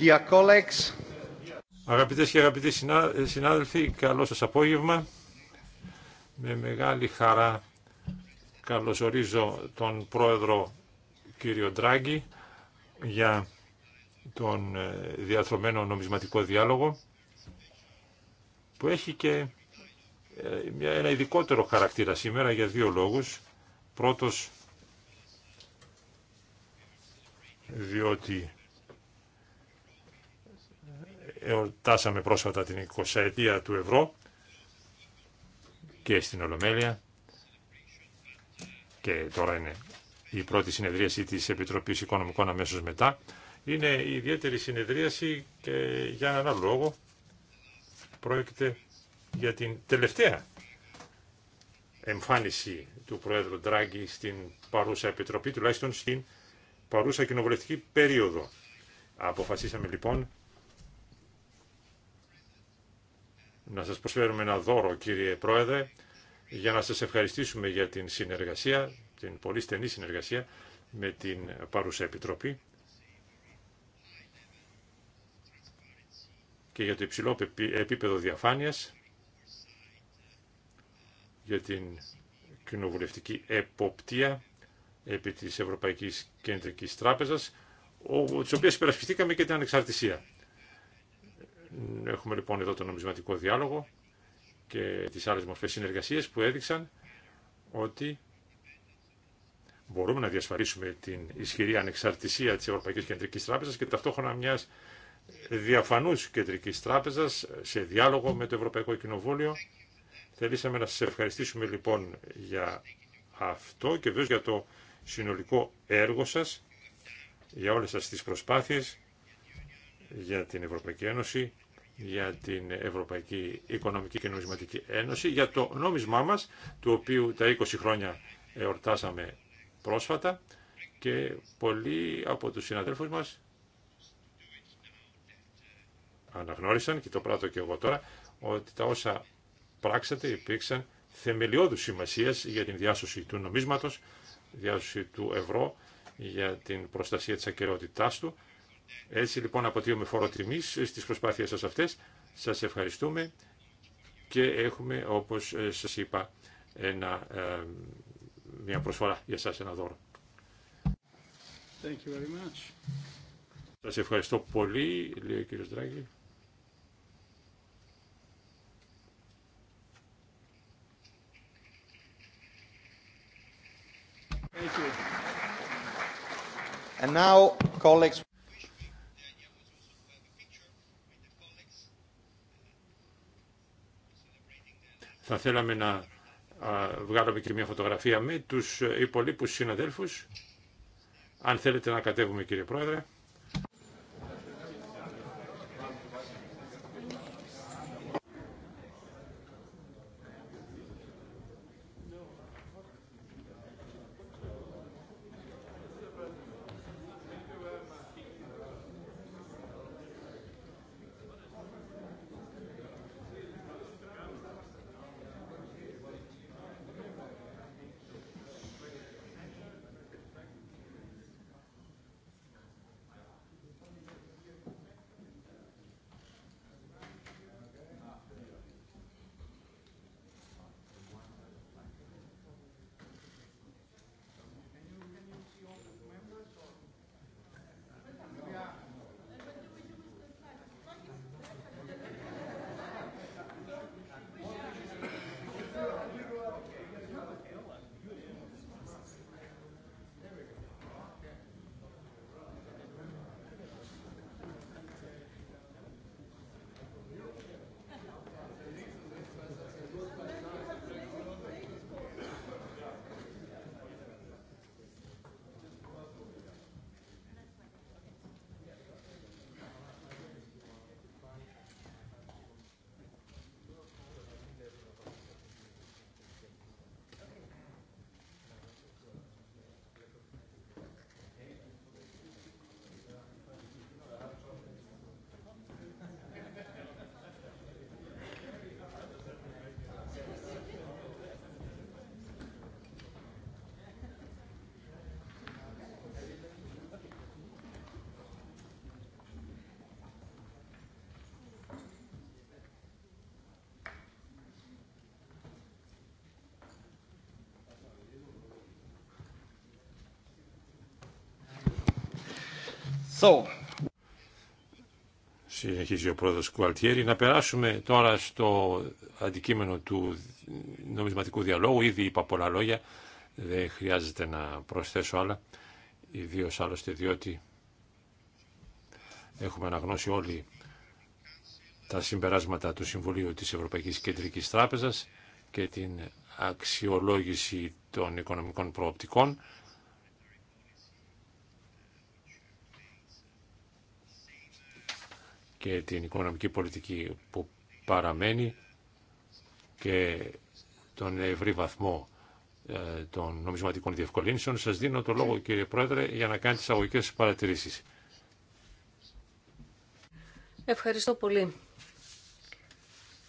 Αγαπητέ Αγαπητές και αγαπητοί συνάδελφοι, καλό σας απόγευμα. Με μεγάλη χαρά καλωσορίζω τον πρόεδρο κύριο Ντράγκη για τον ε, διαθρωμένο νομισματικό διάλογο που έχει και ε, ένα ειδικότερο χαρακτήρα σήμερα για δύο λόγους. Πρώτος, διότι Εορτάσαμε πρόσφατα την 20 ετία του ευρώ και στην Ολομέλεια και τώρα είναι η πρώτη συνεδρίαση της Επιτροπής Οικονομικών αμέσως μετά. Είναι η ιδιαίτερη συνεδρίαση και για έναν άλλο λόγο πρόκειται για την τελευταία εμφάνιση του Πρόεδρου Ντράγκη στην παρούσα Επιτροπή, τουλάχιστον στην παρούσα κοινοβουλευτική περίοδο. Αποφασίσαμε λοιπόν να σας προσφέρουμε ένα δώρο κύριε Πρόεδρε για να σας ευχαριστήσουμε για την συνεργασία, την πολύ στενή συνεργασία με την παρούσα Επιτροπή και για το υψηλό επίπεδο διαφάνειας για την κοινοβουλευτική εποπτεία επί της Ευρωπαϊκής Κεντρικής Τράπεζας, τις οποίες υπερασπιστήκαμε και την ανεξαρτησία. Έχουμε λοιπόν εδώ τον νομισματικό διάλογο και τις άλλες μορφές συνεργασίες που έδειξαν ότι μπορούμε να διασφαλίσουμε την ισχυρή ανεξαρτησία της Ευρωπαϊκής Κεντρικής Τράπεζας και ταυτόχρονα μιας διαφανούς Κεντρικής Τράπεζας σε διάλογο με το Ευρωπαϊκό Κοινοβούλιο. Θέλησαμε να σας ευχαριστήσουμε λοιπόν για αυτό και βέβαια για το συνολικό έργο σας, για όλες σας τις προσπάθειες για την Ευρωπαϊκή Ένωση, για την Ευρωπαϊκή Οικονομική και Νομισματική Ένωση, για το νόμισμά μας, του οποίου τα 20 χρόνια εορτάσαμε πρόσφατα και πολλοί από τους συναδέλφους μας αναγνώρισαν, και το πράττω και εγώ τώρα, ότι τα όσα πράξατε υπήρξαν θεμελιώδους σημασίας για την διάσωση του νομίσματος, διάσωση του ευρώ, για την προστασία της ακαιρεότητάς του έτσι λοιπόν αποτείουμε φόρο τιμή στις προσπάθειες σας αυτές. Σας ευχαριστούμε και έχουμε όπως ε, σας είπα ένα, ε, μια προσφορά για σας ένα δώρο. Thank you very much. Σας ευχαριστώ πολύ, λέει ο κύριος Δράγκη. And now, colleagues... Θα θέλαμε να βγάλουμε και μια φωτογραφία με τους ε, υπολείπους συναδέλφους. Αν θέλετε να κατέβουμε κύριε Πρόεδρε. Συνεχίζει ο πρόεδρος Κουαλτιέρη. Να περάσουμε τώρα στο αντικείμενο του νομισματικού διαλόγου. Ήδη είπα πολλά λόγια. Δεν χρειάζεται να προσθέσω άλλα. Ιδίω άλλωστε διότι έχουμε αναγνώσει όλοι τα συμπεράσματα του Συμβουλίου της Ευρωπαϊκής Κεντρικής Τράπεζας και την αξιολόγηση των οικονομικών προοπτικών και την οικονομική πολιτική που παραμένει και τον ευρύ βαθμό ε, των νομισματικών διευκολύνσεων. Σας δίνω το λόγο κύριε Πρόεδρε για να κάνετε τις αγωγικές παρατηρήσεις. Ευχαριστώ πολύ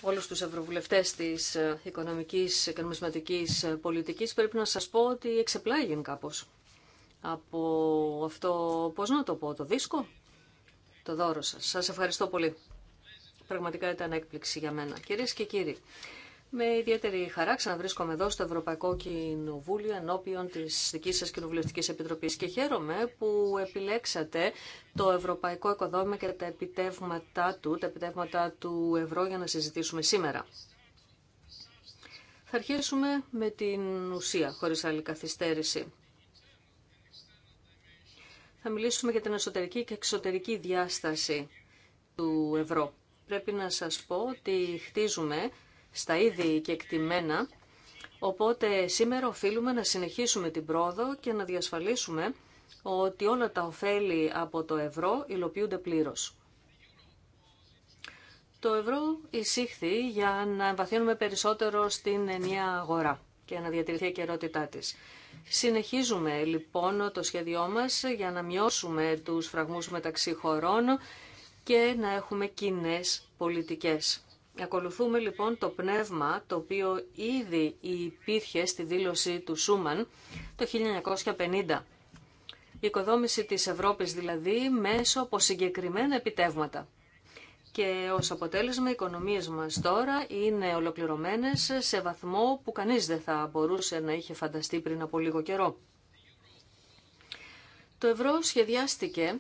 όλους τους ευρωβουλευτές της ε, οικονομικής και νομισματικής ε, πολιτικής. Πρέπει να σας πω ότι εξεπλάγει κάπως από αυτό, πώς να το πω, το δίσκο το δώρο σας. Σας ευχαριστώ πολύ. Πραγματικά ήταν έκπληξη για μένα. Κυρίε και κύριοι, με ιδιαίτερη χαρά ξαναβρίσκομαι εδώ στο Ευρωπαϊκό Κοινοβούλιο ενώπιον τη δική σα Κοινοβουλευτική Επιτροπή και χαίρομαι που επιλέξατε το Ευρωπαϊκό Οικοδόμημα και τα επιτεύγματα του, τα επιτεύγματα του ευρώ για να συζητήσουμε σήμερα. Θα αρχίσουμε με την ουσία, χωρί άλλη καθυστέρηση θα μιλήσουμε για την εσωτερική και εξωτερική διάσταση του ευρώ. Πρέπει να σας πω ότι χτίζουμε στα είδη και εκτιμένα, οπότε σήμερα οφείλουμε να συνεχίσουμε την πρόοδο και να διασφαλίσουμε ότι όλα τα ωφέλη από το ευρώ υλοποιούνται πλήρως. Το ευρώ εισήχθη για να εμβαθύνουμε περισσότερο στην ενιαία αγορά και να διατηρηθεί η καιρότητά της. Συνεχίζουμε λοιπόν το σχέδιό μας για να μειώσουμε τους φραγμούς μεταξύ χωρών και να έχουμε κοινέ πολιτικές. Ακολουθούμε λοιπόν το πνεύμα το οποίο ήδη υπήρχε στη δήλωση του Σούμαν το 1950. Η οικοδόμηση της Ευρώπης δηλαδή μέσω από συγκεκριμένα επιτεύγματα και ως αποτέλεσμα οι οικονομίες μας τώρα είναι ολοκληρωμένες σε βαθμό που κανείς δεν θα μπορούσε να είχε φανταστεί πριν από λίγο καιρό. Το ευρώ σχεδιάστηκε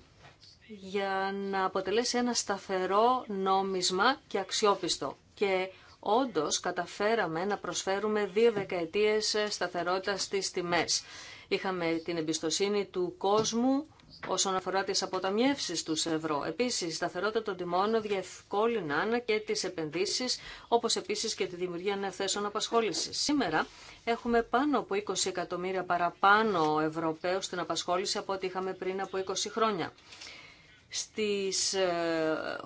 για να αποτελέσει ένα σταθερό νόμισμα και αξιόπιστο και όντως καταφέραμε να προσφέρουμε δύο δεκαετίες σταθερότητα στις τιμές. Είχαμε την εμπιστοσύνη του κόσμου όσον αφορά τις αποταμιεύσεις του ευρώ. Επίσης, η σταθερότητα των τιμών διευκόλυναν και τις επενδύσεις, όπως επίσης και τη δημιουργία νέων θέσεων απασχόλησης. Σήμερα έχουμε πάνω από 20 εκατομμύρια παραπάνω Ευρωπαίους στην απασχόληση από ό,τι είχαμε πριν από 20 χρόνια. Στις ε,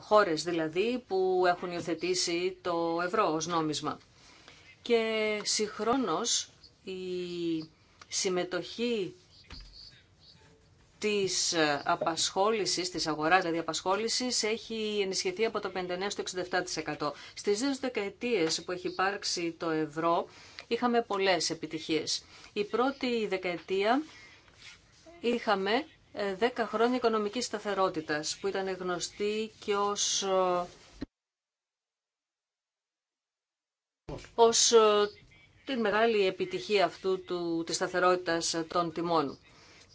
χώρες δηλαδή που έχουν υιοθετήσει το ευρώ ως νόμισμα. Και συγχρόνως η συμμετοχή της ε, απασχόλησης, της αγοράς δηλαδή απασχόλησης, έχει ενισχυθεί από το 59% στο 67%. Στις δύο δεκαετίες που έχει υπάρξει το ευρώ, είχαμε πολλές επιτυχίες. Η πρώτη δεκαετία είχαμε 10 ε, χρόνια οικονομικής σταθερότητας, που ήταν γνωστή και ως, ε, ως την μεγάλη επιτυχία αυτού του, της σταθερότητας των τιμών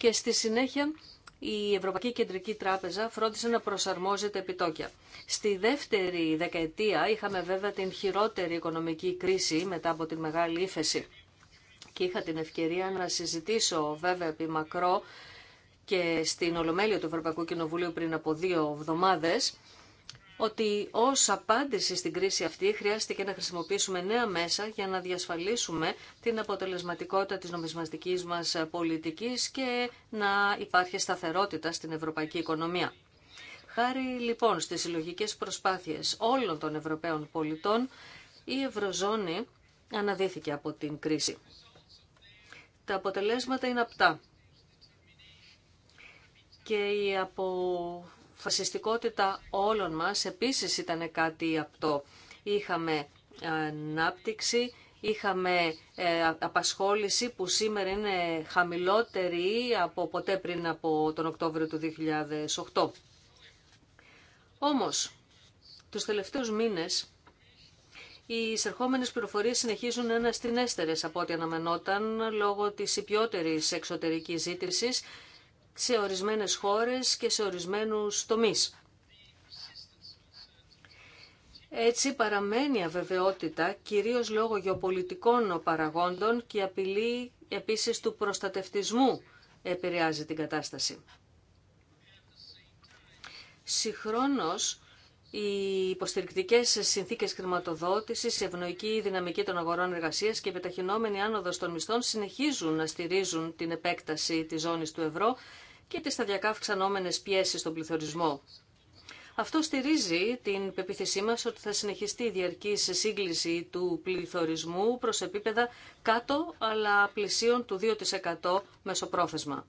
και στη συνέχεια η Ευρωπαϊκή Κεντρική Τράπεζα φρόντισε να προσαρμόζεται επιτόκια. Στη δεύτερη δεκαετία είχαμε βέβαια την χειρότερη οικονομική κρίση μετά από την μεγάλη ύφεση και είχα την ευκαιρία να συζητήσω βέβαια επί μακρό και στην Ολομέλεια του Ευρωπαϊκού Κοινοβουλίου πριν από δύο εβδομάδες ότι ως απάντηση στην κρίση αυτή χρειάστηκε να χρησιμοποιήσουμε νέα μέσα για να διασφαλίσουμε την αποτελεσματικότητα της νομισματικής μας πολιτικής και να υπάρχει σταθερότητα στην ευρωπαϊκή οικονομία. Χάρη λοιπόν στις συλλογικέ προσπάθειες όλων των Ευρωπαίων πολιτών, η Ευρωζώνη αναδύθηκε από την κρίση. Τα αποτελέσματα είναι απτά και απο φασιστικότητα όλων μας επίσης ήταν κάτι απτό. Είχαμε ανάπτυξη, είχαμε ε, απασχόληση που σήμερα είναι χαμηλότερη από ποτέ πριν από τον Οκτώβριο του 2008. Όμως, τους τελευταίους μήνες οι εισερχόμενες πληροφορίες συνεχίζουν να είναι από ό,τι αναμενόταν λόγω της υπιότερης εξωτερικής ζήτησης σε ορισμένες χώρες και σε ορισμένους τομείς. Έτσι παραμένει αβεβαιότητα κυρίως λόγω γεωπολιτικών παραγόντων και η απειλή επίσης του προστατευτισμού επηρεάζει την κατάσταση. Συγχρόνως, οι υποστηρικτικέ συνθήκε χρηματοδότηση, η ευνοϊκή δυναμική των αγορών εργασία και η επιταχυνόμενη άνοδο των μισθών συνεχίζουν να στηρίζουν την επέκταση τη ζώνη του ευρώ και τις σταδιακά αυξανόμενες πιέσεις στον πληθωρισμό. Αυτό στηρίζει την πεποίθησή μας ότι θα συνεχιστεί η διαρκή σύγκληση του πληθωρισμού προς επίπεδα κάτω αλλά πλησίων του 2% μεσοπρόθεσμα.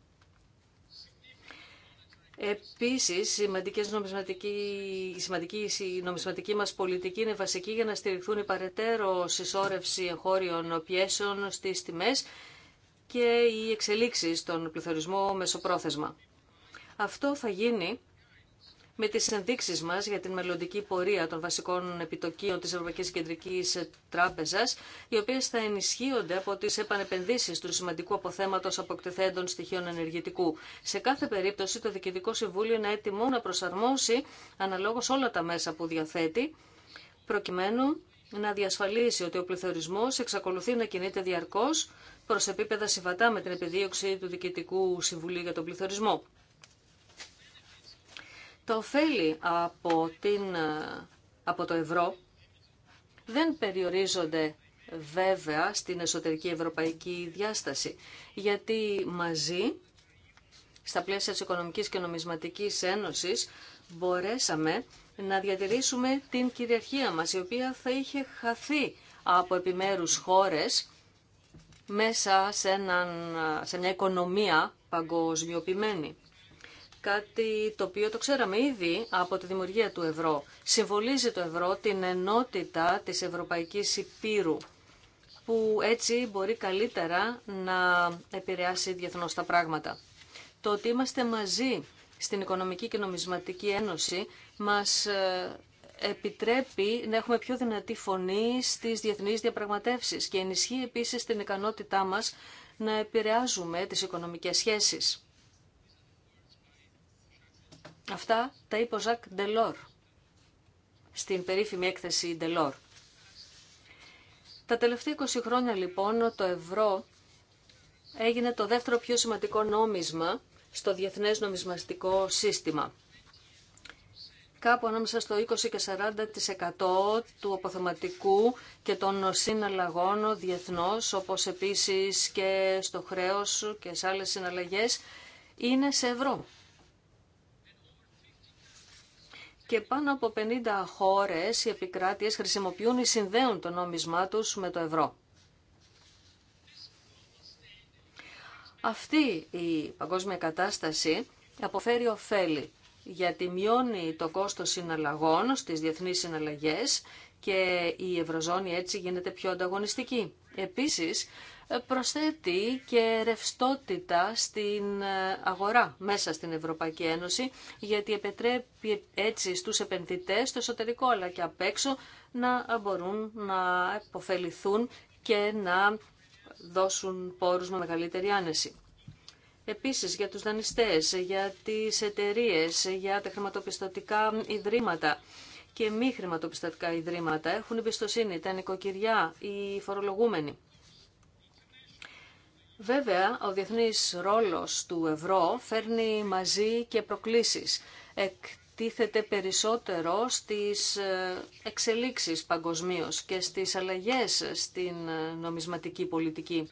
Επίσης, η νομισματική, σημαντική, η νομισματική μας πολιτική είναι βασική για να στηριχθούν οι παρετέρω συσσόρευση εγχώριων πιέσεων στις τιμές και οι εξελίξεις στον πληθωρισμό μεσοπρόθεσμα. Αυτό θα γίνει με τις ενδείξεις μας για την μελλοντική πορεία των βασικών επιτοκίων της Ευρωπαϊκής Κεντρικής Τράπεζας, οι οποίες θα ενισχύονται από τις επανεπενδύσεις του σημαντικού αποθέματος αποκτηθέντων στοιχείων ενεργητικού. Σε κάθε περίπτωση το Διοικητικό Συμβούλιο είναι έτοιμο να προσαρμόσει αναλόγως όλα τα μέσα που διαθέτει, προκειμένου να διασφαλίσει ότι ο πληθωρισμός εξακολουθεί να κινείται διαρκώς προς επίπεδα συμβατά με την επιδίωξη του Δικητικού Συμβουλίου για τον Πληθωρισμό. Το ωφέλη από, από το ευρώ δεν περιορίζονται βέβαια στην εσωτερική ευρωπαϊκή διάσταση, γιατί μαζί, στα πλαίσια της Οικονομικής και Νομισματικής Ένωσης, μπορέσαμε να διατηρήσουμε την κυριαρχία μας, η οποία θα είχε χαθεί από επιμέρους χώρες μέσα σε, έναν, σε μια οικονομία παγκοσμιοποιημένη. Κάτι το οποίο το ξέραμε ήδη από τη δημιουργία του ευρώ. Συμβολίζει το ευρώ την ενότητα της Ευρωπαϊκής Υπήρου που έτσι μπορεί καλύτερα να επηρεάσει διεθνώς τα πράγματα. Το ότι είμαστε μαζί στην Οικονομική και Νομισματική Ένωση μας ε, επιτρέπει να έχουμε πιο δυνατή φωνή στις διεθνείς διαπραγματεύσεις και ενισχύει επίσης την ικανότητά μας να επηρεάζουμε τις οικονομικές σχέσεις. Αυτά τα είπε ο Ζακ Ντελόρ στην περίφημη έκθεση Ντελόρ. Τα τελευταία 20 χρόνια λοιπόν το ευρώ έγινε το δεύτερο πιο σημαντικό νόμισμα στο διεθνές νομισματικό σύστημα κάπου ανάμεσα στο 20 και 40% του αποθεματικού και των συναλλαγών διεθνώς, όπως επίσης και στο χρέος και σε άλλες συναλλαγές, είναι σε ευρώ. Και πάνω από 50 χώρες οι επικράτειες χρησιμοποιούν ή συνδέουν το νόμισμά τους με το ευρώ. Αυτή η παγκόσμια κατάσταση αποφέρει ωφέλη γιατί μειώνει το κόστος συναλλαγών στις διεθνείς συναλλαγές και η Ευρωζώνη έτσι γίνεται πιο ανταγωνιστική. Επίσης, προσθέτει και ρευστότητα στην ε, αγορά μέσα στην Ευρωπαϊκή Ένωση, γιατί επιτρέπει έτσι στους επενδυτές στο εσωτερικό αλλά και απ' έξω να μπορούν να υποφεληθούν και να δώσουν πόρους με μεγαλύτερη άνεση. Επίσης για τους δανειστές, για τις εταιρείες, για τα χρηματοπιστωτικά ιδρύματα και μη χρηματοπιστωτικά ιδρύματα έχουν εμπιστοσύνη τα νοικοκυριά, οι φορολογούμενοι. Βέβαια, ο διεθνής ρόλος του ευρώ φέρνει μαζί και προκλήσεις. Εκτίθεται περισσότερο στις ε, εξελίξεις παγκοσμίω και στις αλλαγές στην ε, νομισματική πολιτική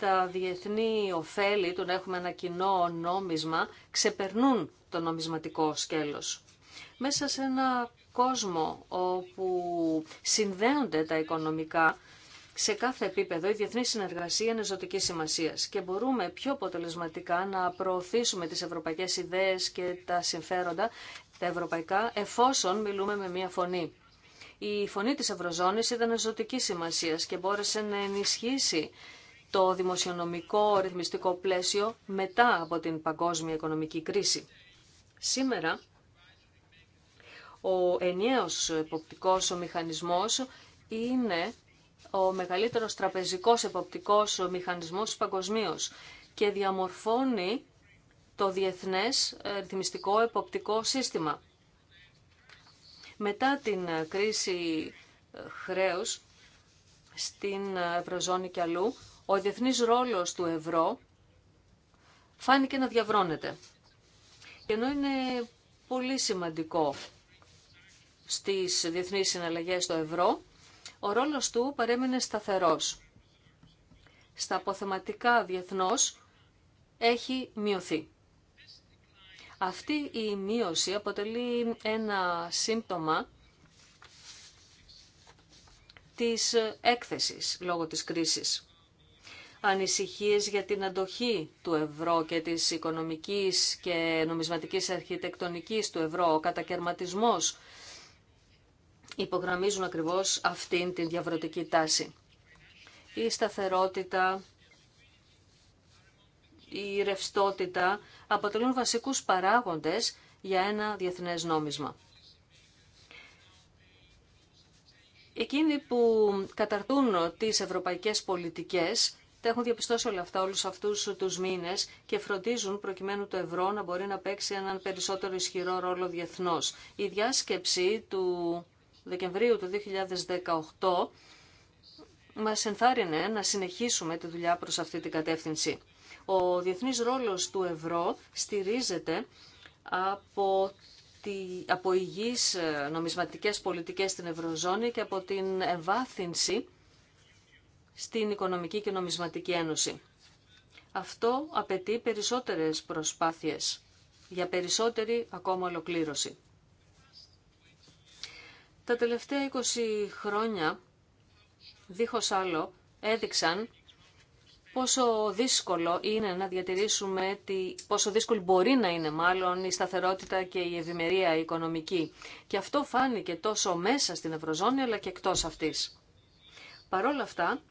τα διεθνή ωφέλη του να έχουμε ένα κοινό νόμισμα ξεπερνούν το νομισματικό σκέλος. Μέσα σε ένα κόσμο όπου συνδέονται τα οικονομικά, σε κάθε επίπεδο η διεθνή συνεργασία είναι ζωτική σημασία και μπορούμε πιο αποτελεσματικά να προωθήσουμε τι ευρωπαϊκέ ιδέε και τα συμφέροντα τα ευρωπαϊκά εφόσον μιλούμε με μία φωνή. Η φωνή της Ευρωζώνης ήταν ζωτική σημασία και μπόρεσε να ενισχύσει το δημοσιονομικό ρυθμιστικό πλαίσιο μετά από την παγκόσμια οικονομική κρίση. Σήμερα, ο ενιαίος εποπτικός ο μηχανισμός είναι ο μεγαλύτερος τραπεζικός εποπτικός μηχανισμός παγκοσμίω και διαμορφώνει το διεθνές ε, ρυθμιστικό εποπτικό σύστημα. Μετά την ε, κρίση ε, χρέους στην Ευρωζώνη και αλλού, ο διεθνής ρόλος του ευρώ φάνηκε να διαβρώνεται. Και ενώ είναι πολύ σημαντικό στις διεθνείς συναλλαγές το ευρώ, ο ρόλος του παρέμεινε σταθερός. Στα αποθεματικά διεθνώς έχει μειωθεί. Αυτή η μείωση αποτελεί ένα σύμπτωμα της έκθεσης λόγω της κρίσης ανησυχίες για την αντοχή του ευρώ και της οικονομικής και νομισματικής αρχιτεκτονικής του ευρώ, ο κατακαιρματισμός υπογραμμίζουν ακριβώς αυτήν την διαβροτική τάση. Η σταθερότητα, η ρευστότητα αποτελούν βασικούς παράγοντες για ένα διεθνές νόμισμα. Εκείνοι που καταρτούν τις ευρωπαϊκές πολιτικές τα έχουν διαπιστώσει όλα αυτά όλους αυτούς τους μήνες και φροντίζουν προκειμένου το ευρώ να μπορεί να παίξει έναν περισσότερο ισχυρό ρόλο διεθνώς. Η διάσκεψη του Δεκεμβρίου του 2018 μας ενθάρρυνε να συνεχίσουμε τη δουλειά προς αυτή την κατεύθυνση. Ο διεθνής ρόλος του ευρώ στηρίζεται από από υγιείς νομισματικές πολιτικές στην Ευρωζώνη και από την ευάθυνση στην Οικονομική και Νομισματική Ένωση. Αυτό απαιτεί περισσότερες προσπάθειες για περισσότερη ακόμα ολοκλήρωση. Τα τελευταία 20 χρόνια, δίχως άλλο, έδειξαν πόσο δύσκολο είναι να διατηρήσουμε, τη, πόσο δύσκολη μπορεί να είναι μάλλον η σταθερότητα και η ευημερία οικονομική. Και αυτό φάνηκε τόσο μέσα στην Ευρωζώνη αλλά και εκτός αυτής. Παρόλα αυτά,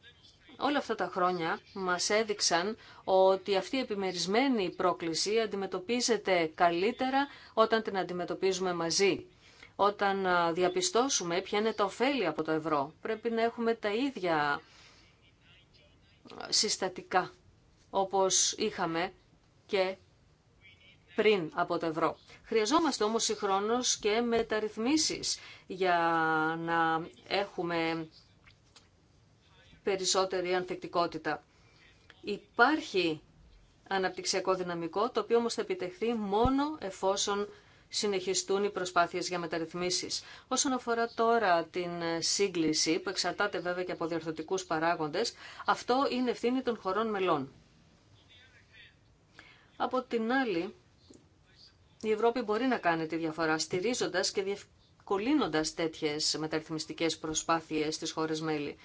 Όλα αυτά τα χρόνια μας έδειξαν ότι αυτή η επιμερισμένη πρόκληση αντιμετωπίζεται καλύτερα όταν την αντιμετωπίζουμε μαζί. Όταν διαπιστώσουμε ποια είναι τα ωφέλη από το ευρώ, πρέπει να έχουμε τα ίδια συστατικά όπως είχαμε και πριν από το ευρώ. Χρειαζόμαστε όμως συγχρόνως και μεταρρυθμίσεις για να έχουμε περισσότερη ανθεκτικότητα. Υπάρχει αναπτυξιακό δυναμικό, το οποίο όμως θα επιτευχθεί μόνο εφόσον συνεχιστούν οι προσπάθειες για μεταρρυθμίσεις. Όσον αφορά τώρα την σύγκληση, που εξαρτάται βέβαια και από διορθωτικούς παράγοντες, αυτό είναι ευθύνη των χωρών μελών. Από την άλλη, η Ευρώπη μπορεί να κάνει τη διαφορά, στηρίζοντας και διευκολύνοντας τέτοιες μεταρρυθμιστικές προσπάθειες στις χώρες μέλη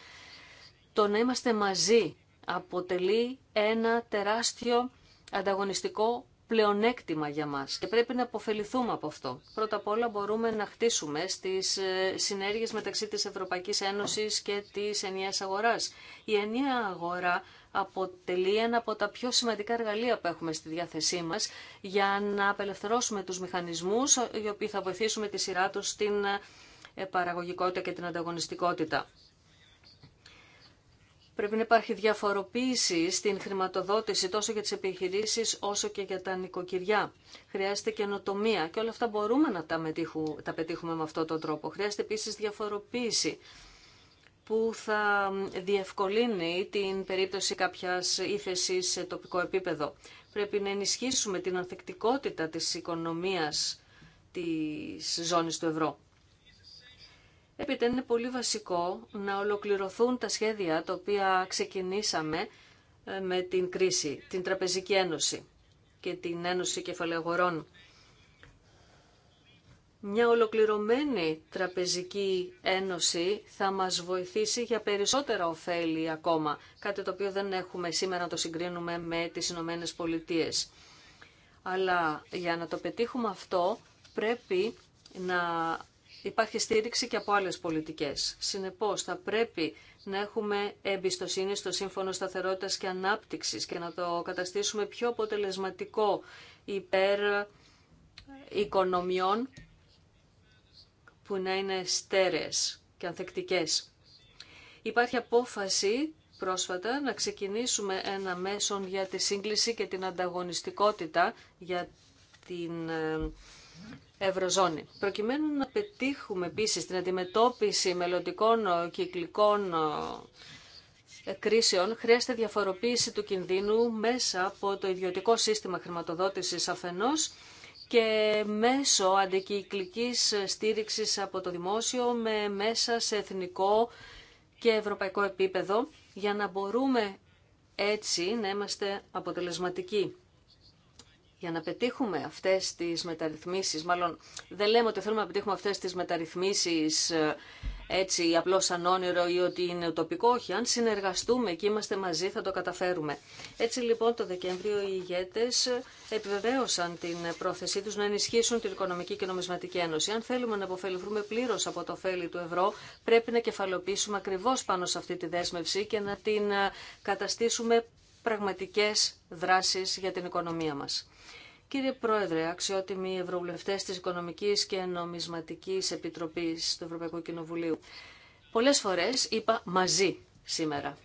το να είμαστε μαζί αποτελεί ένα τεράστιο ανταγωνιστικό πλεονέκτημα για μας και πρέπει να αποφεληθούμε από αυτό. Πρώτα απ' όλα μπορούμε να χτίσουμε στις ε, συνέργειες μεταξύ της Ευρωπαϊκής Ένωσης και της ενιαίας αγοράς. Η ενιαία αγορά αποτελεί ένα από τα πιο σημαντικά εργαλεία που έχουμε στη διάθεσή μας για να απελευθερώσουμε τους μηχανισμούς ε, οι οποίοι θα βοηθήσουμε τη σειρά τους στην ε, παραγωγικότητα και την ανταγωνιστικότητα. Πρέπει να υπάρχει διαφοροποίηση στην χρηματοδότηση τόσο για τις επιχειρήσεις όσο και για τα νοικοκυριά. Χρειάζεται καινοτομία και όλα αυτά μπορούμε να τα, μετύχου, τα πετύχουμε με αυτόν τον τρόπο. Χρειάζεται επίσης διαφοροποίηση που θα διευκολύνει την περίπτωση κάποιας ύφεση σε τοπικό επίπεδο. Πρέπει να ενισχύσουμε την ανθεκτικότητα της οικονομίας της ζώνης του ευρώ. Έπειτα είναι πολύ βασικό να ολοκληρωθούν τα σχέδια τα οποία ξεκινήσαμε ε, με την κρίση, την Τραπεζική Ένωση και την Ένωση Κεφαλαιογορών. Μια ολοκληρωμένη τραπεζική ένωση θα μας βοηθήσει για περισσότερα ωφέλη ακόμα, κάτι το οποίο δεν έχουμε σήμερα να το συγκρίνουμε με τις Ηνωμένε Πολιτείε. Αλλά για να το πετύχουμε αυτό πρέπει να υπάρχει στήριξη και από άλλες πολιτικές. Συνεπώς, θα πρέπει να έχουμε εμπιστοσύνη στο Σύμφωνο Σταθερότητας και Ανάπτυξης και να το καταστήσουμε πιο αποτελεσματικό υπέρ οικονομιών που να είναι στέρεες και ανθεκτικές. Υπάρχει απόφαση πρόσφατα να ξεκινήσουμε ένα μέσον για τη σύγκληση και την ανταγωνιστικότητα για την ε, Ευρωζώνη. Προκειμένου να πετύχουμε επίση την αντιμετώπιση μελλοντικών ε, κυκλικών ε, κρίσεων, χρειάζεται διαφοροποίηση του κινδύνου μέσα από το ιδιωτικό σύστημα χρηματοδότησης αφενός και μέσω αντικυκλικής στήριξης από το δημόσιο με μέσα σε εθνικό και ευρωπαϊκό επίπεδο για να μπορούμε έτσι να είμαστε αποτελεσματικοί για να πετύχουμε αυτές τις μεταρρυθμίσεις, μάλλον δεν λέμε ότι θέλουμε να πετύχουμε αυτές τις μεταρρυθμίσεις ε, έτσι απλώς σαν όνειρο ή ότι είναι τοπικό, όχι, αν συνεργαστούμε και είμαστε μαζί θα το καταφέρουμε. Έτσι λοιπόν το Δεκέμβριο οι ηγέτες επιβεβαίωσαν την πρόθεσή τους να ενισχύσουν την Οικονομική και Νομισματική Ένωση. Αν θέλουμε να αποφεληθούμε πλήρως από το ωφέλη του ευρώ, πρέπει να κεφαλοποιήσουμε ακριβώς πάνω σε αυτή τη δέσμευση και να την ε, καταστήσουμε πραγματικές δράσεις για την οικονομία μας. Κύριε Πρόεδρε, αξιότιμοι ευρωβουλευτές της Οικονομικής και Νομισματικής Επιτροπής του Ευρωπαϊκού Κοινοβουλίου, πολλές φορές είπα μαζί σήμερα.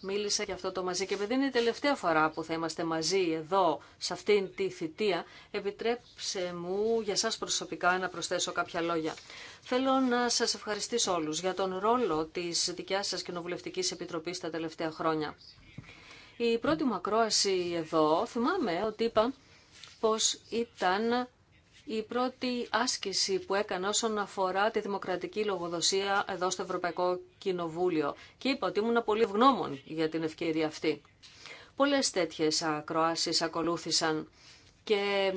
Μίλησα για αυτό το μαζί και επειδή είναι η τελευταία φορά που θα είμαστε μαζί εδώ, σε αυτήν τη θητεία, επιτρέψε μου για σας προσωπικά να προσθέσω κάποια λόγια. Θέλω να σας ευχαριστήσω όλους για τον ρόλο της δικιάς σας Κοινοβουλευτικής Επιτροπής τα τελευταία χρόνια. Η πρώτη μου ακρόαση εδώ θυμάμαι ότι είπα πως ήταν η πρώτη άσκηση που έκανα όσον αφορά τη δημοκρατική λογοδοσία εδώ στο Ευρωπαϊκό Κοινοβούλιο και είπα ότι ήμουν πολύ ευγνώμων για την ευκαιρία αυτή. Πολλές τέτοιες ακροάσεις ακολούθησαν και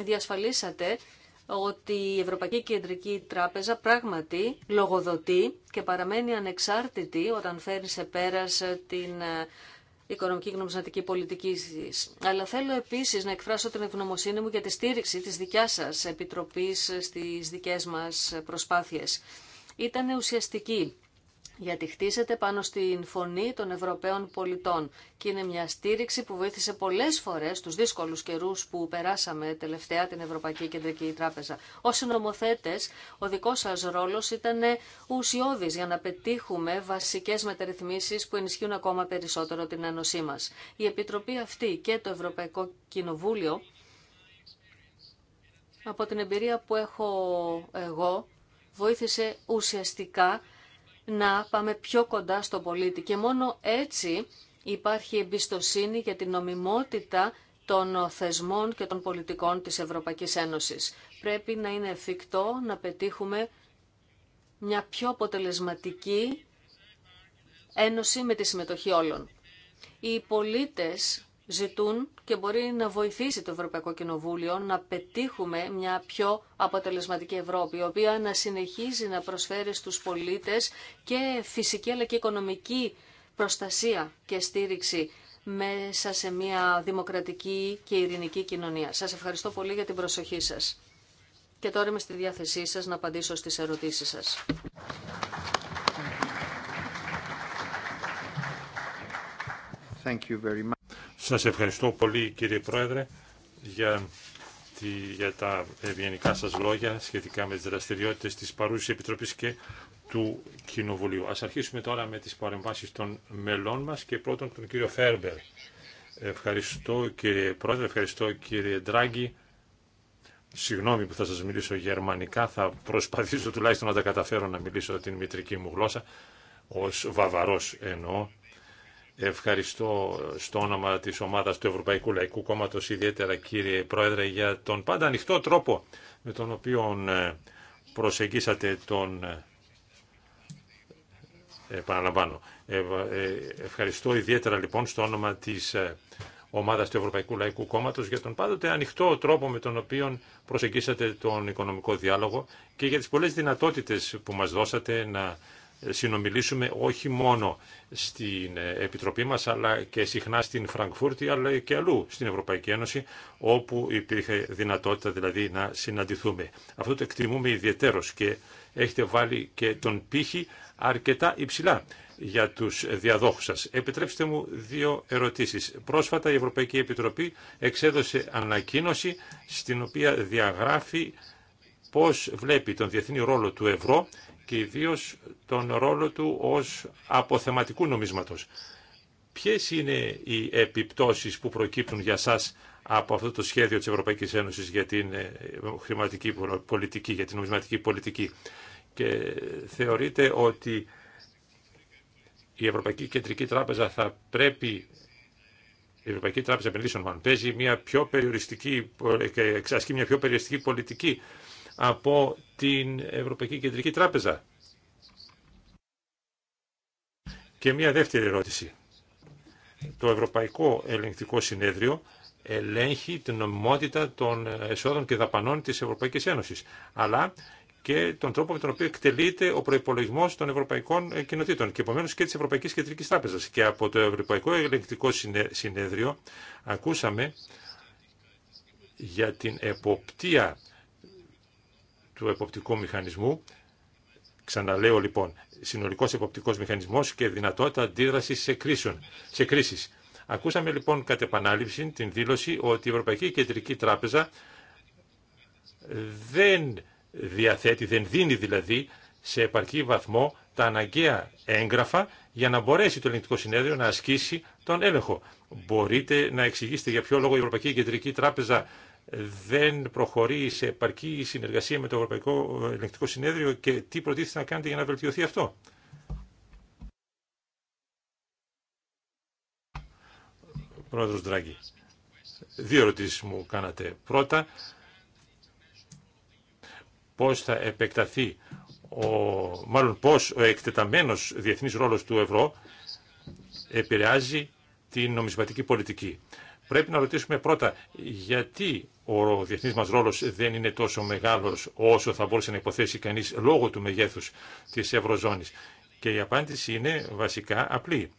διασφαλίσατε ότι η Ευρωπαϊκή Κεντρική Τράπεζα πράγματι λογοδοτεί και παραμένει ανεξάρτητη όταν φέρνει σε πέρας την οικονομική γνωμοσματική πολιτική. Αλλά θέλω επίση να εκφράσω την ευγνωμοσύνη μου για τη στήριξη τη δικιά σα επιτροπή στι δικέ μα προσπάθειε. Ήταν ουσιαστική γιατί χτίζεται πάνω στην φωνή των Ευρωπαίων πολιτών και είναι μια στήριξη που βοήθησε πολλές φορές τους δύσκολους καιρούς που περάσαμε τελευταία την Ευρωπαϊκή Κεντρική Τράπεζα. Ως νομοθέτες, ο δικός σας ρόλος ήταν ουσιώδης για να πετύχουμε βασικές μεταρρυθμίσεις που ενισχύουν ακόμα περισσότερο την ένωσή μας. Η Επιτροπή αυτή και το Ευρωπαϊκό Κοινοβούλιο από την εμπειρία που έχω εγώ, βοήθησε ουσιαστικά να πάμε πιο κοντά στον πολίτη και μόνο έτσι υπάρχει εμπιστοσύνη για την νομιμότητα των θεσμών και των πολιτικών της Ευρωπαϊκής Ένωσης. Πρέπει να είναι εφικτό να πετύχουμε μια πιο αποτελεσματική ένωση με τη συμμετοχή όλων. Οι πολίτες ζητούν και μπορεί να βοηθήσει το Ευρωπαϊκό Κοινοβούλιο να πετύχουμε μια πιο αποτελεσματική Ευρώπη, η οποία να συνεχίζει να προσφέρει στους πολίτες και φυσική αλλά και οικονομική προστασία και στήριξη μέσα σε μια δημοκρατική και ειρηνική κοινωνία. Σας ευχαριστώ πολύ για την προσοχή σας. Και τώρα είμαι στη διάθεσή σας να απαντήσω στις ερωτήσεις σας. Σας ευχαριστώ πολύ κύριε Πρόεδρε για, τη, για τα ευγενικά σας λόγια σχετικά με τις δραστηριότητες της παρούσης Επιτροπής και του Κοινοβουλίου. Ας αρχίσουμε τώρα με τις παρεμβάσεις των μελών μας και πρώτον τον κύριο Φέρμπερ. Ευχαριστώ κύριε Πρόεδρε, ευχαριστώ κύριε Ντράγκη. Συγγνώμη που θα σας μιλήσω γερμανικά, θα προσπαθήσω τουλάχιστον να τα καταφέρω να μιλήσω την μητρική μου γλώσσα, ως βαβαρός εννοώ Ευχαριστώ στο όνομα της ομάδας του Ευρωπαϊκού Λαϊκού Κόμματος, ιδιαίτερα κύριε Πρόεδρε, για τον πάντα ανοιχτό τρόπο με τον οποίο ε, προσεγγίσατε τον... Ε, επαναλαμβάνω. Ε, ευχαριστώ ιδιαίτερα λοιπόν στο όνομα της ομάδας του Ευρωπαϊκού Λαϊκού Κόμματος για τον πάντοτε ανοιχτό τρόπο με τον οποίο προσεγγίσατε τον οικονομικό διάλογο και για τις πολλές δυνατότητες που μας δώσατε να συνομιλήσουμε όχι μόνο στην ε, Επιτροπή μας αλλά και συχνά στην Φραγκφούρτη αλλά και αλλού στην Ευρωπαϊκή Ένωση όπου υπήρχε δυνατότητα δηλαδή να συναντηθούμε. Αυτό το εκτιμούμε ιδιαίτερος και έχετε βάλει και τον πύχη αρκετά υψηλά για τους διαδόχους σας. Επιτρέψτε μου δύο ερωτήσεις. Πρόσφατα η Ευρωπαϊκή Επιτροπή εξέδωσε ανακοίνωση στην οποία διαγράφει πώς βλέπει τον διεθνή ρόλο του ευρώ και ιδίως τον ρόλο του ως αποθεματικού νομίσματος. Ποιες είναι οι επιπτώσεις που προκύπτουν για σας από αυτό το σχέδιο της Ευρωπαϊκής Ένωσης για την ε, χρηματική πολιτική, για την νομισματική πολιτική και θεωρείτε ότι η Ευρωπαϊκή Κεντρική Τράπεζα θα πρέπει η Ευρωπαϊκή Τράπεζα Επενδύσεων μάλλον, παίζει μια πιο περιοριστική ε, εξασκεί μια πιο περιοριστική πολιτική από την Ευρωπαϊκή Κεντρική Τράπεζα. Και μια δεύτερη ερώτηση. Το Ευρωπαϊκό Ελεγκτικό Συνέδριο ελέγχει την νομιμότητα των εσόδων και δαπανών της Ευρωπαϊκής Ένωσης, αλλά και τον τρόπο με τον οποίο εκτελείται ο προπολογισμό των Ευρωπαϊκών Κοινοτήτων και επομένω και τη Ευρωπαϊκή Κεντρική Τράπεζα. Και από το Ευρωπαϊκό Ελεγκτικό Συνέδριο ακούσαμε για την εποπτεία του εποπτικού μηχανισμού. Ξαναλέω λοιπόν, συνολικός εποπτικός μηχανισμός και δυνατότητα αντίδραση σε, κρίσεων, σε κρίσεις. Ακούσαμε λοιπόν κατ' επανάληψη την δήλωση ότι η Ευρωπαϊκή Κεντρική Τράπεζα δεν διαθέτει, δεν δίνει δηλαδή σε επαρκή βαθμό τα αναγκαία έγγραφα για να μπορέσει το ελληνικό συνέδριο να ασκήσει τον έλεγχο. Μπορείτε να εξηγήσετε για ποιο λόγο η Ευρωπαϊκή Κεντρική Τράπεζα δεν προχωρεί σε επαρκή συνεργασία με το Ευρωπαϊκό Ελεγκτικό Συνέδριο και τι προτίθεται να κάνετε για να βελτιωθεί αυτό. Πρόεδρος Δράγκη, δύο ερωτήσει μου κάνατε. Πρώτα, πώς θα επεκταθεί, ο, μάλλον πώς ο εκτεταμένος διεθνής ρόλος του ευρώ επηρεάζει την νομισματική πολιτική. Πρέπει να ρωτήσουμε πρώτα γιατί ο διεθνής μας ρόλος δεν είναι τόσο μεγάλος όσο θα μπορούσε να υποθέσει κανείς λόγω του μεγέθους της Ευρωζώνης. Και η απάντηση είναι βασικά απλή.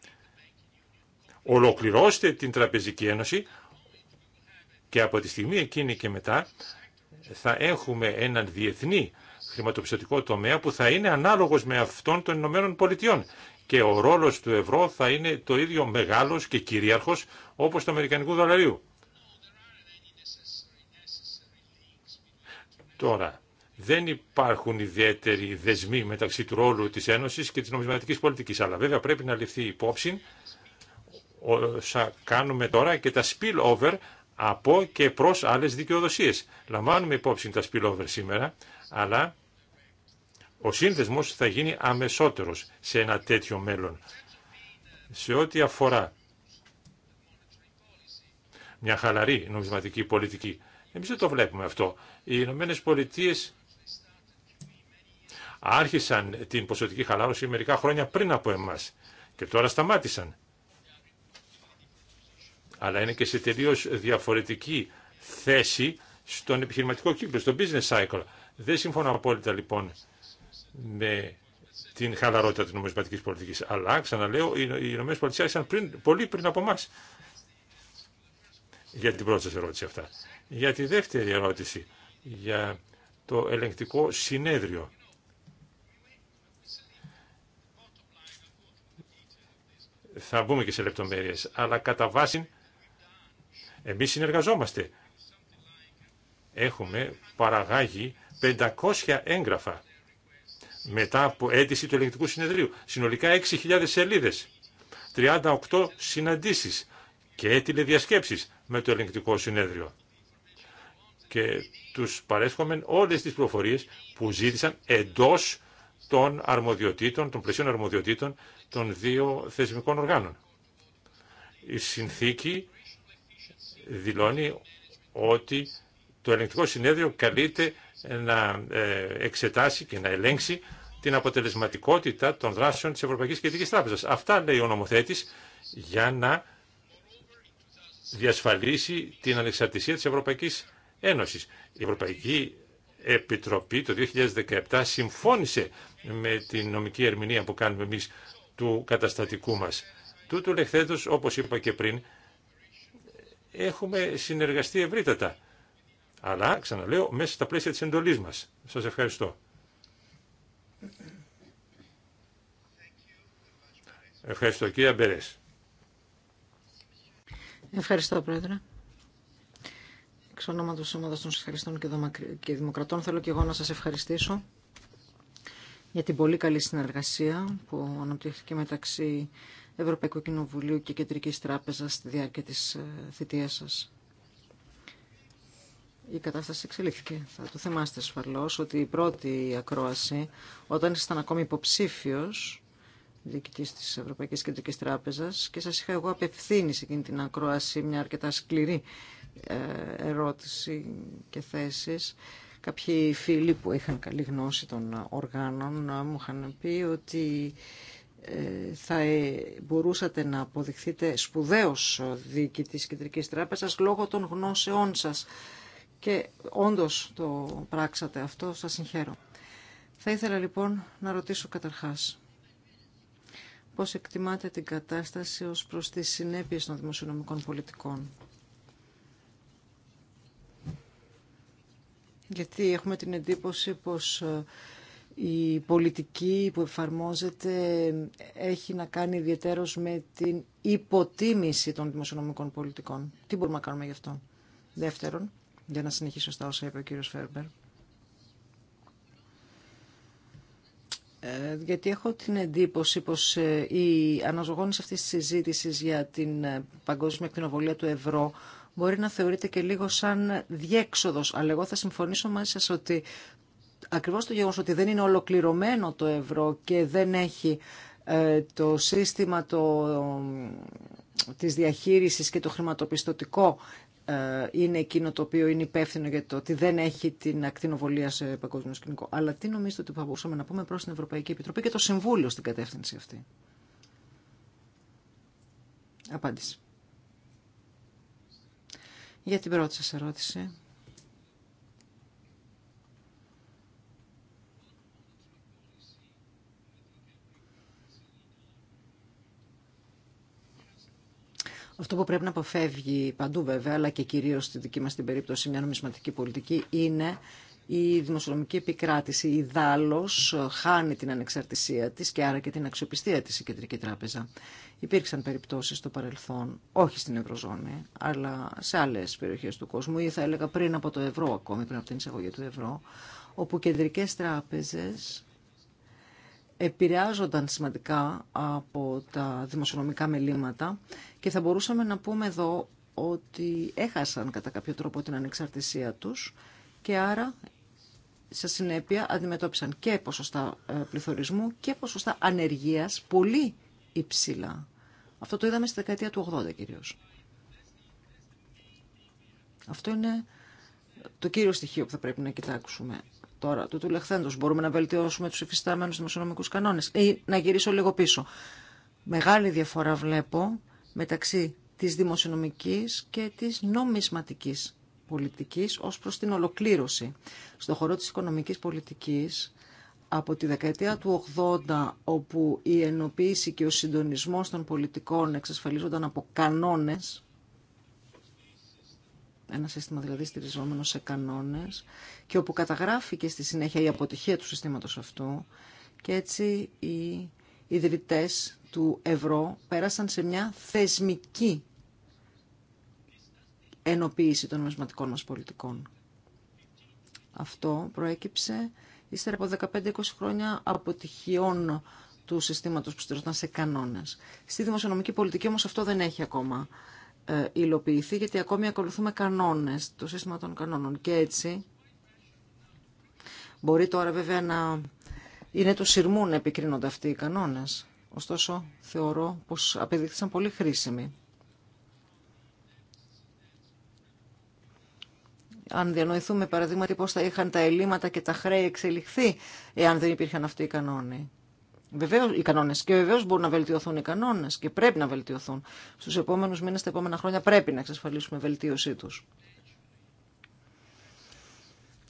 Ολοκληρώστε την Τραπεζική Ένωση και από τη στιγμή εκείνη και μετά θα έχουμε έναν διεθνή χρηματοπιστωτικό τομέα που θα είναι ανάλογος με αυτόν των Ηνωμένων Πολιτειών και ο ρόλος του ευρώ θα είναι το ίδιο μεγάλος και κυρίαρχος όπως του Αμερικανικού δολαρίου. Τώρα, δεν υπάρχουν ιδιαίτεροι δεσμοί μεταξύ του ρόλου της Ένωσης και της νομισματικής πολιτικής, αλλά βέβαια πρέπει να ληφθεί υπόψη όσα κάνουμε τώρα και τα spillover από και προς άλλες δικαιοδοσίες. Λαμβάνουμε υπόψη τα spillover σήμερα, αλλά ο σύνδεσμος θα γίνει αμεσότερος σε ένα τέτοιο μέλλον. Σε ό,τι αφορά μια χαλαρή νομισματική πολιτική. Εμείς δεν το βλέπουμε αυτό. Οι Ηνωμένε Πολιτείε άρχισαν την ποσοτική χαλάρωση μερικά χρόνια πριν από εμάς και τώρα σταμάτησαν. Αλλά είναι και σε τελείως διαφορετική θέση στον επιχειρηματικό κύκλο, στο business cycle. Δεν συμφωνώ απόλυτα λοιπόν με την χαλαρότητα της νομισματικής πολιτικής. Αλλά, ξαναλέω, οι Ηνωμένε Πολιτείε άρχισαν πολύ πριν από εμά για την πρώτη σας ερώτηση αυτά. Για τη δεύτερη ερώτηση, για το ελεγκτικό συνέδριο. Θα μπούμε και σε λεπτομέρειες, αλλά κατά βάση εμείς συνεργαζόμαστε. Έχουμε παραγάγει 500 έγγραφα μετά από αίτηση του ελεγκτικού συνεδρίου. Συνολικά 6.000 σελίδες, 38 συναντήσεις και διασκέψεις με το ελεγκτικό συνέδριο. Και τους παρέσχομαι όλες τις προφορίες που ζήτησαν εντός των αρμοδιοτήτων, των πλαισίων αρμοδιοτήτων των δύο θεσμικών οργάνων. Η συνθήκη δηλώνει ότι το ελεγκτικό συνέδριο καλείται να ε, εξετάσει και να ελέγξει την αποτελεσματικότητα των δράσεων της Ευρωπαϊκής Κεντρικής Τράπεζας. Αυτά λέει ο νομοθέτης για να διασφαλίσει την ανεξαρτησία της Ευρωπαϊκής Ένωσης. Η Ευρωπαϊκή Επιτροπή το 2017 συμφώνησε με την νομική ερμηνεία που κάνουμε εμείς του καταστατικού μας. Τούτου λεχθέντος, όπως είπα και πριν, έχουμε συνεργαστεί ευρύτατα. Αλλά, ξαναλέω, μέσα στα πλαίσια της εντολής μας. Σας ευχαριστώ. Ευχαριστώ, κύριε Μπερές. Ευχαριστώ, Πρόεδρε. Εξ ονόματος Σώματος των Σοσιαλιστών και Δημοκρατών θέλω και εγώ να σας ευχαριστήσω για την πολύ καλή συνεργασία που αναπτύχθηκε μεταξύ Ευρωπαϊκού Κοινοβουλίου και Κεντρικής Τράπεζας στη διάρκεια της ε, θητείας σας. Η κατάσταση εξελίχθηκε. Θα το θυμάστε ασφαλώ ότι η πρώτη ακρόαση, όταν ήσταν ακόμη υποψήφιος, διοικητή τη Ευρωπαϊκή Κεντρική Τράπεζα και σας είχα εγώ απευθύνει σε εκείνη την ακρόαση μια αρκετά σκληρή ε, ερώτηση και θέσεις. Κάποιοι φίλοι που είχαν καλή γνώση των οργάνων μου είχαν πει ότι ε, θα ε, μπορούσατε να αποδειχθείτε σπουδαίος διοικητής Κεντρικής Τράπεζας λόγω των γνώσεών σας. Και όντως το πράξατε αυτό, σας συγχαίρω. Θα ήθελα λοιπόν να ρωτήσω καταρχάς πώς εκτιμάτε την κατάσταση ως προς τις συνέπειες των δημοσιονομικών πολιτικών. Γιατί έχουμε την εντύπωση πως ε, η πολιτική που εφαρμόζεται έχει να κάνει ιδιαίτερως με την υποτίμηση των δημοσιονομικών πολιτικών. Τι μπορούμε να κάνουμε γι' αυτό. Δεύτερον, για να συνεχίσω στα όσα είπε ο κύριος Φέρμπερ. Ε, γιατί έχω την εντύπωση πως ε, η αναζωγόνηση αυτής της συζήτησης για την ε, παγκόσμια κτηνοβολία του ευρώ μπορεί να θεωρείται και λίγο σαν διέξοδος, αλλά εγώ θα συμφωνήσω μαζί σας ότι ακριβώς το γεγονός ότι δεν είναι ολοκληρωμένο το ευρώ και δεν έχει το σύστημα το, της διαχείρισης και το χρηματοπιστωτικό ε, είναι εκείνο το οποίο είναι υπεύθυνο για το ότι δεν έχει την ακτινοβολία σε παγκόσμιο σκηνικό. Αλλά τι νομίζετε ότι θα μπορούσαμε να πούμε προ την Ευρωπαϊκή Επιτροπή και το Συμβούλιο στην κατεύθυνση αυτή. Απάντηση. Για την πρώτη σας ερώτηση. Αυτό που πρέπει να αποφεύγει παντού βέβαια, αλλά και κυρίως στη δική μας την περίπτωση μια νομισματική πολιτική, είναι η δημοσιονομική επικράτηση. Η δάλος χάνει την ανεξαρτησία της και άρα και την αξιοπιστία της η Κεντρική Τράπεζα. Υπήρξαν περιπτώσεις στο παρελθόν, όχι στην Ευρωζώνη, αλλά σε άλλες περιοχές του κόσμου ή θα έλεγα πριν από το ευρώ ακόμη, πριν από την εισαγωγή του ευρώ, όπου κεντρικές τράπεζες επηρεάζονταν σημαντικά από τα δημοσιονομικά μελήματα και θα μπορούσαμε να πούμε εδώ ότι έχασαν κατά κάποιο τρόπο την ανεξαρτησία τους και άρα σε συνέπεια αντιμετώπισαν και ποσοστά ε, πληθωρισμού και ποσοστά ανεργίας πολύ υψηλά. Αυτό το είδαμε στη δεκαετία του 80 κυρίως. Αυτό είναι το κύριο στοιχείο που θα πρέπει να κοιτάξουμε τώρα του Τουλεχθέντο. Μπορούμε να βελτιώσουμε τους υφιστάμενους δημοσιονομικού κανόνες. Ή να γυρίσω λίγο πίσω. Μεγάλη διαφορά βλέπω μεταξύ της δημοσιονομικής και της νομισματική πολιτικής ως προς την ολοκλήρωση. Στον χώρο της οικονομικής πολιτικής από τη δεκαετία του 80 όπου η ενοποίηση και ο συντονισμός των πολιτικών εξασφαλίζονταν από κανόνες ένα σύστημα δηλαδή στηριζόμενο σε κανόνες και όπου καταγράφηκε στη συνέχεια η αποτυχία του συστήματος αυτού και έτσι οι ιδρυτές του ευρώ πέρασαν σε μια θεσμική ενοποίηση των νομισματικών μας πολιτικών. Αυτό προέκυψε ύστερα από 15-20 χρόνια αποτυχιών του συστήματος που στηριζόταν σε κανόνες. Στη δημοσιονομική πολιτική όμως αυτό δεν έχει ακόμα ε, υλοποιηθεί γιατί ακόμη ακολουθούμε κανόνες, το σύστημα των κανόνων. Και έτσι μπορεί τώρα βέβαια να είναι του σειρμού να επικρίνονται αυτοί οι κανόνες. Ωστόσο θεωρώ πως απεδείχθησαν πολύ χρήσιμοι. αν διανοηθούμε παραδείγματι πώς θα είχαν τα ελλείμματα και τα χρέη εξελιχθεί εάν δεν υπήρχαν αυτοί οι κανόνες. Βεβαίως, οι κανόνες και βεβαίω μπορούν να βελτιωθούν οι κανόνες και πρέπει να βελτιωθούν. Στους επόμενους μήνε τα επόμενα χρόνια πρέπει να εξασφαλίσουμε βελτίωσή τους.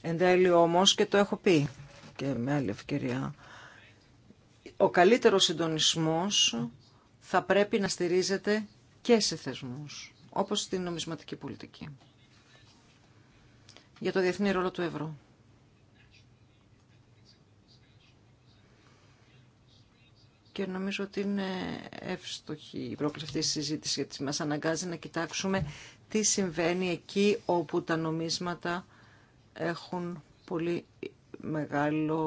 Εν τέλει όμως, και το έχω πει και με άλλη ευκαιρία, ο καλύτερος συντονισμό θα πρέπει να στηρίζεται και σε θεσμούς, όπω στην νομισματική πολιτική. Για το διεθνή ρόλο του ευρώ. και νομίζω ότι είναι εύστοχη η πρόκληση αυτή τη συζήτηση γιατί μας αναγκάζει να κοιτάξουμε τι συμβαίνει εκεί όπου τα νομίσματα έχουν πολύ μεγάλο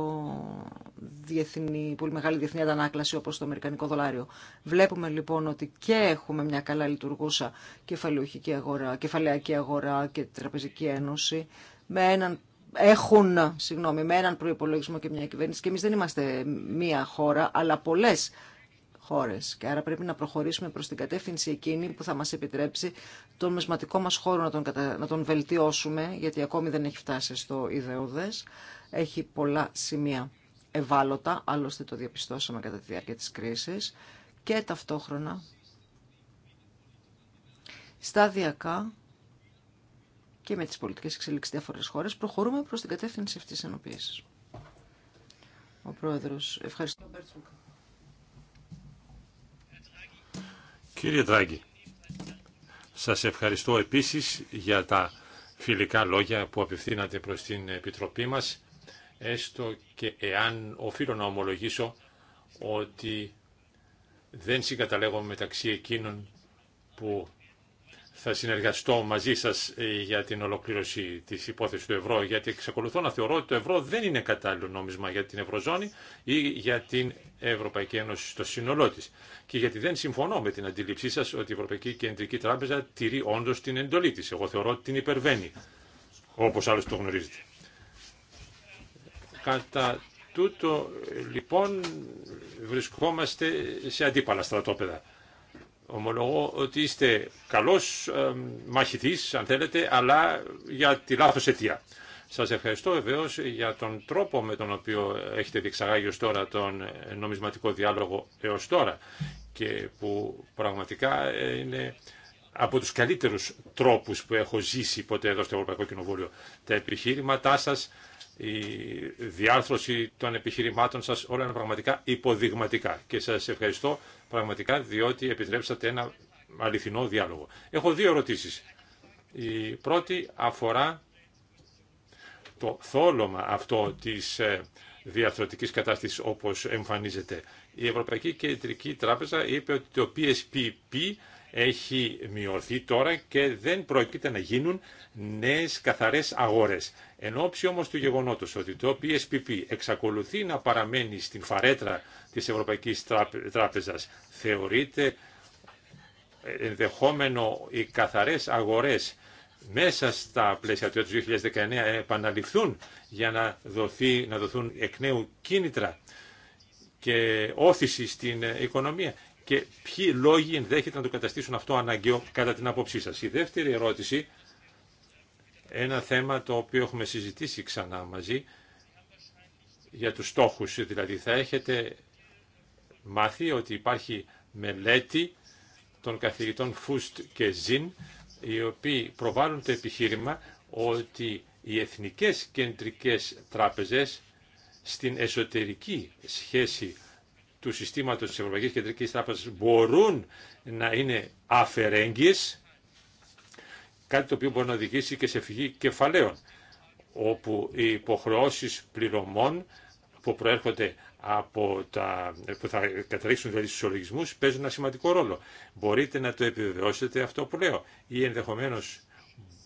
διεθνή, πολύ μεγάλη διεθνή αντανάκλαση όπως το αμερικανικό δολάριο. Βλέπουμε λοιπόν ότι και έχουμε μια καλά λειτουργούσα κεφαλαιοχική αγορά, κεφαλαιακή αγορά και τραπεζική ένωση με έναν έχουν συγγνώμη, με έναν προπολογισμό και μια κυβέρνηση. Και εμεί δεν είμαστε μία χώρα, αλλά πολλέ χώρε. Και άρα πρέπει να προχωρήσουμε προ την κατεύθυνση εκείνη που θα μα επιτρέψει τον μεσματικό μα χώρο να τον, να τον βελτιώσουμε, γιατί ακόμη δεν έχει φτάσει στο ιδεούδε. Έχει πολλά σημεία ευάλωτα, άλλωστε το διαπιστώσαμε κατά τη διάρκεια της κρίσης και ταυτόχρονα σταδιακά και με τις πολιτικές εξελίξεις διάφορες χώρες προχωρούμε προς την κατεύθυνση αυτής της ενοποίησης. Ο Πρόεδρος, ευχαριστώ. Κύριε Τράγκη, σας ευχαριστώ επίσης για τα φιλικά λόγια που απευθύνατε προς την Επιτροπή μας, έστω και εάν οφείλω να ομολογήσω ότι δεν συγκαταλέγω μεταξύ εκείνων που θα συνεργαστώ μαζί σας ε, για την ολοκλήρωση της υπόθεσης του ευρώ, γιατί εξακολουθώ να θεωρώ ότι το ευρώ δεν είναι κατάλληλο νόμισμα για την Ευρωζώνη ή για την Ευρωπαϊκή Ένωση στο σύνολό της. Και γιατί δεν συμφωνώ με την αντίληψή σας ότι η Ευρωπαϊκή Κεντρική Τράπεζα τηρεί όντω την εντολή της. Εγώ θεωρώ ότι την υπερβαίνει, όπως άλλωστε το γνωρίζετε. Κατά τούτο, λοιπόν, βρισκόμαστε σε αντίπαλα στρατόπεδα. Ομολογώ ότι είστε καλός ε, μαχητής, αν θέλετε, αλλά για τη λάθος αιτία. Σας ευχαριστώ βεβαίω για τον τρόπο με τον οποίο έχετε διεξαγάγει ως τώρα τον ε, νομισματικό διάλογο έως τώρα και που πραγματικά ε, είναι από τους καλύτερους τρόπους που έχω ζήσει ποτέ εδώ στο Ευρωπαϊκό Κοινοβούλιο. Τα επιχείρηματά σας η διάρθρωση των επιχειρημάτων σας όλα είναι πραγματικά υποδειγματικά και σας ευχαριστώ πραγματικά διότι επιτρέψατε ένα αληθινό διάλογο. Έχω δύο ερωτήσεις. Η πρώτη αφορά το θόλωμα αυτό της ε, διαρθρωτικής κατάστασης όπως εμφανίζεται. Η Ευρωπαϊκή Κεντρική Τράπεζα είπε ότι το PSPP έχει μειωθεί τώρα και δεν πρόκειται να γίνουν νέες καθαρές αγορές. Εν όψη όμως του γεγονότος ότι το PSPP εξακολουθεί να παραμένει στην φαρέτρα της Ευρωπαϊκής Τράπεζας, θεωρείται ενδεχόμενο οι καθαρές αγορές μέσα στα πλαίσια του 2019 επαναληφθούν για να, δοθεί, να δοθούν εκ νέου κίνητρα και όθηση στην οικονομία και ποιοι λόγοι ενδέχεται να το καταστήσουν αυτό αναγκαίο κατά την άποψή σας. Η δεύτερη ερώτηση, ένα θέμα το οποίο έχουμε συζητήσει ξανά μαζί για τους στόχους. Δηλαδή θα έχετε μάθει ότι υπάρχει μελέτη των καθηγητών Φούστ και Ζιν, οι οποίοι προβάλλουν το επιχείρημα ότι οι εθνικές κεντρικές τράπεζες στην εσωτερική σχέση του συστήματος της Ευρωπαϊκής Κεντρικής Τράπεζας μπορούν να είναι αφαιρέγγιες, κάτι το οποίο μπορεί να οδηγήσει και σε φυγή κεφαλαίων, όπου οι υποχρεώσεις πληρωμών που προέρχονται από τα, που θα καταλήξουν δηλαδή στους ολογισμούς παίζουν ένα σημαντικό ρόλο. Μπορείτε να το επιβεβαιώσετε αυτό που λέω ή ενδεχομένως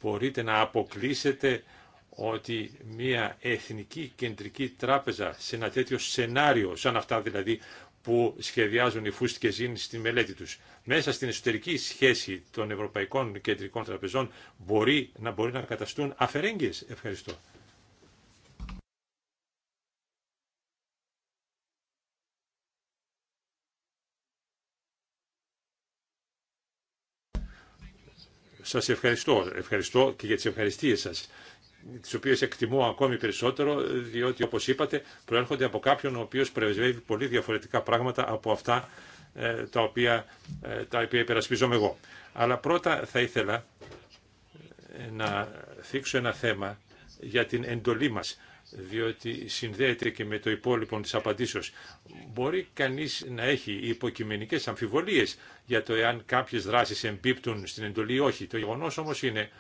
μπορείτε να αποκλείσετε ότι μια εθνική κεντρική τράπεζα σε ένα τέτοιο σενάριο, σαν αυτά δηλαδή που σχεδιάζουν οι και Ζήν στη μελέτη τους, μέσα στην εσωτερική σχέση των Ευρωπαϊκών Κεντρικών Τραπεζών μπορεί να, μπορεί να καταστούν αφαιρέγγιες. Ευχαριστώ. Σας ευχαριστώ. Ευχαριστώ και για τις ευχαριστίες σας τις οποίες εκτιμώ ακόμη περισσότερο, διότι όπως είπατε προέρχονται από κάποιον ο οποίος πρεσβεύει πολύ διαφορετικά πράγματα από αυτά ε, τα, οποία, ε, τα οποία υπερασπίζομαι εγώ. Αλλά πρώτα θα ήθελα ε, να θίξω ένα θέμα για την εντολή μας, διότι συνδέεται και με το υπόλοιπο της απαντήσεως. Μπορεί κανείς να έχει υποκειμενικές αμφιβολίες για το εάν κάποιες δράσεις εμπίπτουν στην εντολή ή όχι. Το γεγονός όμως είναι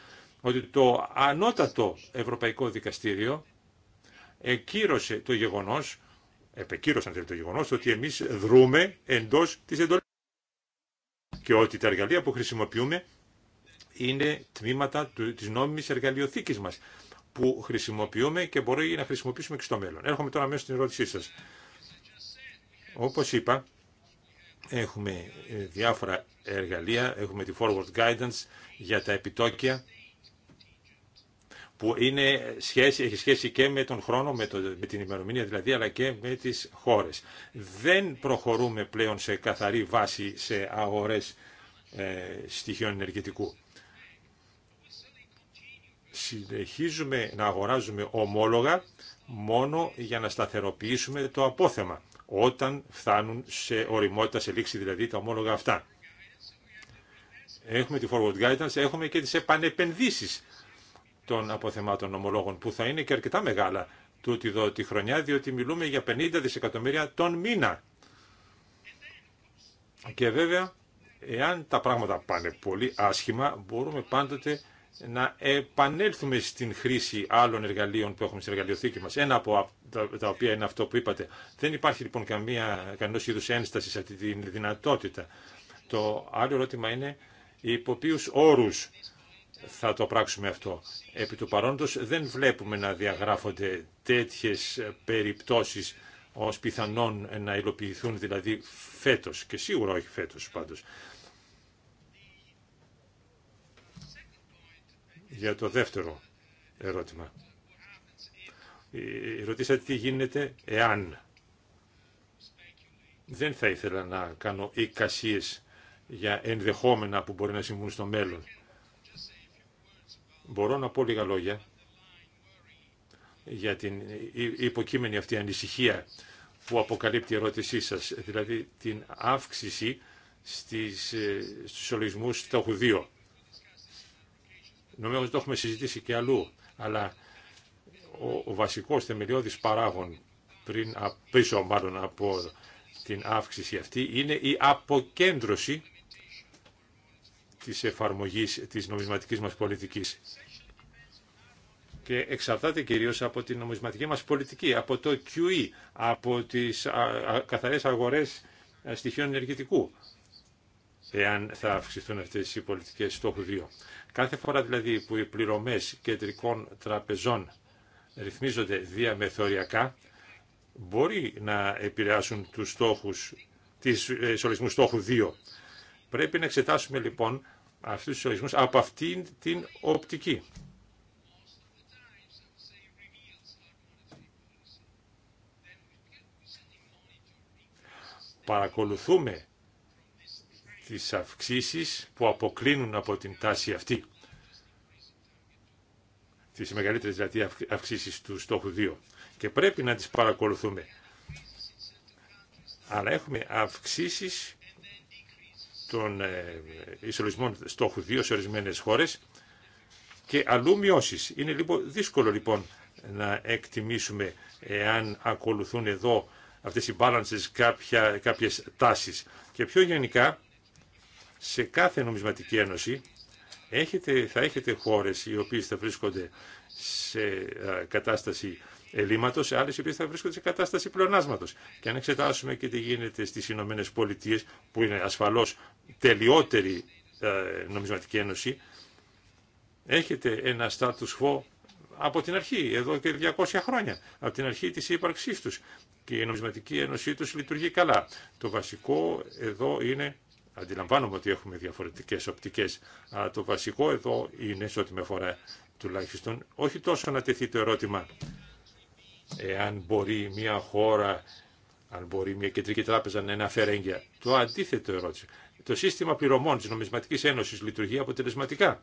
ότι το ανώτατο Ευρωπαϊκό Δικαστήριο εκύρωσε το γεγονός, επεκύρωσαν δηλαδή το γεγονός, ότι εμείς δρούμε εντός της εντολής και ότι τα εργαλεία που χρησιμοποιούμε είναι τμήματα της νόμιμης εργαλειοθήκης μας που χρησιμοποιούμε και μπορεί να χρησιμοποιήσουμε και στο μέλλον. Έρχομαι τώρα μέσα στην ερώτησή σας. Όπως είπα, έχουμε ε, διάφορα εργαλεία, έχουμε τη Forward Guidance για τα επιτόκια, που είναι σχέση, έχει σχέση και με τον χρόνο, με, το, με την ημερομηνία δηλαδή, αλλά και με τις χώρες. Δεν προχωρούμε πλέον σε καθαρή βάση σε αγορές ε, στοιχείων ενεργητικού. Συνεχίζουμε να αγοράζουμε ομόλογα μόνο για να σταθεροποιήσουμε το απόθεμα, όταν φτάνουν σε οριμότητα, σε λήξη δηλαδή τα ομόλογα αυτά. Έχουμε τη forward guidance, έχουμε και τις επανεπενδύσεις των αποθεμάτων ομολόγων που θα είναι και αρκετά μεγάλα τούτη εδώ τη χρονιά διότι μιλούμε για 50 δισεκατομμύρια τον μήνα. Και βέβαια εάν τα πράγματα πάνε πολύ άσχημα μπορούμε πάντοτε να επανέλθουμε στην χρήση άλλων εργαλείων που έχουμε στην εργαλειοθήκη μας. Ένα από τα οποία είναι αυτό που είπατε. Δεν υπάρχει λοιπόν καμία, κανένας είδους ένσταση σε αυτή τη δυνατότητα. Το άλλο ερώτημα είναι υπό ποιους όρους θα το πράξουμε αυτό. Επί του παρόντος δεν βλέπουμε να διαγράφονται τέτοιες περιπτώσεις ως πιθανόν να υλοποιηθούν δηλαδή φέτος και σίγουρα όχι φέτος πάντως. Για το δεύτερο ερώτημα. Ε, ρωτήσατε τι γίνεται εάν. Δεν θα ήθελα να κάνω εικασίες για ενδεχόμενα που μπορεί να συμβούν στο μέλλον. Μπορώ να πω λίγα λόγια για την υποκείμενη αυτή ανησυχία που αποκαλύπτει η ερώτησή σας, δηλαδή την αύξηση στις, ε, στους του στόχου 2. Νομίζω ότι το έχουμε συζητήσει και αλλού, αλλά ο, ο βασικός θεμελιώδης παράγων πριν, πίσω μάλλον από την αύξηση αυτή είναι η αποκέντρωση της εφαρμογής της νομισματικής μας πολιτικής και εξαρτάται κυρίως από την νομισματική μας πολιτική, από το QE, από τις καθαρές αγορές στοιχείων ενεργητικού, εάν θα αυξηθούν αυτές οι πολιτικές στόχου 2. Κάθε φορά δηλαδή που οι πληρωμές κεντρικών τραπεζών ρυθμίζονται διαμεθοριακά, μπορεί να επηρεάσουν τους στόχους, της ε, ισολογισμού στόχου 2. Πρέπει να εξετάσουμε λοιπόν αυτούς τους ισολογισμούς από αυτήν την οπτική. παρακολουθούμε τις αυξήσεις που αποκλίνουν από την τάση αυτή. Τις μεγαλύτερες δηλαδή αυξήσεις του στόχου 2. Και πρέπει να τις παρακολουθούμε. Αλλά έχουμε αυξήσεις των ε, ισολογισμών στόχου 2 σε ορισμένες χώρες και αλλού μειώσεις. Είναι λοιπόν δύσκολο λοιπόν να εκτιμήσουμε εάν ακολουθούν εδώ αυτές οι balances κάποια, κάποιες τάσεις. Και πιο γενικά, σε κάθε νομισματική ένωση έχετε, θα έχετε χώρες οι οποίες θα βρίσκονται σε κατάσταση ελλείμματος, άλλες οι οποίες θα βρίσκονται σε κατάσταση πλεονάσματος. Και αν εξετάσουμε και τι γίνεται στις Ηνωμένε Πολιτείε, που είναι ασφαλώς τελειότερη νομισματική ένωση, έχετε ένα status quo από την αρχή, εδώ και 200 χρόνια, από την αρχή της ύπαρξής τους και η νομισματική ένωσή τους λειτουργεί καλά. Το βασικό εδώ είναι, αντιλαμβάνομαι ότι έχουμε διαφορετικές οπτικές, αλλά το βασικό εδώ είναι, σε ό,τι με αφορά τουλάχιστον, όχι τόσο να τεθεί το ερώτημα εάν μπορεί μια χώρα, αν μπορεί μια κεντρική τράπεζα να είναι αφαιρέγγια. Το αντίθετο ερώτημα, Το σύστημα πληρωμών της Νομισματικής Ένωσης λειτουργεί αποτελεσματικά.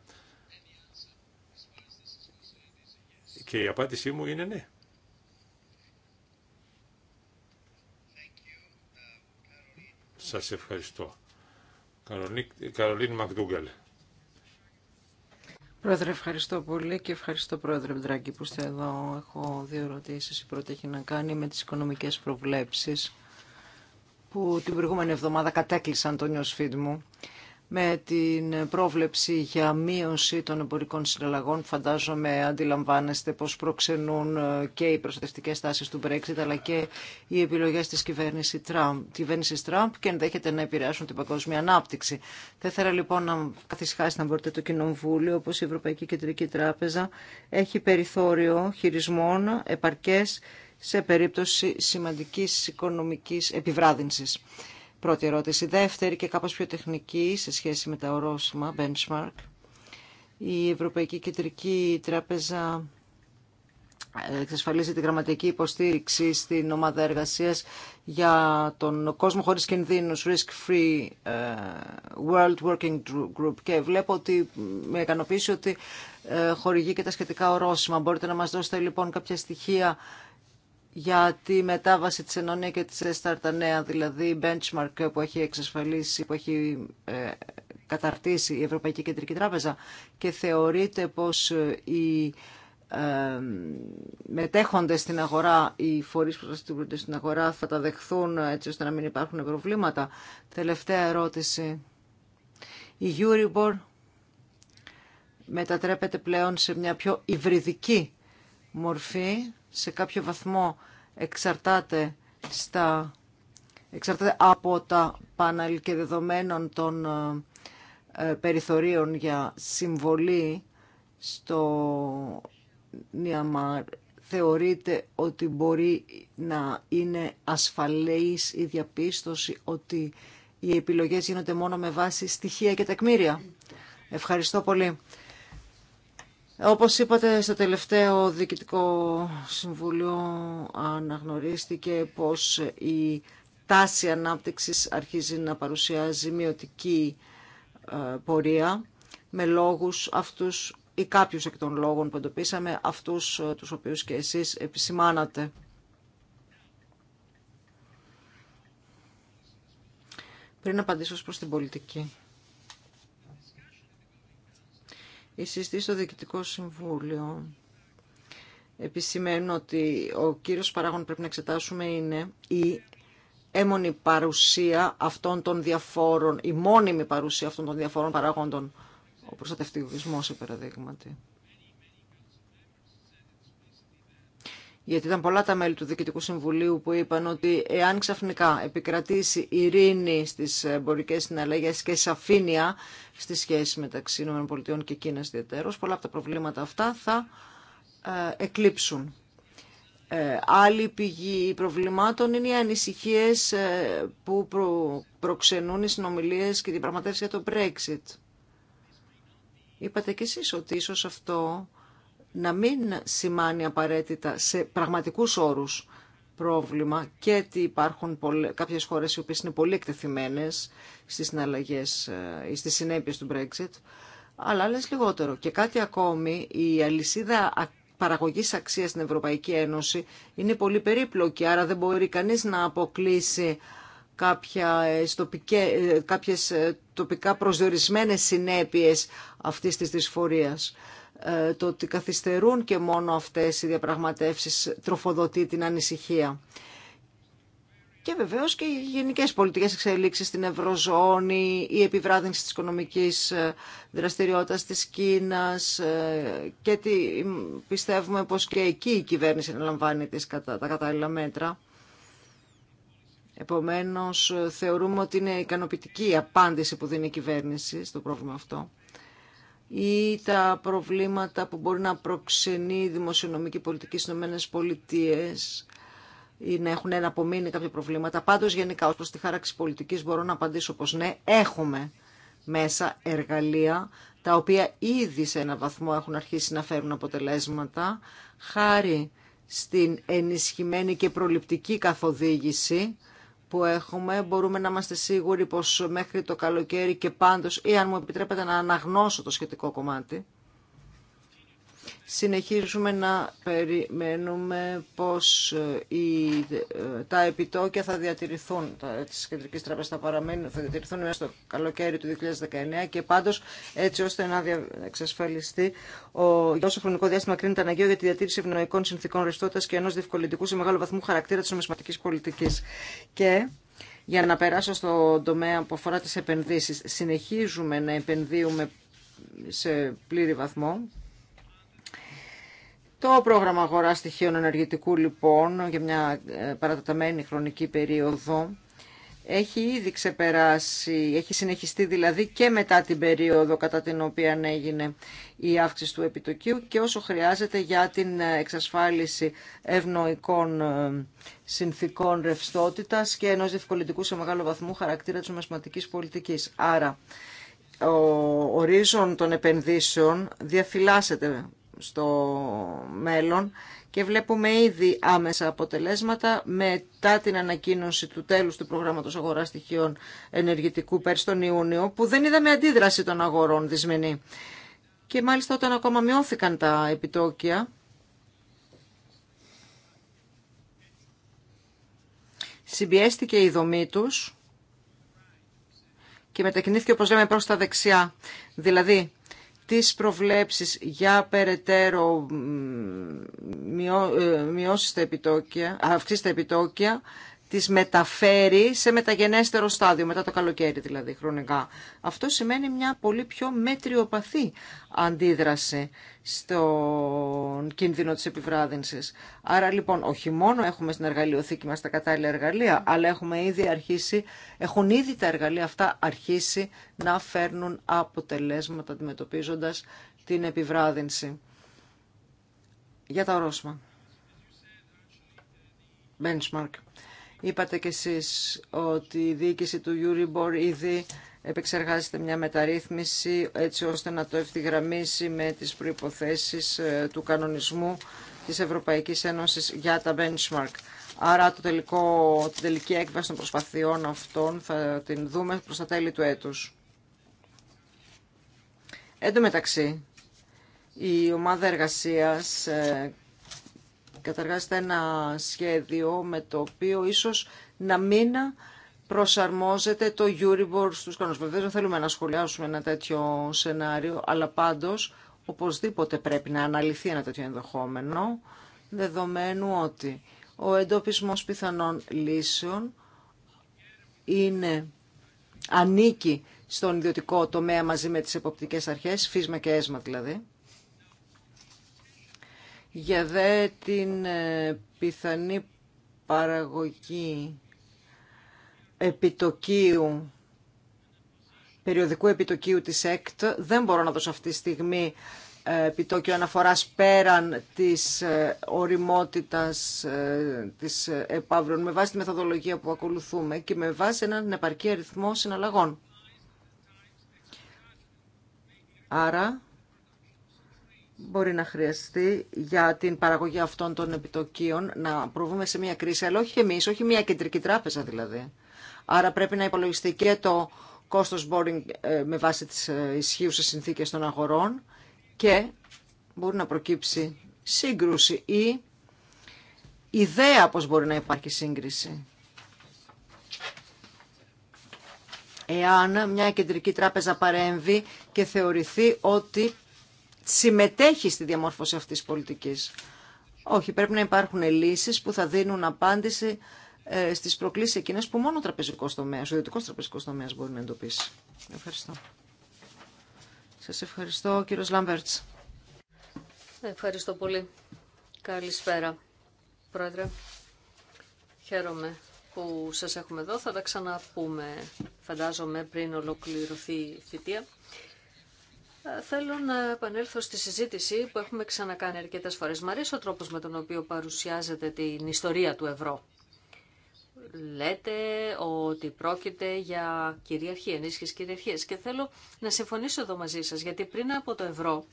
Και η απάντησή μου είναι ναι. Σας ευχαριστώ. Καρολίν Μακδούγκαλ. Πρόεδρε, ευχαριστώ πολύ και ευχαριστώ Πρόεδρε Μπτράκη που είστε εδώ. Έχω δύο ερωτήσει. Η πρώτη έχει να κάνει με τις οικονομικές προβλέψεις που την προηγούμενη εβδομάδα κατέκλυσαν τον νιοσφίτ μου με την πρόβλεψη για μείωση των εμπορικών συναλλαγών. Φαντάζομαι αντιλαμβάνεστε πώς προξενούν ε, και οι προστατευτικές τάσεις του Brexit αλλά και οι επιλογές της κυβέρνησης Τραμπ, Τραμπ και ενδέχεται να επηρεάσουν την παγκόσμια ανάπτυξη. Θα ήθελα λοιπόν να καθισχάσει να μπορείτε το Κοινοβούλιο όπως η Ευρωπαϊκή Κεντρική Τράπεζα έχει περιθώριο χειρισμών επαρκές σε περίπτωση σημαντικής οικονομικής επιβράδυνσης. Πρώτη ερώτηση. Δεύτερη και κάπως πιο τεχνική σε σχέση με τα ορόσημα, benchmark. Η Ευρωπαϊκή Κεντρική Τράπεζα ε, εξασφαλίζει τη γραμματική υποστήριξη στην ομάδα εργασίας για τον κόσμο χωρίς κινδύνους Risk Free ε, World Working Group και βλέπω ότι με ικανοποιήσει ότι ε, χορηγεί και τα σχετικά ορόσημα. Μπορείτε να μας δώσετε λοιπόν κάποια στοιχεία για τη μετάβαση της Ενωνία και της Έσταρτα Νέα, δηλαδή benchmark που έχει εξασφαλίσει, που έχει ε, καταρτήσει η Ευρωπαϊκή Κεντρική Τράπεζα και θεωρείται πως οι ε, μετέχοντες στην αγορά, οι φορείς που προστατεύονται στην αγορά θα τα δεχθούν έτσι ώστε να μην υπάρχουν προβλήματα. Τελευταία ερώτηση. Η Euribor μετατρέπεται πλέον σε μια πιο υβριδική μορφή σε κάποιο βαθμό εξαρτάται, στα, εξαρτάται από τα πάνελ και δεδομένων των ε, περιθωρίων για συμβολή στο Νιαμάρ θεωρείται ότι μπορεί να είναι ασφαλής η διαπίστωση ότι οι επιλογές γίνονται μόνο με βάση στοιχεία και τεκμήρια. Ευχαριστώ πολύ. Όπως είπατε στο τελευταίο Διοικητικό Συμβούλιο αναγνωρίστηκε πως η τάση ανάπτυξης αρχίζει να παρουσιάζει μειωτική ε, πορεία με λόγους αυτούς ή κάποιους εκ των λόγων που εντοπίσαμε, αυτούς ε, τους οποίους και εσείς επισημάνατε. Πριν απαντήσω προς την πολιτική. Η συστήση στο Διοικητικό Συμβούλιο επισημαίνει ότι ο κύριος παράγων πρέπει να εξετάσουμε είναι η έμονη παρουσία αυτών των διαφόρων, η μόνιμη παρουσία αυτών των διαφόρων παράγοντων, ο προστατευτισμός, παραδείγματι. γιατί ήταν πολλά τα μέλη του Διοικητικού Συμβουλίου που είπαν ότι εάν ξαφνικά επικρατήσει ειρήνη στις εμπορικέ συναλλαγέ και σαφήνεια στη σχέση μεταξύ ΗΠΑ και Κίνας ιδιαίτερω, πολλά από τα προβλήματα αυτά θα ε, εκλείψουν. Ε, άλλη πηγή προβλημάτων είναι οι ανησυχίες ε, που προξενούν οι συνομιλίε και την πραγματεύση για το Brexit. Είπατε κι εσείς ότι ίσως αυτό να μην σημάνει απαραίτητα σε πραγματικούς όρους πρόβλημα και ότι υπάρχουν πολλές, κάποιες χώρες οι οποίες είναι πολύ εκτεθειμένες στις συναλλαγές ε, ή στις συνέπειες του Brexit, αλλά άλλες λιγότερο. Και κάτι ακόμη, η αλυσίδα παραγωγής αξίας στην Ευρωπαϊκή Ένωση είναι πολύ περίπλοκη, άρα δεν μπορεί κανείς να αποκλείσει κάποια ε, ε, κάποιες τοπικά προσδιορισμένες συνέπειες αυτής της δυσφορίας. Ε, το ότι καθυστερούν και μόνο αυτές οι διαπραγματεύσεις τροφοδοτεί την ανησυχία. Και βεβαίως και οι γενικές πολιτικές εξελίξεις στην Ευρωζώνη, η επιβράδυνση της οικονομικής ε, δραστηριότητας της Κίνας ε, και τι, πιστεύουμε πως και εκεί η κυβέρνηση αναλαμβάνει τις, τα κατάλληλα μέτρα. Επομένως, θεωρούμε ότι είναι ικανοποιητική η απάντηση που δίνει η κυβέρνηση στο πρόβλημα αυτό ή τα προβλήματα που μπορεί να προξενεί η δημοσιονομική πολιτική στις Ηνωμένες Πολιτείες ή να έχουν πολιτικη στι ΗΠΑ πολιτειες κάποια προβλήματα. Πάντως γενικά ως προς τη χάραξη πολιτικής μπορώ να απαντήσω πως ναι, έχουμε μέσα εργαλεία τα οποία ήδη σε ένα βαθμό έχουν αρχίσει να φέρουν αποτελέσματα χάρη στην ενισχυμένη και προληπτική καθοδήγηση που έχουμε. Μπορούμε να είμαστε σίγουροι πως μέχρι το καλοκαίρι και πάντως, ή αν μου επιτρέπετε να αναγνώσω το σχετικό κομμάτι, συνεχίζουμε να περιμένουμε πως ε, ε, τα επιτόκια θα διατηρηθούν τα, της Κεντρικής Τράπεζας θα, παραμένουν, θα διατηρηθούν μέσα στο καλοκαίρι του 2019 και πάντως έτσι ώστε να εξασφαλιστεί ο, για όσο χρονικό διάστημα κρίνεται αναγκαίο για τη διατήρηση ευνοϊκών συνθήκων ρευστότητας και ενός διευκολυντικού σε μεγάλο βαθμό χαρακτήρα της νομισματικής πολιτικής. Και για να περάσω στο τομέα που αφορά τις επενδύσεις, συνεχίζουμε να επενδύουμε σε πλήρη βαθμό το πρόγραμμα αγορά στοιχείων ενεργητικού λοιπόν για μια ε, παραταταμένη χρονική περίοδο έχει ήδη ξεπεράσει, έχει συνεχιστεί δηλαδή και μετά την περίοδο κατά την οποία έγινε η αύξηση του επιτοκίου και όσο χρειάζεται για την ε, εξασφάλιση ευνοϊκών ε, συνθήκων ρευστότητας και ενός διευκολυντικού σε μεγάλο βαθμό χαρακτήρα της ομασματικής πολιτικής. Άρα, ο ορίζον των επενδύσεων διαφυλάσσεται στο μέλλον και βλέπουμε ήδη άμεσα αποτελέσματα μετά την ανακοίνωση του τέλους του προγράμματος αγοράς στοιχείων ενεργητικού πέρσι τον Ιούνιο που δεν είδαμε αντίδραση των αγορών δυσμενή. Και μάλιστα όταν ακόμα μειώθηκαν τα επιτόκια συμπιέστηκε η δομή τους και μετακινήθηκε όπως λέμε προς τα δεξιά. Δηλαδή τις προβλέψεις για περαιτέρω ε, μειώσει τα επιτόκια, αυξήσει τα επιτόκια τις μεταφέρει σε μεταγενέστερο στάδιο, μετά το καλοκαίρι δηλαδή χρονικά. Αυτό σημαίνει μια πολύ πιο μετριοπαθή αντίδραση στον κίνδυνο της επιβράδυνσης. Άρα λοιπόν όχι μόνο έχουμε στην εργαλειοθήκη μας τα κατάλληλα εργαλεία, αλλά έχουμε ήδη αρχίσει, έχουν ήδη τα εργαλεία αυτά αρχίσει να φέρνουν αποτελέσματα αντιμετωπίζοντα την επιβράδυνση. Για τα ορόσημα. Benchmark. Είπατε κι εσείς ότι η διοίκηση του Euribor ήδη επεξεργάζεται μια μεταρρύθμιση έτσι ώστε να το ευθυγραμμίσει με τις προϋποθέσεις ε, του κανονισμού της Ευρωπαϊκής Ένωσης για τα benchmark. Άρα το τελικό, την τελική έκβαση των προσπαθειών αυτών θα την δούμε προς τα τέλη του έτους. Εν τω μεταξύ, η ομάδα εργασίας ε, καταργάσετε ένα σχέδιο με το οποίο ίσως να μην προσαρμόζεται το Euribor στους κανόνες. Βεβαίως δεν θέλουμε να σχολιάσουμε ένα τέτοιο σενάριο, αλλά πάντως οπωσδήποτε πρέπει να αναλυθεί ένα τέτοιο ενδεχόμενο, δεδομένου ότι ο εντοπισμός πιθανών λύσεων είναι, ανήκει στον ιδιωτικό τομέα μαζί με τις εποπτικές αρχές, φύσμα και έσμα δηλαδή, για δε την ε, πιθανή παραγωγή επιτοκίου, περιοδικού επιτοκίου της ΕΚΤ, δεν μπορώ να δώσω αυτή τη στιγμή ε, επιτόκιο αναφοράς πέραν της ε, οριμότητας της επαύρων με βάση τη μεθοδολογία που ακολουθούμε και με βάση έναν επαρκή αριθμό συναλλαγών. Άρα μπορεί να χρειαστεί για την παραγωγή αυτών των επιτοκίων να προβούμε σε μια κρίση, αλλά όχι εμείς, όχι μια κεντρική τράπεζα δηλαδή. Άρα πρέπει να υπολογιστεί και το κόστος boring ε, με βάση τις ε, ισχύουσες συνθήκες των αγορών και μπορεί να προκύψει σύγκρουση ή ιδέα πως μπορεί να υπάρχει σύγκριση. Εάν μια κεντρική τράπεζα παρέμβει και θεωρηθεί ότι συμμετέχει στη διαμόρφωση αυτής της πολιτικής. Όχι, πρέπει να υπάρχουν λύσεις που θα δίνουν απάντηση ε, στις προκλήσεις εκείνες που μόνο ο τραπεζικός τομέας, ο ιδιωτικός τραπεζικός τομέας μπορεί να εντοπίσει. Ευχαριστώ. Σας ευχαριστώ, κύριος Λάμπερτς. Ευχαριστώ πολύ. Καλησπέρα, πρόεδρε. Χαίρομαι που σας έχουμε εδώ. Θα τα ξαναπούμε, φαντάζομαι, πριν ολοκληρωθεί η θητεία. Θέλω να επανέλθω στη συζήτηση που έχουμε ξανακάνει αρκετές φορές. Μ' αρέσει ο τρόπος με τον οποίο παρουσιάζεται την ιστορία του ευρώ. Λέτε ότι πρόκειται για κυριαρχία, ενίσχυση κυριαρχίας. Και θέλω να συμφωνήσω εδώ μαζί σας, γιατί πριν από το ευρώ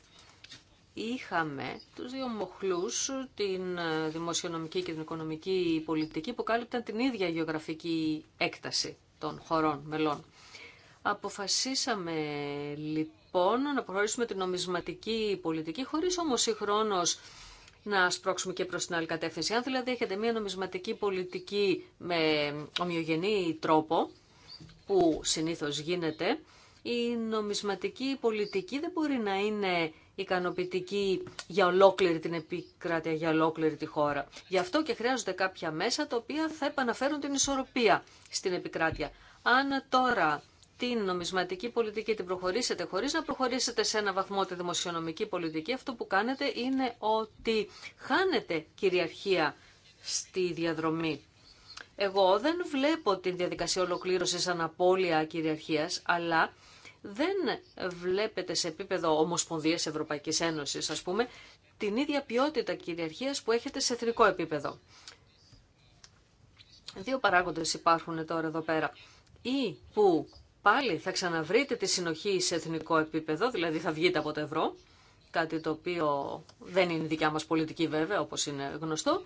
είχαμε τους δύο μοχλούς, την δημοσιονομική και την οικονομική πολιτική, που κάλυπταν την ίδια γεωγραφική έκταση των χωρών μελών. Αποφασίσαμε λοιπόν λοιπόν να προχωρήσουμε την νομισματική πολιτική χωρίς όμως χρόνος να σπρώξουμε και προς την άλλη κατεύθυνση. Αν δηλαδή έχετε μια νομισματική πολιτική με ομοιογενή τρόπο, που συνήθως γίνεται, η νομισματική πολιτική δεν μπορεί να είναι ικανοποιητική για ολόκληρη την επικράτεια, για ολόκληρη τη χώρα. Γι' αυτό και χρειάζονται κάποια μέσα τα οποία θα επαναφέρουν την ισορροπία στην επικράτεια. Αν τώρα την νομισματική πολιτική την προχωρήσετε χωρίς να προχωρήσετε σε ένα βαθμό τη δημοσιονομική πολιτική, αυτό που κάνετε είναι ότι χάνετε κυριαρχία στη διαδρομή. Εγώ δεν βλέπω την διαδικασία ολοκλήρωσης σαν απώλεια κυριαρχίας, αλλά δεν βλέπετε σε επίπεδο Ομοσπονδίας Ευρωπαϊκής Ένωσης, ας πούμε, την ίδια ποιότητα κυριαρχίας που έχετε σε εθνικό επίπεδο. Δύο παράγοντες υπάρχουν τώρα εδώ πέρα. Ή που πάλι θα ξαναβρείτε τη συνοχή σε εθνικό επίπεδο, δηλαδή θα βγείτε από το ευρώ, κάτι το οποίο δεν είναι δικιά μας πολιτική βέβαια, όπως είναι γνωστό,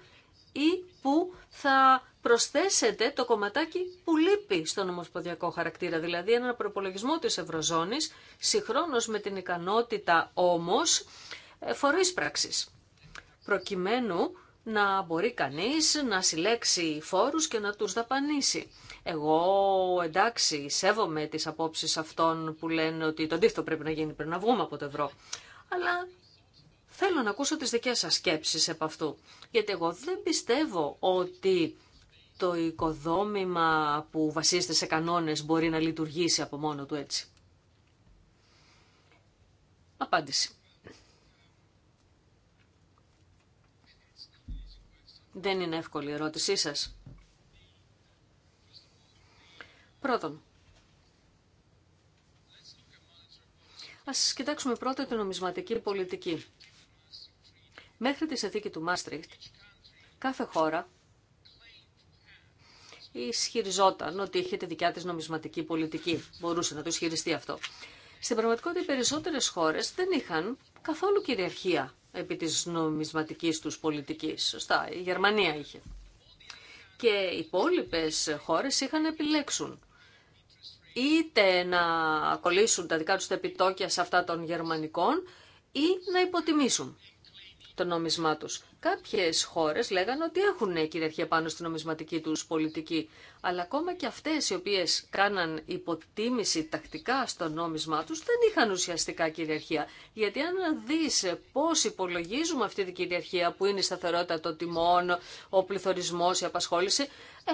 ή που θα προσθέσετε το κομματάκι που λείπει στον ομοσπονδιακό χαρακτήρα, δηλαδή έναν προπολογισμό της Ευρωζώνης, συγχρόνως με την ικανότητα όμως ε, φορείς πράξης, προκειμένου να μπορεί κανείς να συλλέξει φόρους και να τους δαπανίσει. Εγώ εντάξει, σέβομαι τις απόψεις αυτών που λένε ότι το αντίθετο πρέπει να γίνει πριν να βγούμε από το ευρώ. Αλλά θέλω να ακούσω τις δικές σας σκέψεις επ' αυτού. Γιατί εγώ δεν πιστεύω ότι το οικοδόμημα που βασίζεται σε κανόνες μπορεί να λειτουργήσει από μόνο του έτσι. Απάντηση. Δεν είναι εύκολη η ερώτησή σας. Πρώτον, ας κοιτάξουμε πρώτα την νομισματική πολιτική. Μέχρι τη συνθήκη του Μάστριχτ, κάθε χώρα ισχυριζόταν ότι είχε τη δικιά της νομισματική πολιτική. Μπορούσε να το ισχυριστεί αυτό. Στην πραγματικότητα, οι περισσότερες χώρες δεν είχαν καθόλου κυριαρχία επί της νομισματικής τους πολιτικής. Σωστά, η Γερμανία είχε. Και οι υπόλοιπε χώρες είχαν επιλέξουν είτε να κολλήσουν τα δικά τους τα επιτόκια σε αυτά των γερμανικών ή να υποτιμήσουν το νόμισμά τους. Κάποιες χώρες λέγανε ότι έχουν κυριαρχία πάνω στη νομισματική τους πολιτική, αλλά ακόμα και αυτές οι οποίες κάναν υποτίμηση τακτικά στο νόμισμά τους δεν είχαν ουσιαστικά κυριαρχία. Γιατί αν δεις πώς υπολογίζουμε αυτή την κυριαρχία που είναι η σταθερότητα των τιμών, ο πληθωρισμός, η απασχόληση,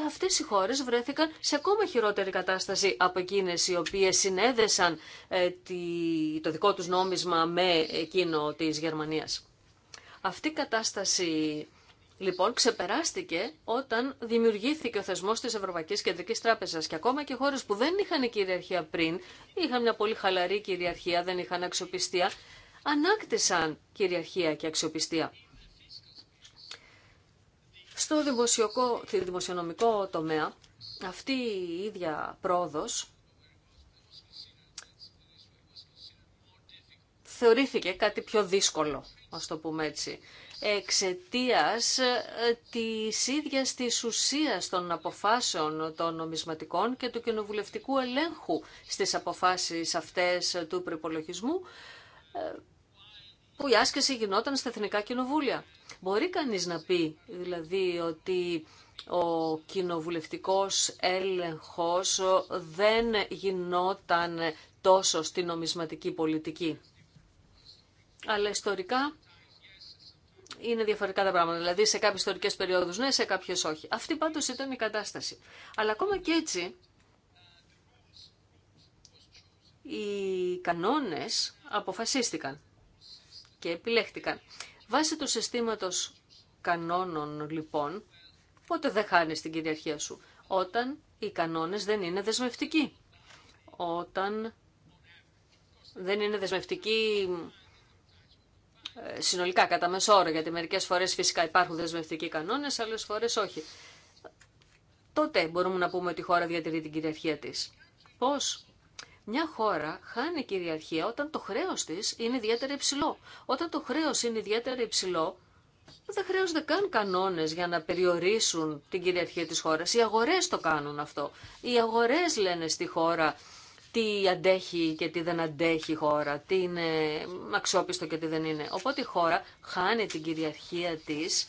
Αυτέ οι χώρες βρέθηκαν σε ακόμα χειρότερη κατάσταση από εκείνε οι οποίες συνέδεσαν ε, το δικό τους νόμισμα με εκείνο της Γερμανίας. Αυτή η κατάσταση Λοιπόν, ξεπεράστηκε όταν δημιουργήθηκε ο θεσμό τη Ευρωπαϊκή Κεντρική Τράπεζα. Και ακόμα και χώρε που δεν είχαν κυριαρχία πριν, είχαν μια πολύ χαλαρή κυριαρχία, δεν είχαν αξιοπιστία, ανάκτησαν κυριαρχία και αξιοπιστία. Στο δημοσιονομικό τομέα αυτή η ίδια πρόοδος θεωρήθηκε κάτι πιο δύσκολο, ας το πούμε έτσι, εξαιτία ε, της ίδιας της ουσίας των αποφάσεων των νομισματικών και του κοινοβουλευτικού ελέγχου στις αποφάσεις αυτές του προπολογισμού, ε, που η άσκηση γινόταν στα εθνικά κοινοβούλια. Μπορεί κανείς να πει δηλαδή ότι ο κοινοβουλευτικός έλεγχος δεν γινόταν τόσο στη νομισματική πολιτική. Αλλά ιστορικά είναι διαφορετικά τα πράγματα. Δηλαδή σε κάποιες ιστορικές περιόδους ναι, σε κάποιες όχι. Αυτή πάντως ήταν η κατάσταση. Αλλά ακόμα και έτσι οι κανόνες αποφασίστηκαν και επιλέχτηκαν. Βάσει του συστήματος κανόνων λοιπόν, πότε δεν χάνεις την κυριαρχία σου. Όταν οι κανόνες δεν είναι δεσμευτικοί. Όταν δεν είναι δεσμευτικοί ε, συνολικά κατά μέσο γιατί μερικές φορές φυσικά υπάρχουν δεσμευτικοί κανόνες, άλλες φορές όχι. Τότε μπορούμε να πούμε ότι η χώρα διατηρεί την κυριαρχία της. Πώς? Μια χώρα χάνει κυριαρχία όταν το χρέος της είναι ιδιαίτερα υψηλό. Όταν το χρέος είναι ιδιαίτερα υψηλό, δεν χρειάζονται καν κανόνες για να περιορίσουν την κυριαρχία της χώρας. Οι αγορές το κάνουν αυτό. Οι αγορές λένε στη χώρα τι αντέχει και τι δεν αντέχει η χώρα, τι είναι αξιόπιστο και τι δεν είναι. Οπότε η χώρα χάνει την κυριαρχία της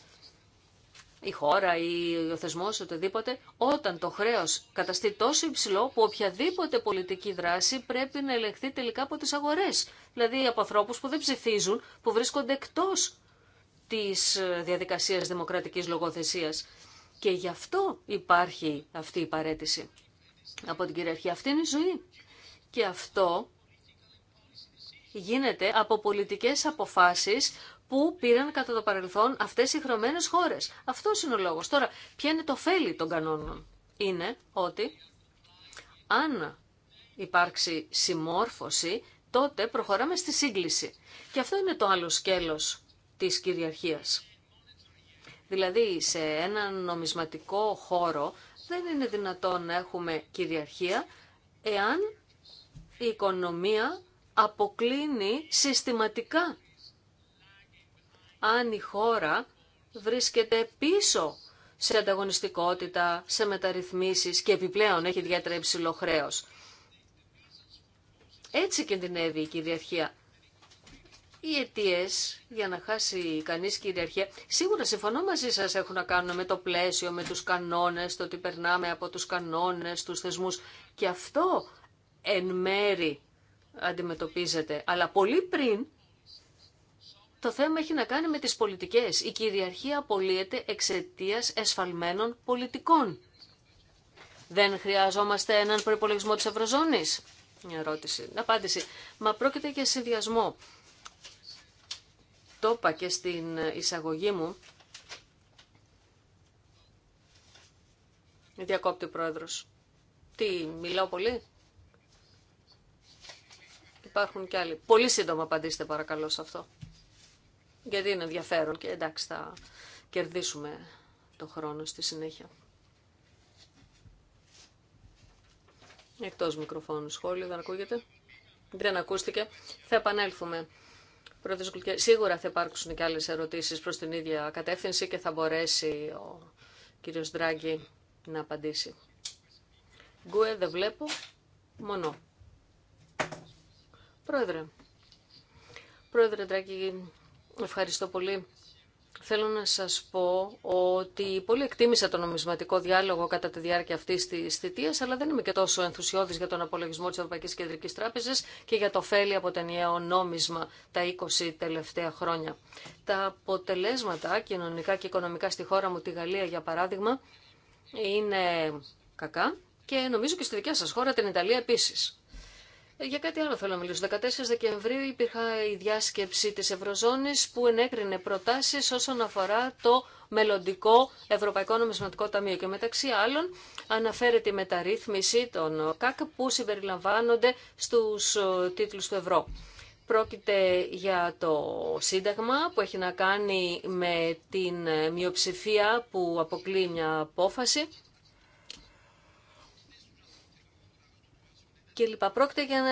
η χώρα ή ο θεσμό οτιδήποτε, όταν το χρέος καταστεί τόσο υψηλό που οποιαδήποτε πολιτική δράση πρέπει να ελεγχθεί τελικά από τις αγορές. Δηλαδή από ανθρώπου που δεν ψηφίζουν, που βρίσκονται εκτός της ε, διαδικασίας δημοκρατικής λογοθεσίας. Και γι' αυτό υπάρχει αυτή η παρέτηση από την κυριαρχία. Αυτή είναι η ζωή. Και αυτό γίνεται από πολιτικές αποφάσεις που πήραν κατά το παρελθόν αυτές οι χρωμένε χώρες. Αυτό είναι ο λόγος. Τώρα, ποια είναι το φέλη των κανόνων. Είναι ότι αν υπάρξει συμμόρφωση, τότε προχωράμε στη σύγκληση. Και αυτό είναι το άλλο σκέλος της κυριαρχίας. Δηλαδή, σε ένα νομισματικό χώρο δεν είναι δυνατόν να έχουμε κυριαρχία εάν η οικονομία αποκλίνει συστηματικά αν η χώρα βρίσκεται πίσω σε ανταγωνιστικότητα, σε μεταρρυθμίσεις και επιπλέον έχει ιδιαίτερα υψηλό χρέο. Έτσι κινδυνεύει η κυριαρχία. Οι αιτίε για να χάσει κανεί κυριαρχία, σίγουρα συμφωνώ μαζί σα, έχουν να κάνουν με το πλαίσιο, με του κανόνε, το ότι περνάμε από του κανόνε, του θεσμού. Και αυτό εν μέρη αντιμετωπίζεται. Αλλά πολύ πριν το θέμα έχει να κάνει με τις πολιτικές. Η κυριαρχία απολύεται εξαιτία εσφαλμένων πολιτικών. Δεν χρειαζόμαστε έναν προπολογισμό της Ευρωζώνης. Μια ερώτηση. Απάντηση. Μα πρόκειται για συνδυασμό. Το είπα και στην εισαγωγή μου. Διακόπτει ο πρόεδρος. Τι, μιλάω πολύ. Υπάρχουν και άλλοι. Πολύ σύντομα απαντήστε παρακαλώ σε αυτό γιατί είναι ενδιαφέρον και εντάξει θα κερδίσουμε το χρόνο στη συνέχεια. Εκτός μικροφώνου σχόλιο, δεν ακούγεται. Δεν ακούστηκε. Θα επανέλθουμε. Σίγουρα θα υπάρξουν και άλλες ερωτήσεις προς την ίδια κατεύθυνση και θα μπορέσει ο κύριος Δράγκη να απαντήσει. Γκουέ δεν βλέπω, μόνο. Πρόεδρε. Πρόεδρε Δράγκη, Ευχαριστώ πολύ. Θέλω να σας πω ότι πολύ εκτίμησα τον νομισματικό διάλογο κατά τη διάρκεια αυτής της θητείας, αλλά δεν είμαι και τόσο ενθουσιώδης για τον απολογισμό της Ευρωπαϊκής Κεντρικής Τράπεζας και για το φέλη από το ενιαίο νόμισμα τα 20 τελευταία χρόνια. Τα αποτελέσματα κοινωνικά και οικονομικά στη χώρα μου, τη Γαλλία για παράδειγμα, είναι κακά και νομίζω και στη δικιά σας χώρα, την Ιταλία επίσης. Για κάτι άλλο θέλω να μιλήσω. 14 Δεκεμβρίου υπήρχε η διάσκεψη της Ευρωζώνης που ενέκρινε προτάσεις όσον αφορά το μελλοντικό Ευρωπαϊκό Νομισματικό Ταμείο και μεταξύ άλλων αναφέρεται η μεταρρύθμιση των ΚΑΚ που συμπεριλαμβάνονται στους ε, τίτλους του ευρώ. Πρόκειται για το Σύνταγμα που έχει να κάνει με την ε, μειοψηφία που αποκλεί μια απόφαση κλπ. Πρόκειται για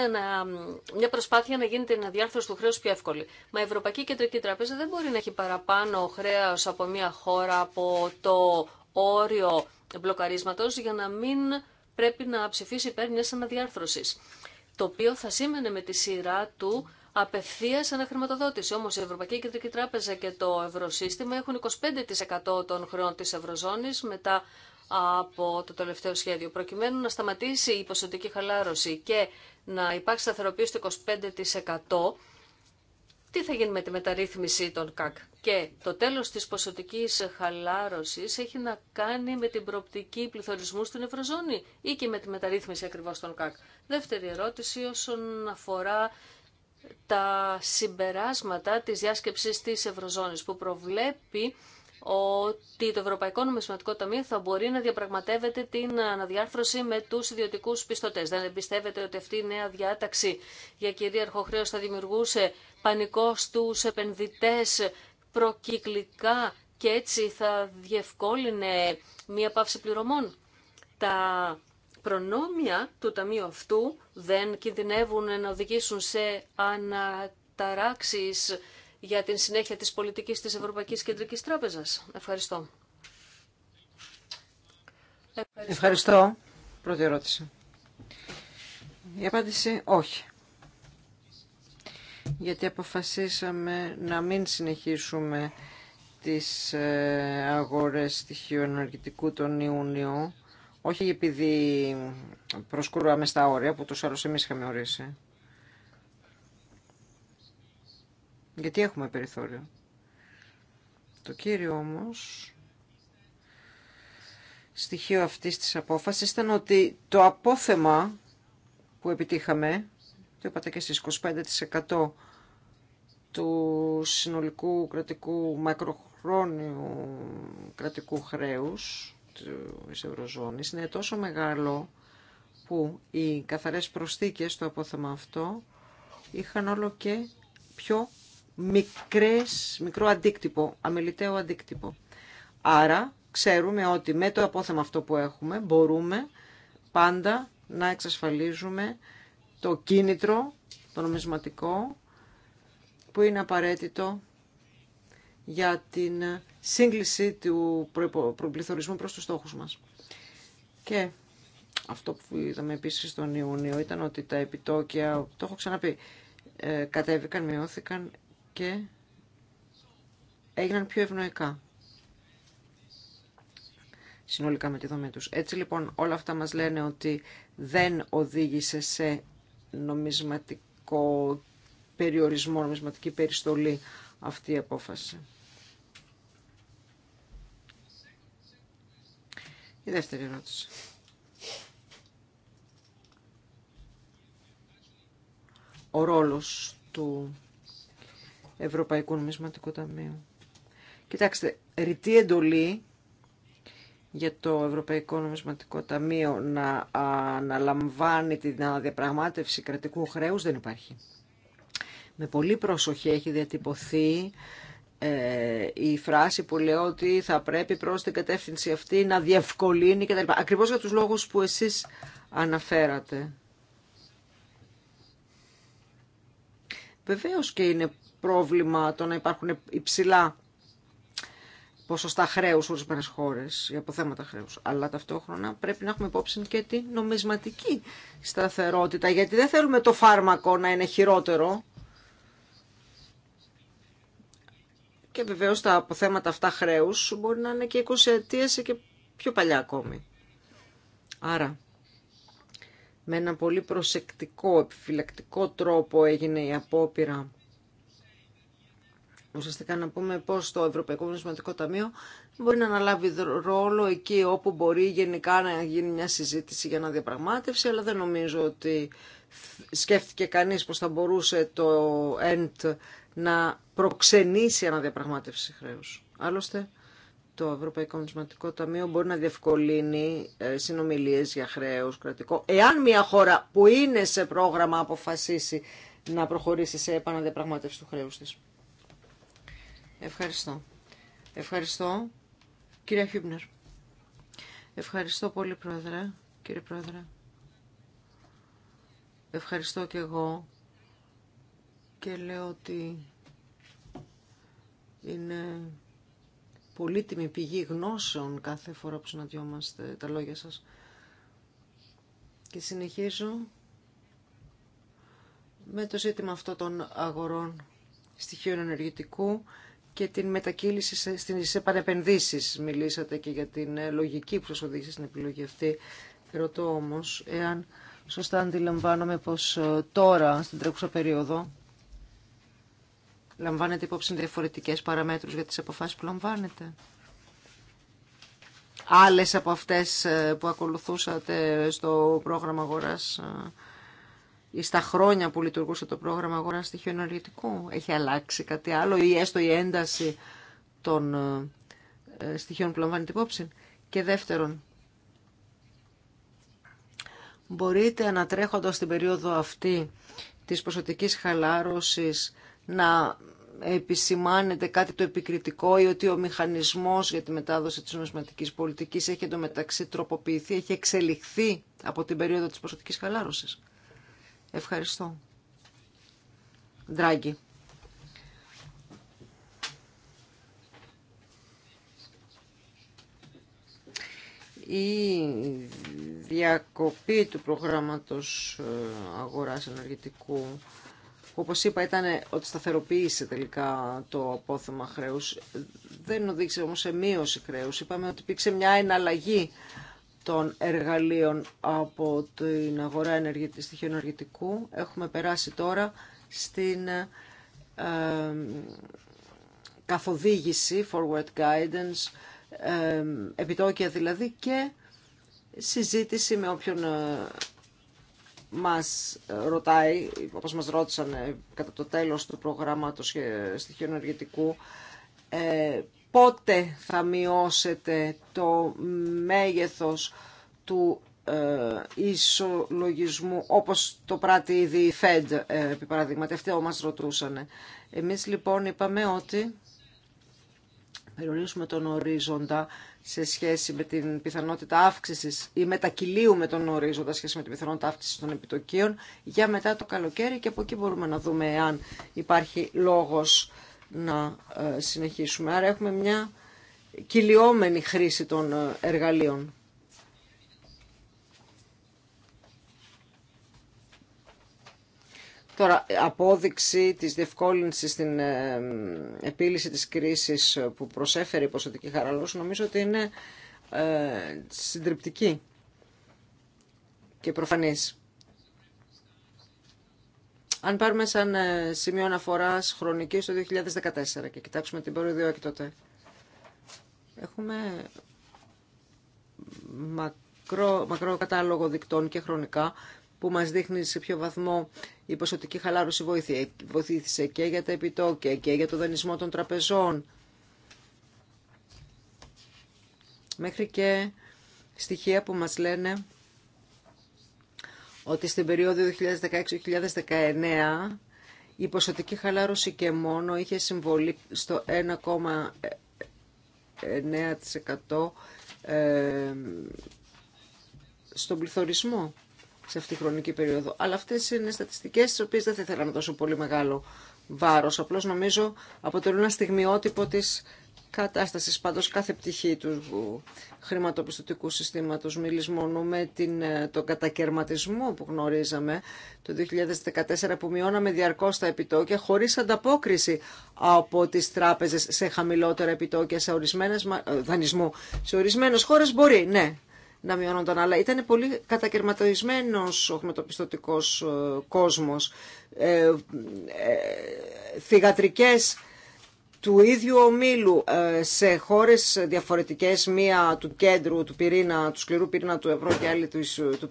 μια προσπάθεια να γίνεται την διάρθρωση του χρέου πιο εύκολη. Μα η Ευρωπαϊκή Κεντρική Τράπεζα δεν μπορεί να έχει παραπάνω χρέο από μια χώρα από το όριο μπλοκαρίσματο για να μην πρέπει να ψηφίσει υπέρ μια αναδιάρθρωση. Το οποίο θα σήμαινε με τη σειρά του απευθεία αναχρηματοδότηση. Όμω η Ευρωπαϊκή Κεντρική Τράπεζα και το Ευρωσύστημα έχουν 25% των χρεών τη Ευρωζώνη μετά από το τελευταίο σχέδιο. Προκειμένου να σταματήσει η ποσοτική χαλάρωση και να υπάρξει σταθεροποίηση του 25%, τι θα γίνει με τη μεταρρύθμιση των ΚΑΚ. Και το τέλος της ποσοτικής χαλάρωσης έχει να κάνει με την προοπτική πληθωρισμού στην Ευρωζώνη ή και με τη μεταρρύθμιση ακριβώς των ΚΑΚ. Δεύτερη ερώτηση όσον αφορά τα συμπεράσματα της διάσκεψης της Ευρωζώνης που προβλέπει ότι το Ευρωπαϊκό Νομισματικό Ταμείο θα μπορεί να διαπραγματεύεται την αναδιάρθρωση με του ιδιωτικού πιστωτέ. Δεν πιστεύετε ότι αυτή η νέα διάταξη για κυρίαρχο χρέο θα δημιουργούσε πανικό στου επενδυτέ προκυκλικά και έτσι θα διευκόλυνε μία πάυση πληρωμών. Τα προνόμια του ταμείου αυτού δεν κινδυνεύουν να οδηγήσουν σε αναταράξεις για την συνέχεια της πολιτικής της Ευρωπαϊκής Κεντρικής Τράπεζας. Ευχαριστώ. Ευχαριστώ. Πρώτη ερώτηση. Η απάντηση όχι. Γιατί αποφασίσαμε να μην συνεχίσουμε τις ε, αγορές στοιχείων ενεργητικού τον Ιούνιο, όχι επειδή προσκουράμε στα όρια που τους άλλους εμείς είχαμε ορίσει, Γιατί έχουμε περιθώριο. Το κύριο όμως στοιχείο αυτής της απόφασης ήταν ότι το απόθεμα που επιτύχαμε, το είπατε και στις 25% του συνολικού κρατικού μακροχρόνιου κρατικού χρέους της Ευρωζώνης είναι τόσο μεγάλο που οι καθαρές προσθήκες στο απόθεμα αυτό είχαν όλο και πιο μικρές, μικρό αντίκτυπο, αμεληταίο αντίκτυπο. Άρα ξέρουμε ότι με το απόθεμα αυτό που έχουμε μπορούμε πάντα να εξασφαλίζουμε το κίνητρο, το νομισματικό, που είναι απαραίτητο για την σύγκληση του προπληθωρισμού προς τους στόχους μας. Και αυτό που είδαμε επίσης τον Ιούνιο ήταν ότι τα επιτόκια, το έχω ξαναπεί, ε, κατέβηκαν, μειώθηκαν και έγιναν πιο ευνοϊκά συνολικά με τη δομή τους. Έτσι λοιπόν όλα αυτά μας λένε ότι δεν οδήγησε σε νομισματικό περιορισμό, νομισματική περιστολή αυτή η απόφαση. Η δεύτερη ερώτηση. Ο ρόλος του Ευρωπαϊκού Νομισματικού Ταμείου. Κοιτάξτε, ρητή εντολή για το Ευρωπαϊκό Νομισματικό Ταμείο να αναλαμβάνει την αναδιαπραγμάτευση κρατικού χρέους δεν υπάρχει. Με πολύ προσοχή έχει διατυπωθεί ε, η φράση που λέω ότι θα πρέπει προς την κατεύθυνση αυτή να διευκολύνει κτλ. Ακριβώς για τους λόγους που εσείς αναφέρατε. Βεβαίως και είναι πρόβλημα το να υπάρχουν υψηλά ποσοστά χρέους σε ορισμένε χώρε, αποθέματα χρέους. Αλλά ταυτόχρονα πρέπει να έχουμε υπόψη και τη νομισματική σταθερότητα, γιατί δεν θέλουμε το φάρμακο να είναι χειρότερο. Και βεβαίω τα αποθέματα αυτά χρέους μπορεί να είναι και 20 αιτίε και πιο παλιά ακόμη. Άρα, με ένα πολύ προσεκτικό, επιφυλακτικό τρόπο έγινε η απόπειρα ουσιαστικά να πούμε πώς το Ευρωπαϊκό Νομισματικό Ταμείο μπορεί να αναλάβει ρόλο εκεί όπου μπορεί γενικά να γίνει μια συζήτηση για να διαπραγμάτευση, αλλά δεν νομίζω ότι σκέφτηκε κανείς πως θα μπορούσε το ΕΝΤ να προξενήσει αναδιαπραγμάτευση χρέους. Άλλωστε, το Ευρωπαϊκό Νομισματικό Ταμείο μπορεί να διευκολύνει ε, συνομιλίες για χρέος κρατικό. Εάν μια χώρα που είναι σε πρόγραμμα αποφασίσει να προχωρήσει σε επαναδιαπραγμάτευση του χρέους της. Ευχαριστώ. Ευχαριστώ, Κύριε Χιούμπνερ. Ευχαριστώ πολύ, Πρόεδρε, κύριε Πρόεδρε. Ευχαριστώ και εγώ και λέω ότι είναι πολύτιμη πηγή γνώσεων κάθε φορά που συναντιόμαστε τα λόγια σας. Και συνεχίζω με το ζήτημα αυτό των αγορών στοιχείων ενεργητικού και την μετακύληση στις επανεπενδύσεις. Μιλήσατε και για την ε, λογική που σα οδήγησε στην επιλογή αυτή. Ρωτώ όμω, εάν σωστά αντιλαμβάνομαι πως ε, τώρα στην τρέχουσα περίοδο λαμβάνετε υπόψη διαφορετικέ παραμέτρους για τις αποφάσεις που λαμβάνετε. Άλλες από αυτές ε, που ακολουθούσατε στο πρόγραμμα αγοράς ή στα χρόνια που λειτουργούσε το πρόγραμμα αγοράς στοιχείων ενεργητικού έχει αλλάξει κάτι άλλο ή έστω η στα χρόνια που λειτουργούσε το πρόγραμμα αγορά στοιχείων ενεργητικού. Έχει αλλάξει κάτι άλλο ή έστω η ένταση των ε, ε, στοιχείων που λαμβάνει την υπόψη. Και δεύτερον, μπορείτε ανατρέχοντας την περίοδο αυτή της προσωπική χαλάρωσης να επισημανετε κάτι το επικριτικό ή ότι ο μηχανισμός για τη μετάδοση της νομισματικής πολιτικής έχει εντωμεταξύ τροποποιηθεί, έχει εξελιχθεί από την περίοδο της ποσοτικής χαλάρωσης. Ευχαριστώ. Δράγκη. η διακοπή του προγράμματος ε, αγοράς ενεργητικού που όπως είπα ήταν ε, ότι σταθεροποίησε τελικά το απόθεμα χρέους δεν οδήγησε όμως σε μείωση χρέους είπαμε ότι υπήρξε μια εναλλαγή των εργαλείων από την αγορά στοιχείων ενεργητικού. Έχουμε περάσει τώρα στην ε, καθοδήγηση, forward guidance, ε, επιτόκια δηλαδή και συζήτηση με όποιον ε, μας ρωτάει, όπως μας ρώτησαν ε, κατά το τέλος του προγράμματος ε, στοιχείων ενεργητικού, πότε θα μειώσετε το μέγεθος του ε, ισολογισμού όπως το πράττει ήδη η ΦΕΔ επί παράδειγμα, Εμείς λοιπόν είπαμε ότι περιορίζουμε τον ορίζοντα σε σχέση με την πιθανότητα αύξησης ή μετακυλίουμε τον ορίζοντα σε σχέση με την πιθανότητα αύξησης των επιτοκίων για μετά το καλοκαίρι και από εκεί μπορούμε να δούμε αν υπάρχει λόγος να ε, συνεχίσουμε. Άρα έχουμε μια κυλιόμενη χρήση των ε, εργαλείων. Τώρα, απόδειξη της διευκόλυνσης στην ε, επίλυση της κρίσης που προσέφερε η ποσοτική Χαραλός, νομίζω ότι είναι συντριπτική και προφανής. Αν πάρουμε σαν ε, σημείο αναφορά χρονική το 2014 και κοιτάξουμε την περίοδο τότε, έχουμε μακρό, μακρό κατάλογο δικτών και χρονικά που μας δείχνει σε ποιο βαθμό η ποσοτική χαλάρωση βοήθησε και για τα επιτόκια και για το δανεισμό των τραπεζών μέχρι και στοιχεία που μας λένε ότι στην περίοδο 2016-2019 η ποσοτική χαλάρωση και μόνο είχε συμβολή στο 1,9% ε, στον πληθωρισμό σε αυτή τη χρονική περίοδο. Αλλά αυτές είναι στατιστικές τι οποίες δεν θα ήθελα να δώσω πολύ μεγάλο βάρος. Απλώς νομίζω αποτελούν ένα στιγμιότυπο της Κατάσταση Πάντως κάθε πτυχή του χρηματοπιστωτικού συστήματος μόνο με την, ε, τον κατακαιρματισμό που γνωρίζαμε το 2014 που μειώναμε διαρκώ τα επιτόκια χωρίς ανταπόκριση από τις τράπεζες σε χαμηλότερα επιτόκια σε ορισμένε. Ε, δανεισμού. Σε ορισμένε χώρες μπορεί, ναι, να μειώνονταν, αλλά ήταν πολύ κατακαιρματισμένο ο χρηματοπιστωτικό κόσμο. Ε, ε του ίδιου ομίλου ε, σε χώρες διαφορετικές, μία του κέντρου, του πυρήνα, του σκληρού πυρήνα του ευρώ και άλλη της, του,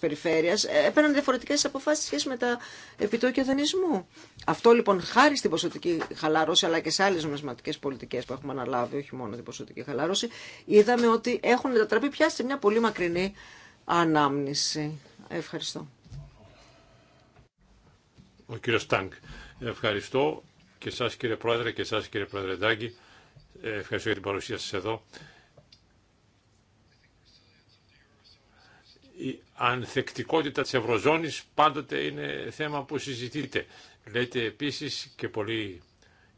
περιφέρειας, ε, έπαιρναν διαφορετικές αποφάσεις σχέση με τα επιτόκια δανεισμού. Αυτό λοιπόν χάρη στην ποσοτική χαλάρωση αλλά και σε άλλες νομισματικές πολιτικές που έχουμε αναλάβει, όχι μόνο την ποσοτική χαλάρωση, είδαμε ότι έχουν μετατραπεί πια σε μια πολύ μακρινή ανάμνηση. Ευχαριστώ. Ο κύριος Τάνκ. Ευχαριστώ και εσά κύριε Πρόεδρε και εσά κύριε Πρόεδρε Ντάγκη. Ε, ευχαριστώ για την παρουσία σα εδώ. Η ανθεκτικότητα της Ευρωζώνης πάντοτε είναι θέμα που συζητείται. Λέτε επίσης και πολλοί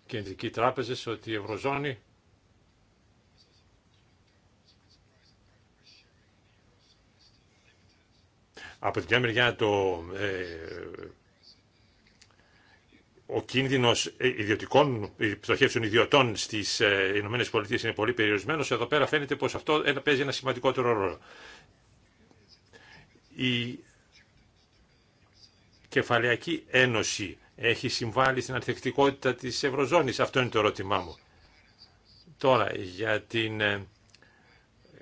κεντρικοί τράπεζες ότι η Ευρωζώνη από την μια μεριά το ε, ο κίνδυνος ε, ιδιωτικών ε, πτωχεύσεων ιδιωτών στις ε, ΗΠΑ είναι πολύ περιορισμένος. Εδώ πέρα φαίνεται πως αυτό παίζει ένα σημαντικότερο ρόλο. Η Κεφαλαιακή Ένωση έχει συμβάλει στην ανθεκτικότητα της Ευρωζώνης. Αυτό είναι το ερώτημά μου. Τώρα, για την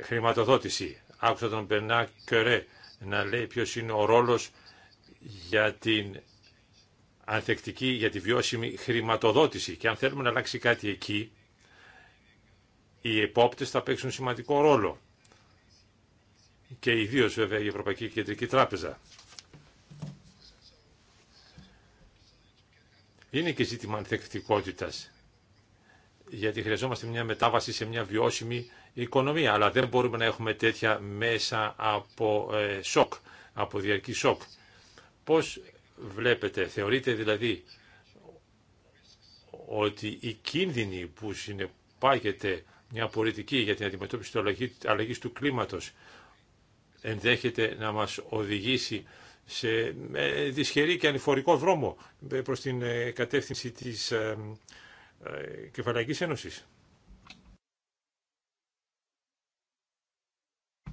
χρηματοδότηση. Άκουσα τον Μπερνά Κερέ να λέει ποιο είναι ο ρόλο για την ανθεκτική για τη βιώσιμη χρηματοδότηση. Και αν θέλουμε να αλλάξει κάτι εκεί, οι επόπτες θα παίξουν σημαντικό ρόλο. Και ιδίως βέβαια η Ευρωπαϊκή Κεντρική Τράπεζα. Είναι και ζήτημα ανθεκτικότητας. Γιατί χρειαζόμαστε μια μετάβαση σε μια βιώσιμη οικονομία. Αλλά δεν μπορούμε να έχουμε τέτοια μέσα από ε, σοκ, από διαρκή σοκ. Πώς βλέπετε, θεωρείτε δηλαδή ότι η κίνδυνη που συνεπάγεται μια πολιτική για την αντιμετώπιση του αλλαγής του κλίματος ενδέχεται να μας οδηγήσει σε ε, δυσχερή και ανηφορικό δρόμο προς την ε, κατεύθυνση της ε, Κεφαλαϊκής Ένωσης.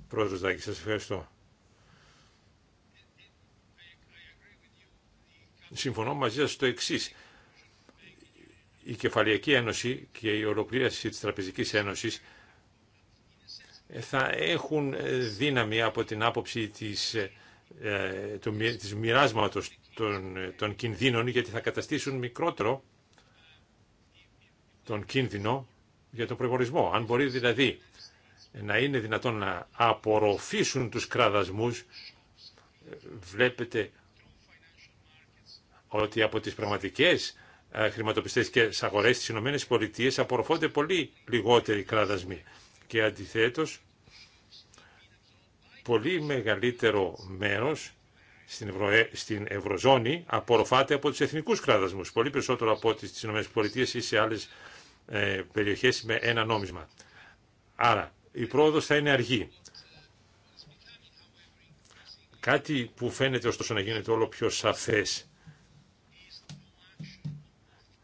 Πρόεδρος Δάκη, σας ευχαριστώ. συμφωνώ μαζί σας στο εξή. Η Κεφαλιακή Ένωση και η ολοκλήρωση της Τραπεζικής Ένωσης θα έχουν δύναμη από την άποψη της, ε, του, της μοιράσματος των, των κινδύνων γιατί θα καταστήσουν μικρότερο τον κίνδυνο για τον προπορισμό. Αν μπορεί δηλαδή να είναι δυνατόν να απορροφήσουν τους κραδασμούς, ε, βλέπετε ότι από τις πραγματικές ε, χρηματοπιστές αγορές στις Ηνωμένες Πολιτείες απορροφώνται πολύ λιγότεροι κράδασμοι και αντιθέτω, πολύ μεγαλύτερο μέρος στην, ε, στην Ευρωζώνη απορροφάται από τους εθνικούς κράδασμους, πολύ περισσότερο από ό,τι στις ΗΠΑ ή σε άλλες ε, περιοχές με ένα νόμισμα. Άρα, η σε αλλες ε περιοχες με ενα νομισμα αρα η προοδο θα είναι αργή. Κάτι που φαίνεται ωστόσο να γίνεται όλο πιο σαφές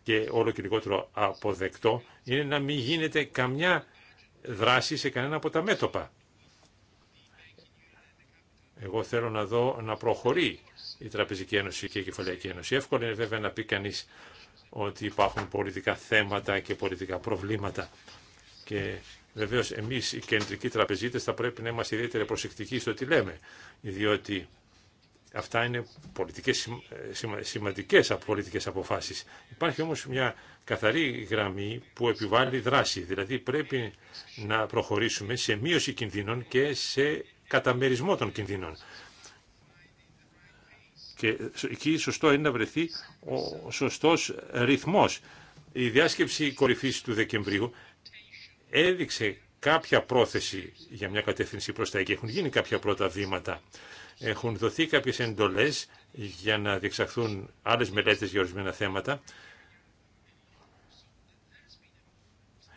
και όλο και λιγότερο αποδεκτό είναι να μην γίνεται καμιά δράση σε κανένα από τα μέτωπα. Εγώ θέλω να δω να προχωρεί η Τραπεζική Ένωση και η Κεφαλαϊκή Ένωση. Εύκολο είναι βέβαια να πει κανεί ότι υπάρχουν πολιτικά θέματα και πολιτικά προβλήματα. Και βεβαίω εμεί οι κεντρικοί τραπεζίτε θα πρέπει να είμαστε ιδιαίτερα προσεκτικοί στο τι λέμε. Διότι Αυτά είναι πολιτικές, ε, σημαντικές πολιτικές αποφάσεις. Υπάρχει όμως μια καθαρή γραμμή που επιβάλλει δράση. Δηλαδή πρέπει να προχωρήσουμε σε μείωση κινδύνων και σε καταμερισμό των κινδύνων. Και εκεί σωστό είναι να βρεθεί ο σωστός ρυθμός. Η διάσκεψη κορυφής του Δεκεμβρίου έδειξε κάποια πρόθεση για μια κατεύθυνση προς τα εκεί. Έχουν γίνει κάποια πρώτα βήματα έχουν δοθεί κάποιες εντολές για να διεξαχθούν άλλες μελέτες για ορισμένα θέματα.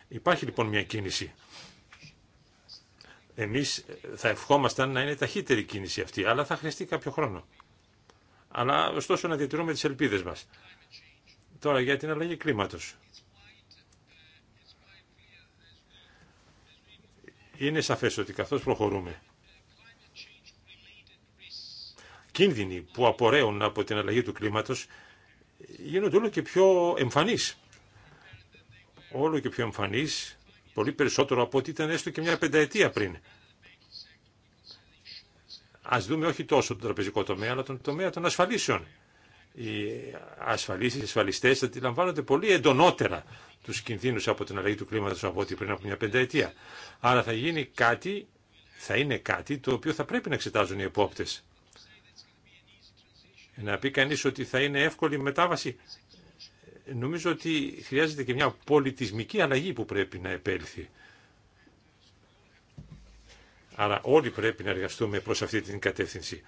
Υπάρχει λοιπόν μια κίνηση. Εμείς θα ευχόμασταν να είναι ταχύτερη κίνηση αυτή, αλλά θα χρειαστεί κάποιο χρόνο. Αλλά ωστόσο να διατηρούμε τις ελπίδες μας. Τώρα για την αλλαγή κλίματος. Είναι σαφές ότι καθώς προχωρούμε κίνδυνοι που απορρέουν από την αλλαγή του κλίματος γίνονται όλο και πιο εμφανείς. Όλο και πιο εμφανείς, πολύ περισσότερο από ό,τι ήταν έστω και μια πενταετία πριν. Ας δούμε όχι τόσο τον τραπεζικό τομέα, αλλά τον τομέα των ασφαλίσεων. Οι ασφαλίσει, οι ασφαλιστέ αντιλαμβάνονται πολύ εντονότερα του κινδύνου από την αλλαγή του κλίματο από ό,τι πριν από μια πενταετία. Άρα θα γίνει κάτι, θα είναι κάτι το οποίο θα πρέπει να εξετάζουν οι επόπτε. Να πει κανείς ότι θα είναι εύκολη μετάβαση. Νομίζω ότι χρειάζεται και μια πολιτισμική αλλαγή που πρέπει να επέλθει. Άρα όλοι πρέπει να εργαστούμε προς αυτή την κατεύθυνση.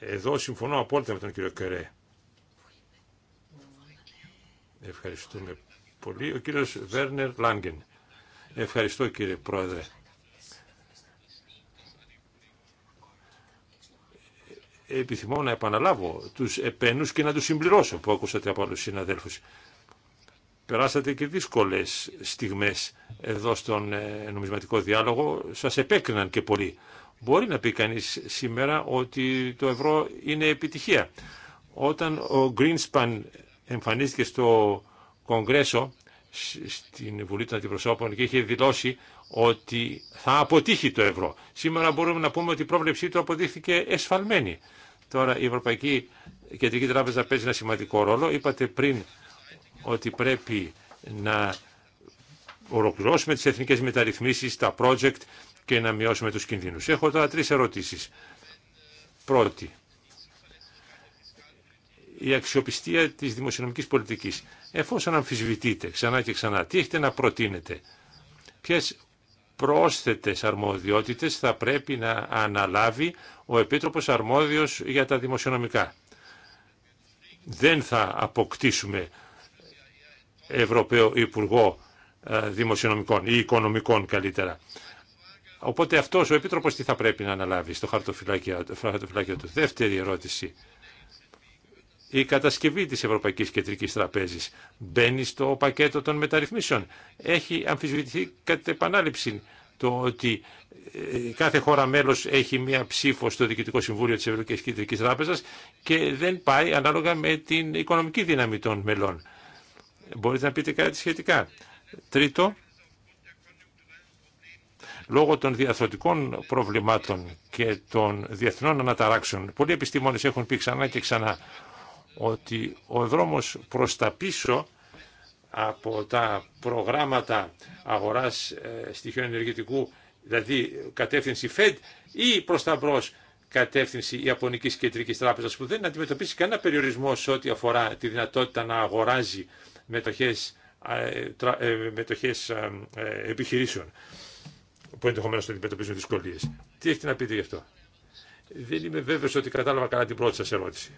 Εδώ συμφωνώ απόλυτα με τον κύριο Κερέ. Ευχαριστούμε πολύ. Ο κύριος Βέρνερ Λάγκεν. Ευχαριστώ κύριε Πρόεδρε. επιθυμώ να επαναλάβω τους επένους και να τους συμπληρώσω που ακούσατε από άλλους συναδέλφους. Περάσατε και δύσκολες στιγμές εδώ στον ε, νομισματικό διάλογο, σας επέκριναν και πολύ. Μπορεί να πει κανείς σήμερα ότι το ευρώ είναι επιτυχία. Όταν ο Greenspan εμφανίστηκε στο Κογκρέσο, στην Βουλή των Αντιπροσώπων και είχε δηλώσει ότι θα αποτύχει το ευρώ. Σήμερα μπορούμε να πούμε ότι η πρόβλεψή του αποδείχθηκε εσφαλμένη. Τώρα η Ευρωπαϊκή Κεντρική Τράπεζα παίζει ένα σημαντικό ρόλο. Είπατε πριν ότι πρέπει να ολοκληρώσουμε τις εθνικές μεταρρυθμίσεις, τα project και να μειώσουμε τους κινδύνους. Έχω τώρα τρεις ερωτήσεις. Πρώτη, η αξιοπιστία της δημοσιονομικής πολιτικής. Εφόσον αμφισβητείτε ξανά και ξανά, τι έχετε να προτείνετε, πρόσθετες αρμοδιότητες θα πρέπει να αναλάβει ο Επίτροπος Αρμόδιος για τα Δημοσιονομικά. Δεν θα αποκτήσουμε Ευρωπαίο Υπουργό ε, Δημοσιονομικών ή Οικονομικών καλύτερα. Οπότε αυτός ο Επίτροπος τι θα πρέπει να αναλάβει στο χαρτοφυλάκιο, του. Δεύτερη ερώτηση η κατασκευή της Ευρωπαϊκής Κεντρικής Τραπέζης μπαίνει στο πακέτο των μεταρρυθμίσεων. Έχει αμφισβητηθεί κατ' επανάληψη το ότι ε, κάθε χώρα μέλος έχει μία ψήφο στο Διοικητικό Συμβούλιο της Ευρωπαϊκής Κεντρικής Τράπεζας και δεν πάει ανάλογα με την οικονομική δύναμη των μελών. Μπορείτε να πείτε κάτι σχετικά. Τρίτο, λόγω των διαθροτικών προβλημάτων και των διεθνών αναταράξεων, πολλοί επιστήμονες έχουν πει ξανά και ξανά ότι ο δρόμος προς τα πίσω από τα προγράμματα αγοράς ε, στοιχείων ενεργητικού, δηλαδή κατεύθυνση Fed ή προς τα μπρος κατεύθυνση Ιαπωνικής Κεντρικής Τράπεζας που δεν αντιμετωπίσει κανένα περιορισμό σε ό,τι αφορά τη δυνατότητα να αγοράζει μετοχές, ε, ε, μετοχές επιχειρήσεων που ενδεχομένω να αντιμετωπίζουν δυσκολίε. Τι έχετε να πείτε γι' αυτό. Δεν είμαι βέβαιο ότι κατάλαβα καλά την πρώτη σα ερώτηση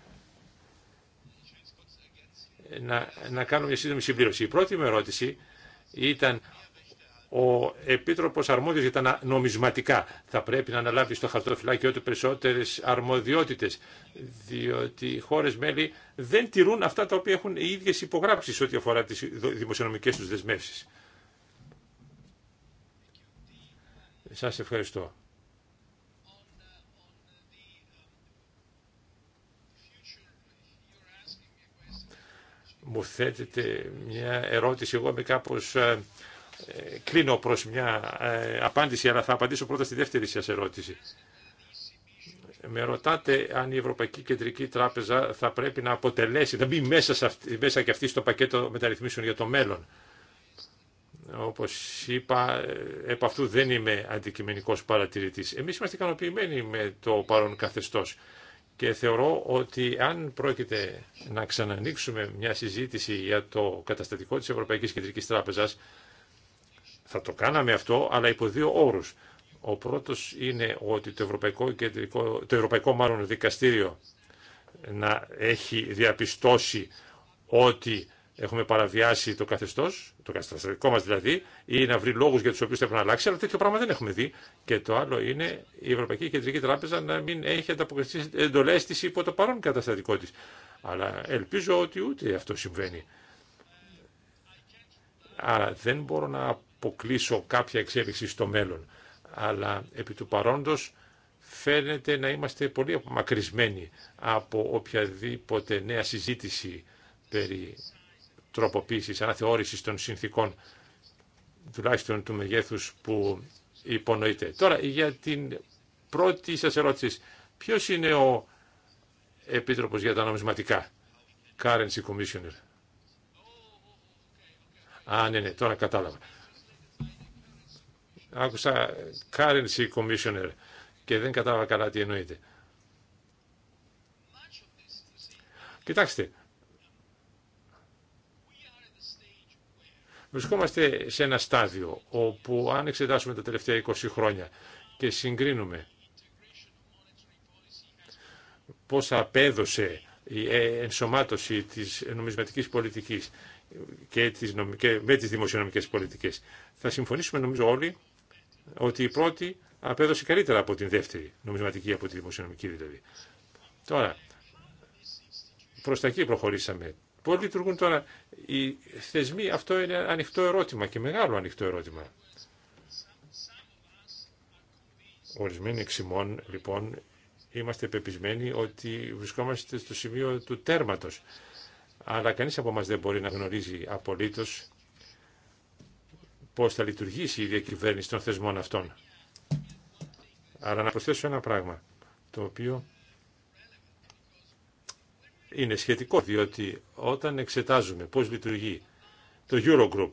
να, να κάνω μια σύντομη συμπλήρωση. Η πρώτη μου ερώτηση ήταν ο Επίτροπος Αρμόδιος για τα νομισματικά θα πρέπει να αναλάβει στο χαρτοφυλάκιό ό,τι περισσότερες αρμοδιότητες, διότι οι χώρες μέλη δεν τηρούν αυτά τα οποία έχουν οι ίδιες υπογράψεις ό,τι αφορά τις δημοσιονομικές τους δεσμεύσεις. Σας ευχαριστώ. μου θέτετε μια ερώτηση. Εγώ με κάπως ε, κλείνω προς μια ε, απάντηση, αλλά θα απαντήσω πρώτα στη δεύτερη σα ερώτηση. Με ρωτάτε αν η Ευρωπαϊκή Κεντρική Τράπεζα θα πρέπει να αποτελέσει, να μπει μέσα, σε αυτή, μέσα και αυτή στο πακέτο μεταρρυθμίσεων για το μέλλον. Όπως είπα, ε, επ' αυτού δεν είμαι αντικειμενικός παρατηρητής. Εμείς είμαστε ικανοποιημένοι με το παρόν καθεστώς. Και θεωρώ ότι αν πρόκειται να ξανανοίξουμε μια συζήτηση για το καταστατικό της Ευρωπαϊκής Κεντρικής Τράπεζας, θα το κάναμε αυτό, αλλά υπό δύο όρους. Ο πρώτος είναι ότι το Ευρωπαϊκό, Κεντρικό, το Ευρωπαϊκό μάλλον Δικαστήριο να έχει διαπιστώσει ότι έχουμε παραβιάσει το καθεστώ, το καταστατικό μα δηλαδή, ή να βρει λόγου για του οποίου θα έχουν αλλάξει, αλλά τέτοιο πράγμα δεν έχουμε δει. Και το άλλο είναι η Ευρωπαϊκή Κεντρική Τράπεζα να μην έχει ανταποκριθεί εντολέ τη υπό το παρόν καταστατικό τη. Αλλά ελπίζω ότι ούτε αυτό συμβαίνει. Άρα δεν μπορώ να αποκλείσω κάποια εξέλιξη στο μέλλον. Αλλά επί του παρόντος φαίνεται να είμαστε πολύ απομακρυσμένοι από οποιαδήποτε νέα συζήτηση περί τροποποίησης, αναθεώρησης των συνθήκων τουλάχιστον του μεγέθου που υπονοείται. Τώρα για την πρώτη σα ερώτηση, Ποιο είναι ο επίτροπο για τα νομισματικά, Currency Commissioner. Α, ναι, ναι, τώρα κατάλαβα. Άκουσα Currency Commissioner και δεν κατάλαβα καλά τι εννοείται. Κοιτάξτε, Βρισκόμαστε σε ένα στάδιο όπου αν εξετάσουμε τα τελευταία 20 χρόνια και συγκρίνουμε πώς απέδωσε η ε, ενσωμάτωση της νομισματικής πολιτικής και, με τις δημοσιονομικές πολιτικές. Θα συμφωνήσουμε νομίζω όλοι ότι η πρώτη απέδωσε καλύτερα από την δεύτερη, νομισματική από τη δημοσιονομική δηλαδή. Τώρα, προς τα εκεί προχωρήσαμε Πώς λειτουργούν τώρα οι θεσμοί, αυτό είναι ανοιχτό ερώτημα και μεγάλο ανοιχτό ερώτημα. Ορισμένοι εξημών, λοιπόν, είμαστε πεπισμένοι ότι βρισκόμαστε στο σημείο του τέρματος. Αλλά κανείς από μας δεν μπορεί να γνωρίζει απολύτως πώς θα λειτουργήσει η διακυβέρνηση των θεσμών αυτών. Αλλά να προσθέσω ένα πράγμα, το οποίο είναι σχετικό, διότι όταν εξετάζουμε πώς λειτουργεί το Eurogroup,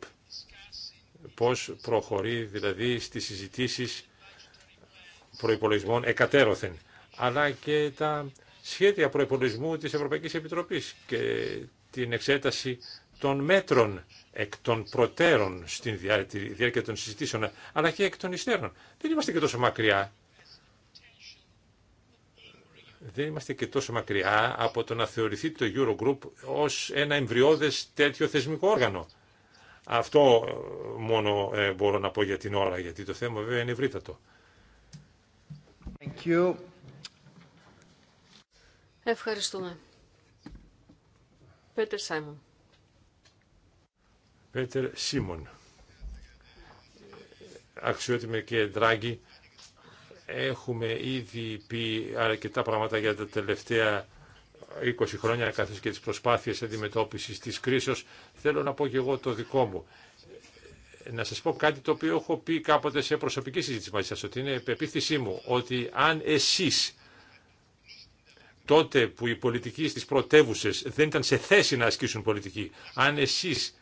πώς προχωρεί δηλαδή στις συζητήσεις προϋπολογισμών εκατέρωθεν, αλλά και τα σχέδια προϋπολογισμού της Ευρωπαϊκής Επιτροπής και την εξέταση των μέτρων εκ των προτέρων στην διάρκεια των συζητήσεων, αλλά και εκ των υστέρων. Δεν είμαστε και τόσο μακριά δεν είμαστε και τόσο μακριά από το να θεωρηθεί το Eurogroup ως ένα εμβριώδες τέτοιο θεσμικό όργανο. Αυτό ε, μόνο ε, μπορώ να πω για την ώρα, γιατί το θέμα βέβαια είναι ευρύτατο. Thank you. Ευχαριστούμε. Πέτερ Σάιμον. Πέτερ Σίμον. Ε, αξιότιμε και Ντράγκη, Έχουμε ήδη πει αρκετά πράγματα για τα τελευταία 20 χρόνια καθώς και τις προσπάθειες αντιμετώπισης της κρίσεως. Θέλω να πω και εγώ το δικό μου. Να σας πω κάτι το οποίο έχω πει κάποτε σε προσωπική συζήτηση μαζί σας, ότι είναι πεποίθησή μου, ότι αν εσείς τότε που οι πολιτικοί στις πρωτεύουσε δεν ήταν σε θέση να ασκήσουν πολιτική, αν εσείς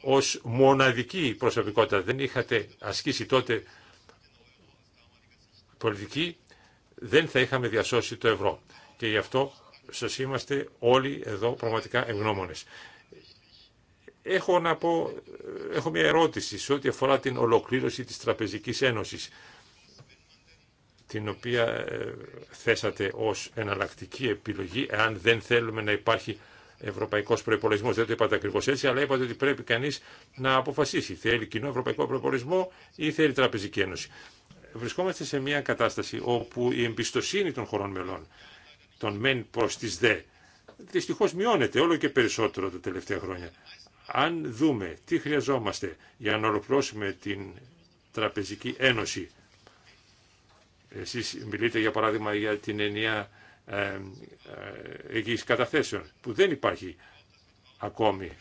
ως μοναδική προσωπικότητα δεν είχατε ασκήσει τότε πολιτική δεν θα είχαμε διασώσει το ευρώ. Και γι' αυτό σας είμαστε όλοι εδώ πραγματικά ευγνώμονες. Έχω να πω, έχω μια ερώτηση σε ό,τι αφορά την ολοκλήρωση της Τραπεζικής Ένωσης, την οποία ε, θέσατε ως εναλλακτική επιλογή, εάν δεν θέλουμε να υπάρχει ευρωπαϊκός προπολογισμό. Δεν το είπατε ακριβώ έτσι, αλλά είπατε ότι πρέπει κανείς να αποφασίσει. Θέλει κοινό ευρωπαϊκό προπολογισμό ή θέλει τραπεζική ένωση βρισκόμαστε σε μια κατάσταση όπου η εμπιστοσύνη των χωρών μελών, των μεν προς τις δε, δυστυχώ μειώνεται όλο και περισσότερο τα τελευταία χρόνια. Αν δούμε τι χρειαζόμαστε για να ολοκληρώσουμε την Τραπεζική Ένωση, εσείς μιλείτε για παράδειγμα για την ενία ε, ε, εγγύηση καταθέσεων, που δεν υπάρχει ακόμη.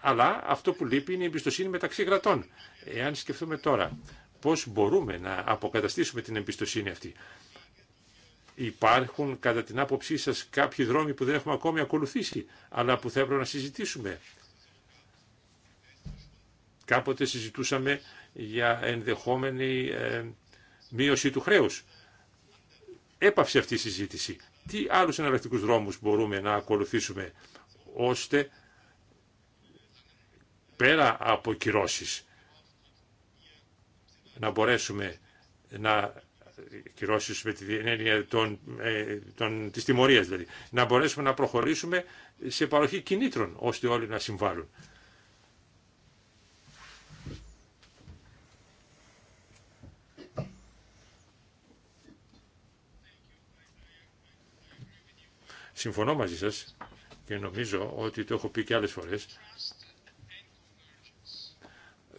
Αλλά αυτό που λείπει είναι η εμπιστοσύνη μεταξύ κρατών. Εάν σκεφτούμε τώρα πώς μπορούμε να αποκαταστήσουμε την εμπιστοσύνη αυτή. Υπάρχουν κατά την άποψή σας κάποιοι δρόμοι που δεν έχουμε ακόμη ακολουθήσει, αλλά που θα έπρεπε να συζητήσουμε. Κάποτε συζητούσαμε για ενδεχόμενη ε, μείωση του χρέους. Έπαυσε αυτή η συζήτηση. Τι άλλους εναλλακτικούς δρόμους μπορούμε να ακολουθήσουμε, ώστε πέρα από κυρώσεις να μπορέσουμε να κυρώσουμε την των, ε, δηλαδή, να μπορέσουμε να προχωρήσουμε σε παροχή κινήτρων ώστε όλοι να συμβάλλουν. Συμφωνώ μαζί σας και νομίζω ότι το έχω πει και άλλες φορές.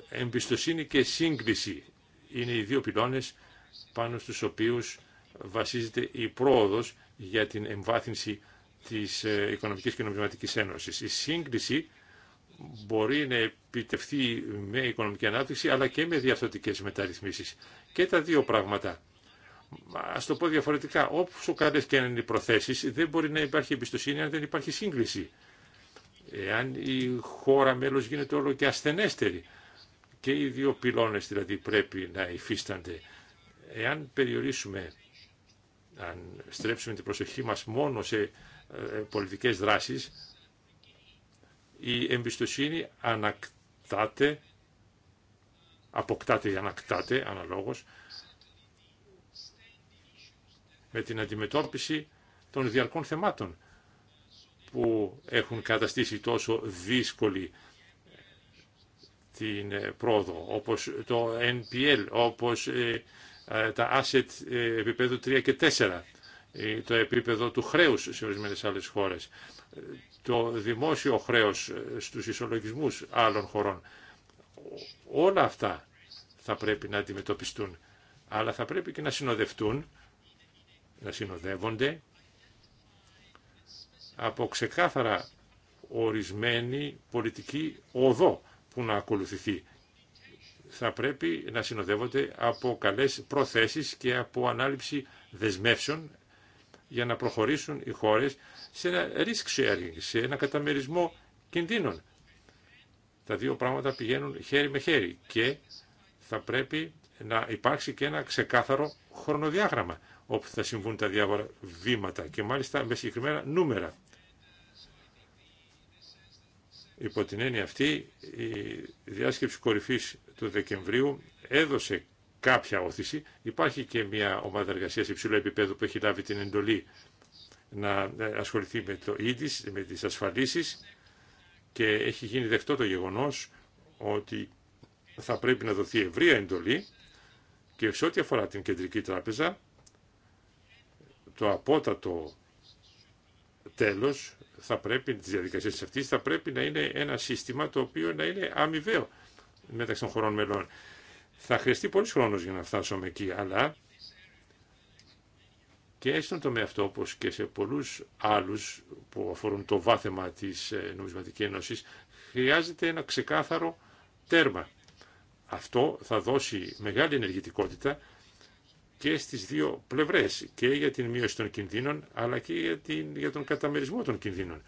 Εμπιστοσύνη και σύγκριση είναι οι δύο πυλώνες πάνω στους οποίους βασίζεται η πρόοδος για την εμβάθυνση της ε, Οικονομικής και Νομισματικής Ένωσης. Η σύγκριση μπορεί να επιτευχθεί με οικονομική ανάπτυξη αλλά και με διαφθορτικές μεταρρυθμίσεις. Και τα δύο πράγματα. Α το πω διαφορετικά, ο καλέ και αν είναι οι προθέσει, δεν μπορεί να υπάρχει εμπιστοσύνη αν δεν υπάρχει σύγκληση. Εάν η χώρα μέλο γίνεται όλο και ασθενέστερη, και οι δύο πυλώνες δηλαδή πρέπει να υφίστανται. Εάν περιορίσουμε, αν στρέψουμε την προσοχή μας μόνο σε ε, πολιτικές δράσεις, η εμπιστοσύνη ανακτάται, αποκτάται ή ανακτάται αναλόγως, με την αντιμετώπιση των διαρκών θεμάτων που έχουν καταστήσει τόσο δύσκολη την ε, πρόοδο, όπως το NPL, όπως ε, ε, τα asset επίπεδο 3 και 4, το επίπεδο του χρέους σε ορισμένες άλλες χώρες, το δημόσιο χρέος στους ισολογισμούς άλλων χωρών. Όλα αυτά θα πρέπει να αντιμετωπιστούν, αλλά θα πρέπει και να συνοδευτούν, να συνοδεύονται από ξεκάθαρα ορισμένη πολιτική οδό που να ακολουθηθεί θα πρέπει να συνοδεύονται από καλές προθέσεις και από ανάληψη δεσμεύσεων για να προχωρήσουν οι χώρες σε ένα risk sharing, σε ένα καταμερισμό κινδύνων. Τα δύο πράγματα πηγαίνουν χέρι με χέρι και θα πρέπει να υπάρξει και ένα ξεκάθαρο χρονοδιάγραμμα όπου θα συμβούν τα διάφορα βήματα και μάλιστα με συγκεκριμένα νούμερα. Υπό την έννοια αυτή, η διάσκεψη κορυφής του Δεκεμβρίου έδωσε κάποια όθηση. Υπάρχει και μια ομάδα εργασίας υψηλού επίπεδου που έχει λάβει την εντολή να ε, ασχοληθεί με το ίδιο, e με τις ασφαλίσεις και έχει γίνει δεκτό το γεγονός ότι θα πρέπει να δοθεί ευρεία εντολή και σε ό,τι αφορά την Κεντρική Τράπεζα, το απότατο τέλος θα πρέπει, τις διαδικασίες αυτής, θα πρέπει να είναι ένα σύστημα το οποίο να είναι αμοιβαίο μεταξύ των χωρών μελών. Θα χρειαστεί πολλούς χρόνο για να φτάσουμε εκεί, αλλά και στον τομέα αυτό, όπως και σε πολλούς άλλους που αφορούν το βάθεμα της ε, νομισματικής Ένωση χρειάζεται ένα ξεκάθαρο τέρμα. Αυτό θα δώσει μεγάλη ενεργητικότητα και στις δύο πλευρές, και για την μείωση των κινδύνων, αλλά και για, την, για τον καταμερισμό των κινδύνων.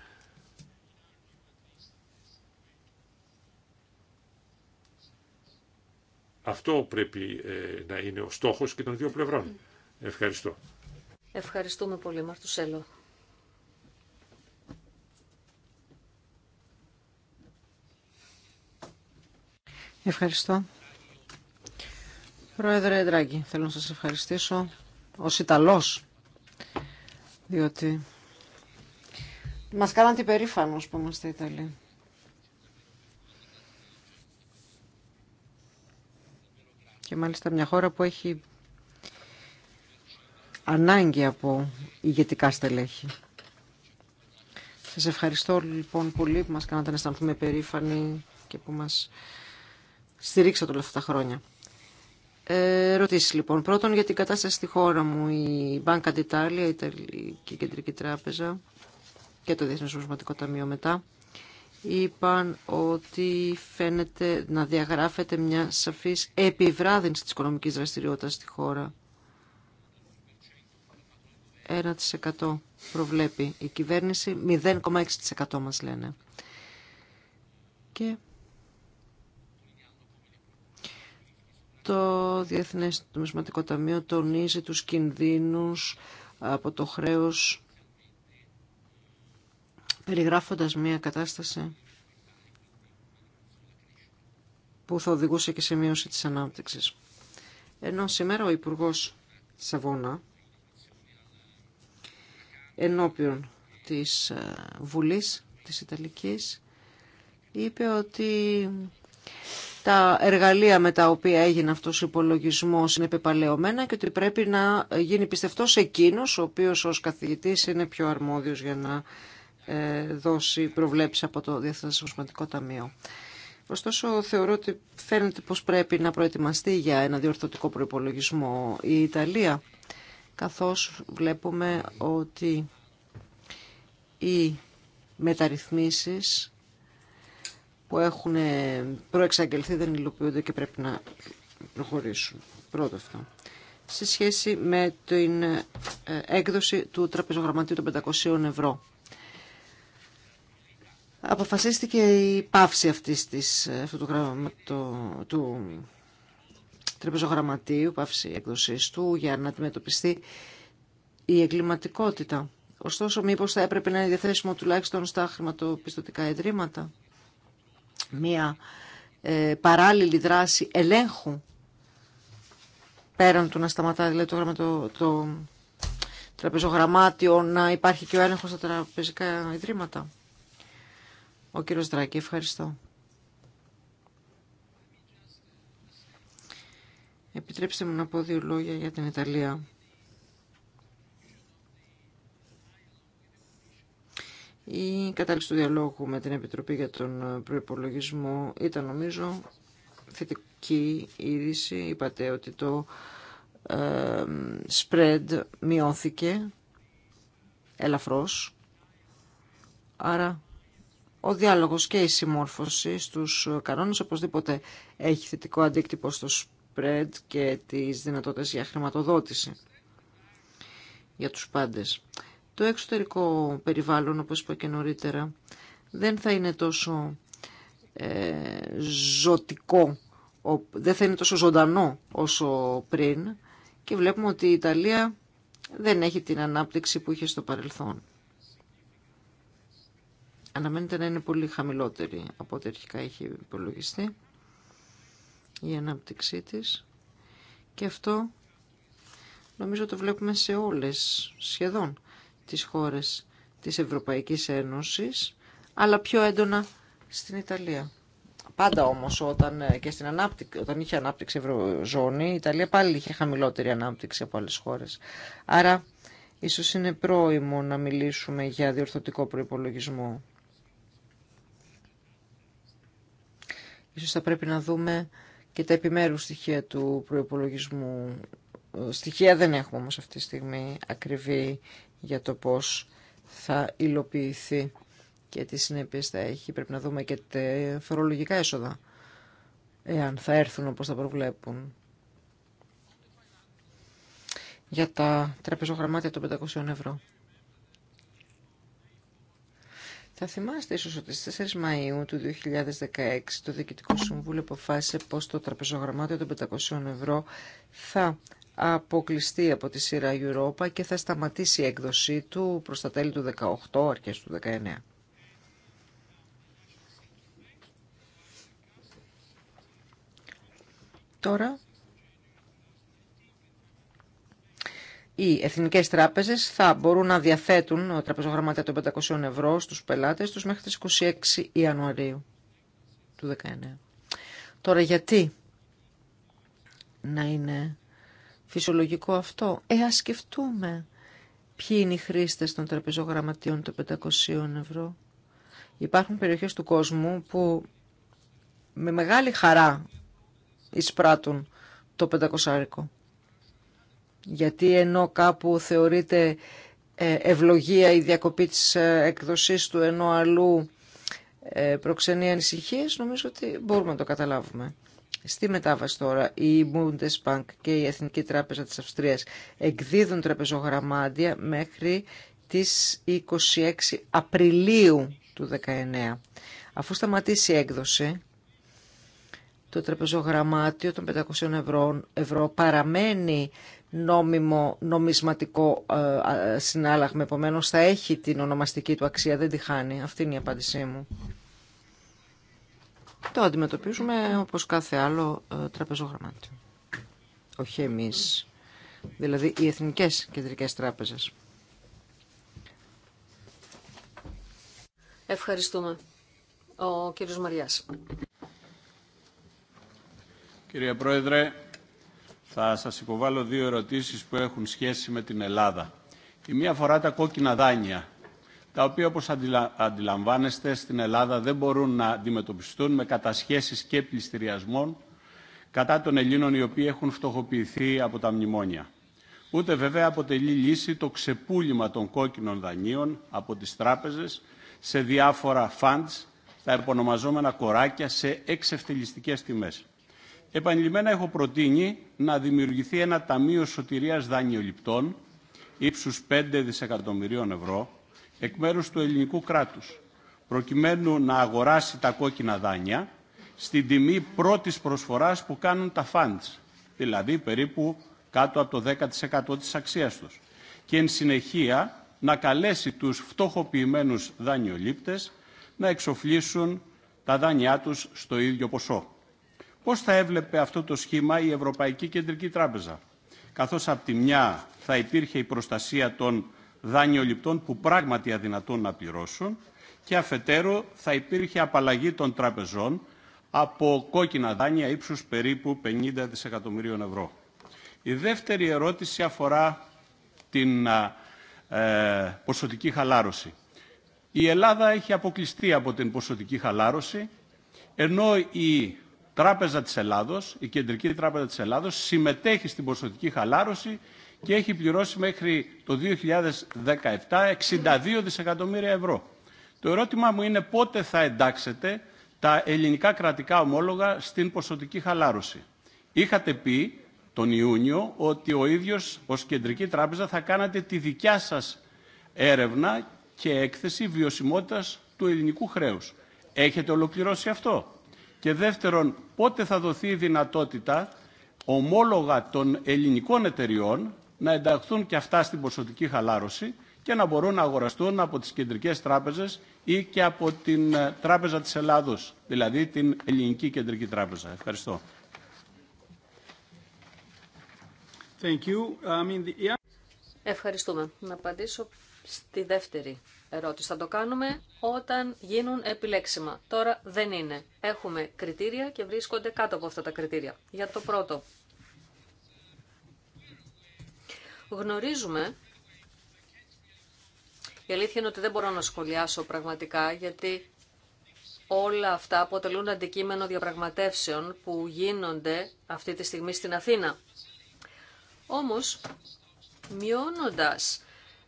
Αυτό πρέπει ε, να είναι ο στόχος και των δύο πλευρών. Ευχαριστώ. Ευχαριστούμε πολύ, Μαρτουσέλο. Ευχαριστώ. Πρόεδρε Ντράγκη, θέλω να σας ευχαριστήσω ως Ιταλός, διότι μας κάνατε περήφανος που είμαστε Ιταλοί. Και μάλιστα μια χώρα που έχει ανάγκη από ηγετικά στελέχη. Σας ευχαριστώ λοιπόν πολύ που μας κάνατε να αισθανθούμε περήφανοι και που μας στηρίξατε όλα αυτά τα χρόνια. Ε, ρωτήσει λοιπόν. Πρώτον για την κατάσταση στη χώρα μου, η Banca d'Italia, η Ιταλική Κεντρική Τράπεζα και το Διεθνές Ορματικό Ταμείο μετά, είπαν ότι φαίνεται να διαγράφεται μια σαφής επιβράδυνση της οικονομικής δραστηριότητας στη χώρα. 1% προβλέπει η κυβέρνηση, 0,6% μας λένε. Και Το Διεθνές Νομισματικό Ταμείο τονίζει τους κινδύνους από το χρέος περιγράφοντας μια κατάσταση που θα οδηγούσε και σε μείωση της ανάπτυξης. Ενώ σήμερα ο Υπουργός Σαββόνα ενώπιον της ε, Βουλής της Ιταλικής είπε ότι τα εργαλεία με τα οποία έγινε αυτός ο υπολογισμός είναι πεπαλαιωμένα και ότι πρέπει να γίνει πιστευτός εκείνος ο οποίος ως καθηγητής είναι πιο αρμόδιος για να ε, δώσει προβλέψει από το Διεθνές Σωματικό Ταμείο. Ωστόσο, θεωρώ ότι φαίνεται πως πρέπει να προετοιμαστεί για ένα διορθωτικό προπολογισμό η Ιταλία, καθώ βλέπουμε ότι οι μεταρρυθμίσεις που έχουν ε, προεξαγγελθεί δεν υλοποιούνται και πρέπει να προχωρήσουν. Πρώτο αυτό. Σε σχέση με την ε, έκδοση του τραπεζογραμματίου των 500 ευρώ. Αποφασίστηκε η πάυση αυτής της, ε, αυτού του, τραπεζογραμματίου, πάυση έκδοσης του για να αντιμετωπιστεί η εγκληματικότητα. Ωστόσο, μήπως θα έπρεπε να είναι διαθέσιμο τουλάχιστον στα χρηματοπιστωτικά ιδρύματα μια ε, παράλληλη δράση ελέγχου πέραν του να σταματάει δηλαδή, το, το, το τραπεζογραμμάτιο, να υπάρχει και ο έλεγχος στα τραπεζικά ιδρύματα. Ο κύριος Δράκη, ευχαριστώ. Επιτρέψτε μου να πω δύο λόγια για την Ιταλία. Η κατάληξη του διαλόγου με την Επιτροπή για τον Προϋπολογισμό ήταν νομίζω θετική είδηση. Είπατε ότι το ε, spread μειώθηκε ελαφρώς. Άρα ο διάλογος και η συμμόρφωση στους κανόνες οπωσδήποτε έχει θετικό αντίκτυπο στο spread και τις δυνατότητες για χρηματοδότηση για τους πάντες. Το εξωτερικό περιβάλλον, όπως είπα και νωρίτερα, δεν θα είναι τόσο ε, ζωτικό, δεν θα είναι τόσο ζωντανό όσο πριν και βλέπουμε ότι η Ιταλία δεν έχει την ανάπτυξη που είχε στο παρελθόν. Αναμένεται να είναι πολύ χαμηλότερη από ό,τι αρχικά έχει υπολογιστεί η ανάπτυξή της και αυτό νομίζω το βλέπουμε σε όλες σχεδόν τις χώρες της Ευρωπαϊκής Ένωσης, αλλά πιο έντονα στην Ιταλία. Πάντα όμως όταν, ε, και στην ανάπτυξη, όταν είχε ανάπτυξη ευρωζώνη, η Ιταλία πάλι είχε χαμηλότερη ανάπτυξη από άλλες χώρες. Άρα ίσως είναι πρόημο να μιλήσουμε για διορθωτικό προϋπολογισμό. Ίσως θα πρέπει να δούμε και τα επιμέρους στοιχεία του προϋπολογισμού. Ε, στοιχεία δεν έχουμε όμως αυτή τη στιγμή ακριβή για το πώς θα υλοποιηθεί και τι συνέπειες θα έχει. Πρέπει να δούμε και τα φορολογικά έσοδα, εάν θα έρθουν όπως θα προβλέπουν. Για τα τραπεζογραμμάτια των 500 ευρώ. Θα θυμάστε ίσως ότι στις 4 Μαΐου του 2016 το Διοικητικό Συμβούλιο αποφάσισε πως το τραπεζογραμμάτιο των 500 ευρώ θα αποκλειστεί από τη σειρά Europa και θα σταματήσει η έκδοσή του προς τα τέλη του 18, αρχές του 19. Τώρα, οι εθνικές τράπεζες θα μπορούν να διαθέτουν τραπεζογραμμάτια των 500 ευρώ στους πελάτες τους μέχρι τις 26 Ιανουαρίου του 19. Τώρα γιατί να είναι φυσιολογικό αυτό. Ε, ας σκεφτούμε ποιοι είναι οι χρήστες των τραπεζογραμματιών των 500 ευρώ. Υπάρχουν περιοχές του κόσμου που με μεγάλη χαρά εισπράττουν το 500 Γιατί ενώ κάπου θεωρείται ε, ευλογία η διακοπή της εκδοσής του, ενώ αλλού ε, προξενεί ανησυχίες, νομίζω ότι μπορούμε να το καταλάβουμε. Στη μετάβαση τώρα, η Bundesbank και η Εθνική Τράπεζα της Αυστρίας εκδίδουν τραπεζογραμμάτια μέχρι τις 26 Απριλίου του 2019. Αφού σταματήσει η έκδοση, το τραπεζογραμμάτιο των 500 ευρώ, ευρώ παραμένει νόμιμο, νομισματικό ε, συνάλλαγμα. Επομένως θα έχει την ονομαστική του αξία, δεν τη χάνει. Αυτή είναι η απάντησή μου το αντιμετωπίζουμε όπως κάθε άλλο ε, τραπεζογραμμάτιο. Όχι εμείς, δηλαδή οι εθνικές κεντρικές τράπεζες. Ευχαριστούμε. Ο κύριος Μαριάς. Κύριε Πρόεδρε, θα σας υποβάλω δύο ερωτήσεις που έχουν σχέση με την Ελλάδα. Η μία αφορά τα κόκκινα δάνεια τα οποία όπως αντιλαμβάνεστε στην Ελλάδα δεν μπορούν να αντιμετωπιστούν με κατασχέσεις και πληστηριασμών κατά των Ελλήνων οι οποίοι έχουν φτωχοποιηθεί από τα μνημόνια. Ούτε βέβαια αποτελεί λύση το ξεπούλημα των κόκκινων δανείων από τις τράπεζες σε διάφορα funds, τα επωνομαζόμενα κοράκια, σε εξευτελιστικές τιμές. Επανειλημμένα έχω προτείνει να δημιουργηθεί ένα ταμείο σωτηρίας δανειοληπτών ύψους 5 δισεκατομμυρίων ευρώ, εκ μέρους του ελληνικού κράτους προκειμένου να αγοράσει τα κόκκινα δάνεια στην τιμή πρώτης προσφοράς που κάνουν τα funds, δηλαδή περίπου κάτω από το 10% της αξίας τους. Και εν συνεχεία να καλέσει τους φτωχοποιημένους δανειολήπτες να εξοφλήσουν τα δάνειά τους στο ίδιο ποσό. Πώς θα έβλεπε αυτό το σχήμα η Ευρωπαϊκή Κεντρική Τράπεζα, καθώς από τη μια θα υπήρχε η προστασία των δανειοληπτών που πράγματι αδυνατούν να πληρώσουν και αφετέρου θα υπήρχε απαλλαγή των τραπεζών από κόκκινα δάνεια ύψους περίπου 50 δισεκατομμυρίων ευρώ. Η δεύτερη ερώτηση αφορά την ε, ποσοτική χαλάρωση. Η Ελλάδα έχει αποκλειστεί από την ποσοτική χαλάρωση, ενώ η Τράπεζα της Ελλάδος, η Κεντρική Τράπεζα της Ελλάδος, συμμετέχει στην ποσοτική χαλάρωση και έχει πληρώσει μέχρι το 2017 62 δισεκατομμύρια ευρώ. Το ερώτημά μου είναι πότε θα εντάξετε τα ελληνικά κρατικά ομόλογα στην ποσοτική χαλάρωση. Είχατε πει τον Ιούνιο ότι ο ίδιος ως Κεντρική Τράπεζα θα κάνατε τη δικιά σας έρευνα και έκθεση βιωσιμότητας του ελληνικού χρέους. Έχετε ολοκληρώσει αυτό. Και δεύτερον, πότε θα δοθεί η δυνατότητα ομόλογα των ελληνικών εταιριών να ενταχθούν και αυτά στην ποσοτική χαλάρωση και να μπορούν να αγοραστούν από τις κεντρικές τράπεζες ή και από την ε, Τράπεζα της Ελλάδος, δηλαδή την Ελληνική Κεντρική Τράπεζα. Ευχαριστώ. Thank you. The... Ευχαριστούμε. Να απαντήσω στη δεύτερη ερώτηση. Θα το κάνουμε όταν γίνουν επιλέξιμα. Τώρα δεν είναι. Έχουμε κριτήρια και βρίσκονται κάτω από αυτά τα κριτήρια. Για το πρώτο, Γνωρίζουμε, η αλήθεια είναι ότι δεν μπορώ να σχολιάσω πραγματικά, γιατί όλα αυτά αποτελούν αντικείμενο διαπραγματεύσεων που γίνονται αυτή τη στιγμή στην Αθήνα. Όμως, μειώνοντας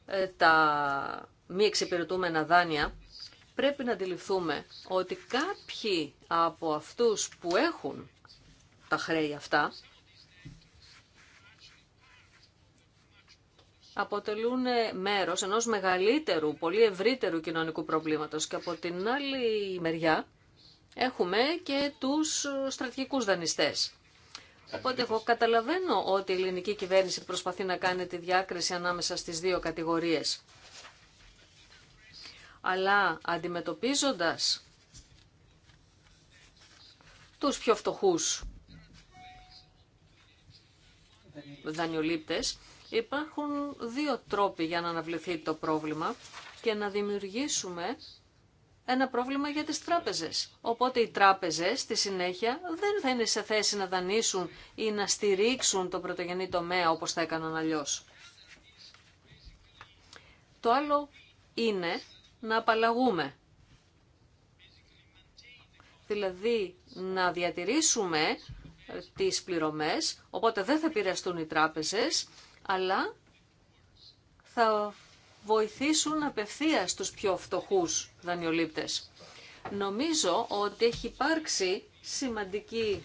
ε, τα μη εξυπηρετούμενα δάνεια, πρέπει να αντιληφθούμε ότι κάποιοι από αυτούς που έχουν τα χρέη αυτά αποτελούν ε, μέρος ενός μεγαλύτερου, πολύ ευρύτερου κοινωνικού προβλήματος και από την άλλη μεριά έχουμε και τους στρατηγικούς δανειστές. Οπότε εγώ καταλαβαίνω ότι η ελληνική κυβέρνηση προσπαθεί να κάνει τη διάκριση ανάμεσα στις δύο κατηγορίες. Αλλά αντιμετωπίζοντας τους πιο φτωχούς δανειολήπτες, Υπάρχουν δύο τρόποι για να αναβληθεί το πρόβλημα και να δημιουργήσουμε ένα πρόβλημα για τις τράπεζες. Οπότε οι τράπεζες στη συνέχεια δεν θα είναι σε θέση να δανείσουν ή να στηρίξουν το πρωτογενή τομέα όπως θα έκαναν αλλιώ. Το άλλο είναι να απαλλαγούμε. Δηλαδή να διατηρήσουμε τις πληρωμές, οπότε δεν θα επηρεαστούν οι τράπεζες αλλά θα βοηθήσουν απευθεία τους πιο φτωχούς δανειολήπτες. Νομίζω ότι έχει υπάρξει σημαντική...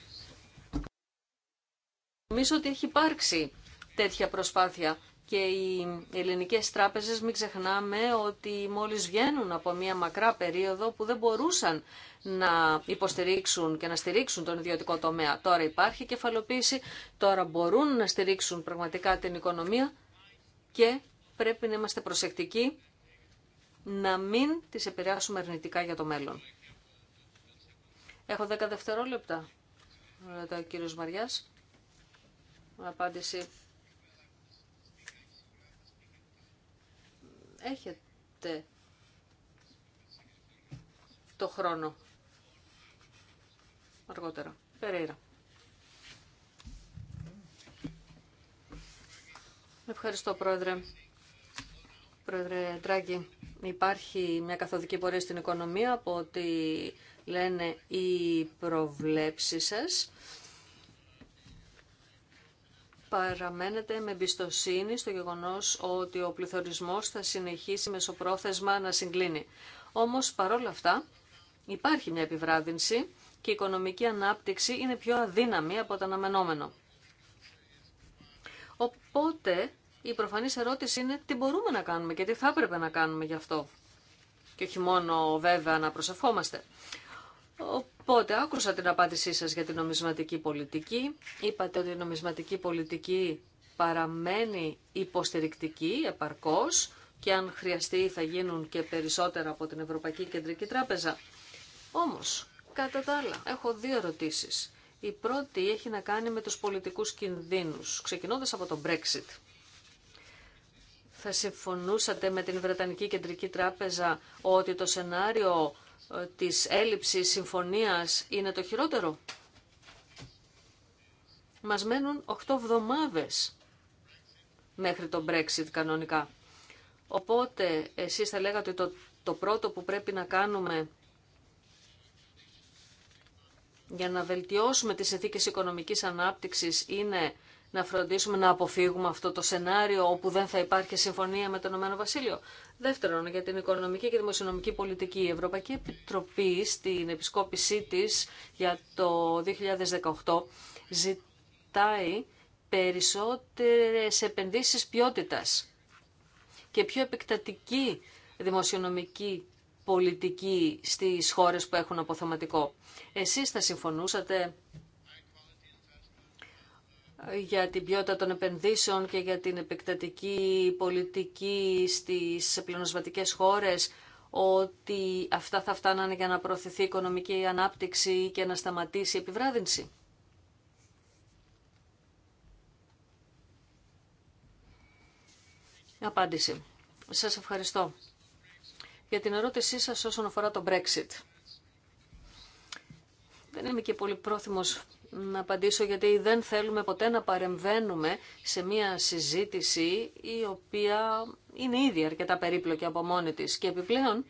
Νομίζω ότι έχει υπάρξει τέτοια προσπάθεια και οι ελληνικές τράπεζες μην ξεχνάμε ότι μόλις βγαίνουν από μια μακρά περίοδο που δεν μπορούσαν να υποστηρίξουν και να στηρίξουν τον ιδιωτικό τομέα. Τώρα υπάρχει κεφαλοποίηση, τώρα μπορούν να στηρίξουν πραγματικά την οικονομία και πρέπει να είμαστε προσεκτικοί να μην τις επηρεάσουμε αρνητικά για το μέλλον. Έχω δέκα δευτερόλεπτα, ρωτάει ο κύριος Μαριάς. Απάντηση έχετε το χρόνο αργότερα. Περέιρα. Ευχαριστώ, Πρόεδρε. Πρόεδρε Τράγκη, υπάρχει μια καθοδική πορεία στην οικονομία από ό,τι λένε οι προβλέψεις σας παραμένετε με εμπιστοσύνη στο γεγονός ότι ο πληθωρισμός θα συνεχίσει μεσοπρόθεσμα να συγκλίνει. Όμως παρόλα αυτά υπάρχει μια επιβράδυνση και η οικονομική ανάπτυξη είναι πιο αδύναμη από το αναμενόμενο. Οπότε η προφανής ερώτηση είναι τι μπορούμε να κάνουμε και τι θα έπρεπε να κάνουμε γι' αυτό. Και όχι μόνο βέβαια να προσευχόμαστε. Οπότε άκουσα την απάντησή σας για την νομισματική πολιτική. Είπατε ότι η νομισματική πολιτική παραμένει υποστηρικτική επαρκώς και αν χρειαστεί θα γίνουν και περισσότερα από την Ευρωπαϊκή Κεντρική Τράπεζα. Όμως, κατά τα άλλα, έχω δύο ερωτήσεις. Η πρώτη έχει να κάνει με τους πολιτικούς κινδύνους, ξεκινώντας από το Brexit. Θα συμφωνούσατε με την Βρετανική Κεντρική Τράπεζα ότι το σενάριο της έλλειψης συμφωνίας είναι το χειρότερο. Μας μένουν 8 εβδομάδες μέχρι το Brexit κανονικά. Οπότε εσείς θα λέγατε ότι το, το πρώτο που πρέπει να κάνουμε για να βελτιώσουμε τις συνθήκες οικονομικής ανάπτυξης είναι να φροντίσουμε να αποφύγουμε αυτό το σενάριο όπου δεν θα υπάρχει συμφωνία με το Ηνωμένο Βασίλειο. Δεύτερον, για την οικονομική και δημοσιονομική πολιτική. Η Ευρωπαϊκή Επιτροπή στην επισκόπησή της για το 2018 ζητάει περισσότερες επενδύσεις ποιότητας και πιο επεκτατική δημοσιονομική πολιτική στις χώρες που έχουν αποθεματικό. Εσείς θα συμφωνούσατε για την ποιότητα των επενδύσεων και για την επεκτατική πολιτική στις πλειονοσβατικές χώρες, ότι αυτά θα φτάνανε για να προωθηθεί η οικονομική ανάπτυξη και να σταματήσει η επιβράδυνση. Απάντηση. Σας ευχαριστώ για την ερώτησή σας όσον αφορά το Brexit. Δεν είμαι και πολύ πρόθυμος να απαντήσω γιατί δεν θέλουμε ποτέ να παρεμβαίνουμε σε μια συζήτηση η οποία είναι ήδη αρκετά περίπλοκη από μόνη της. Και επιπλέον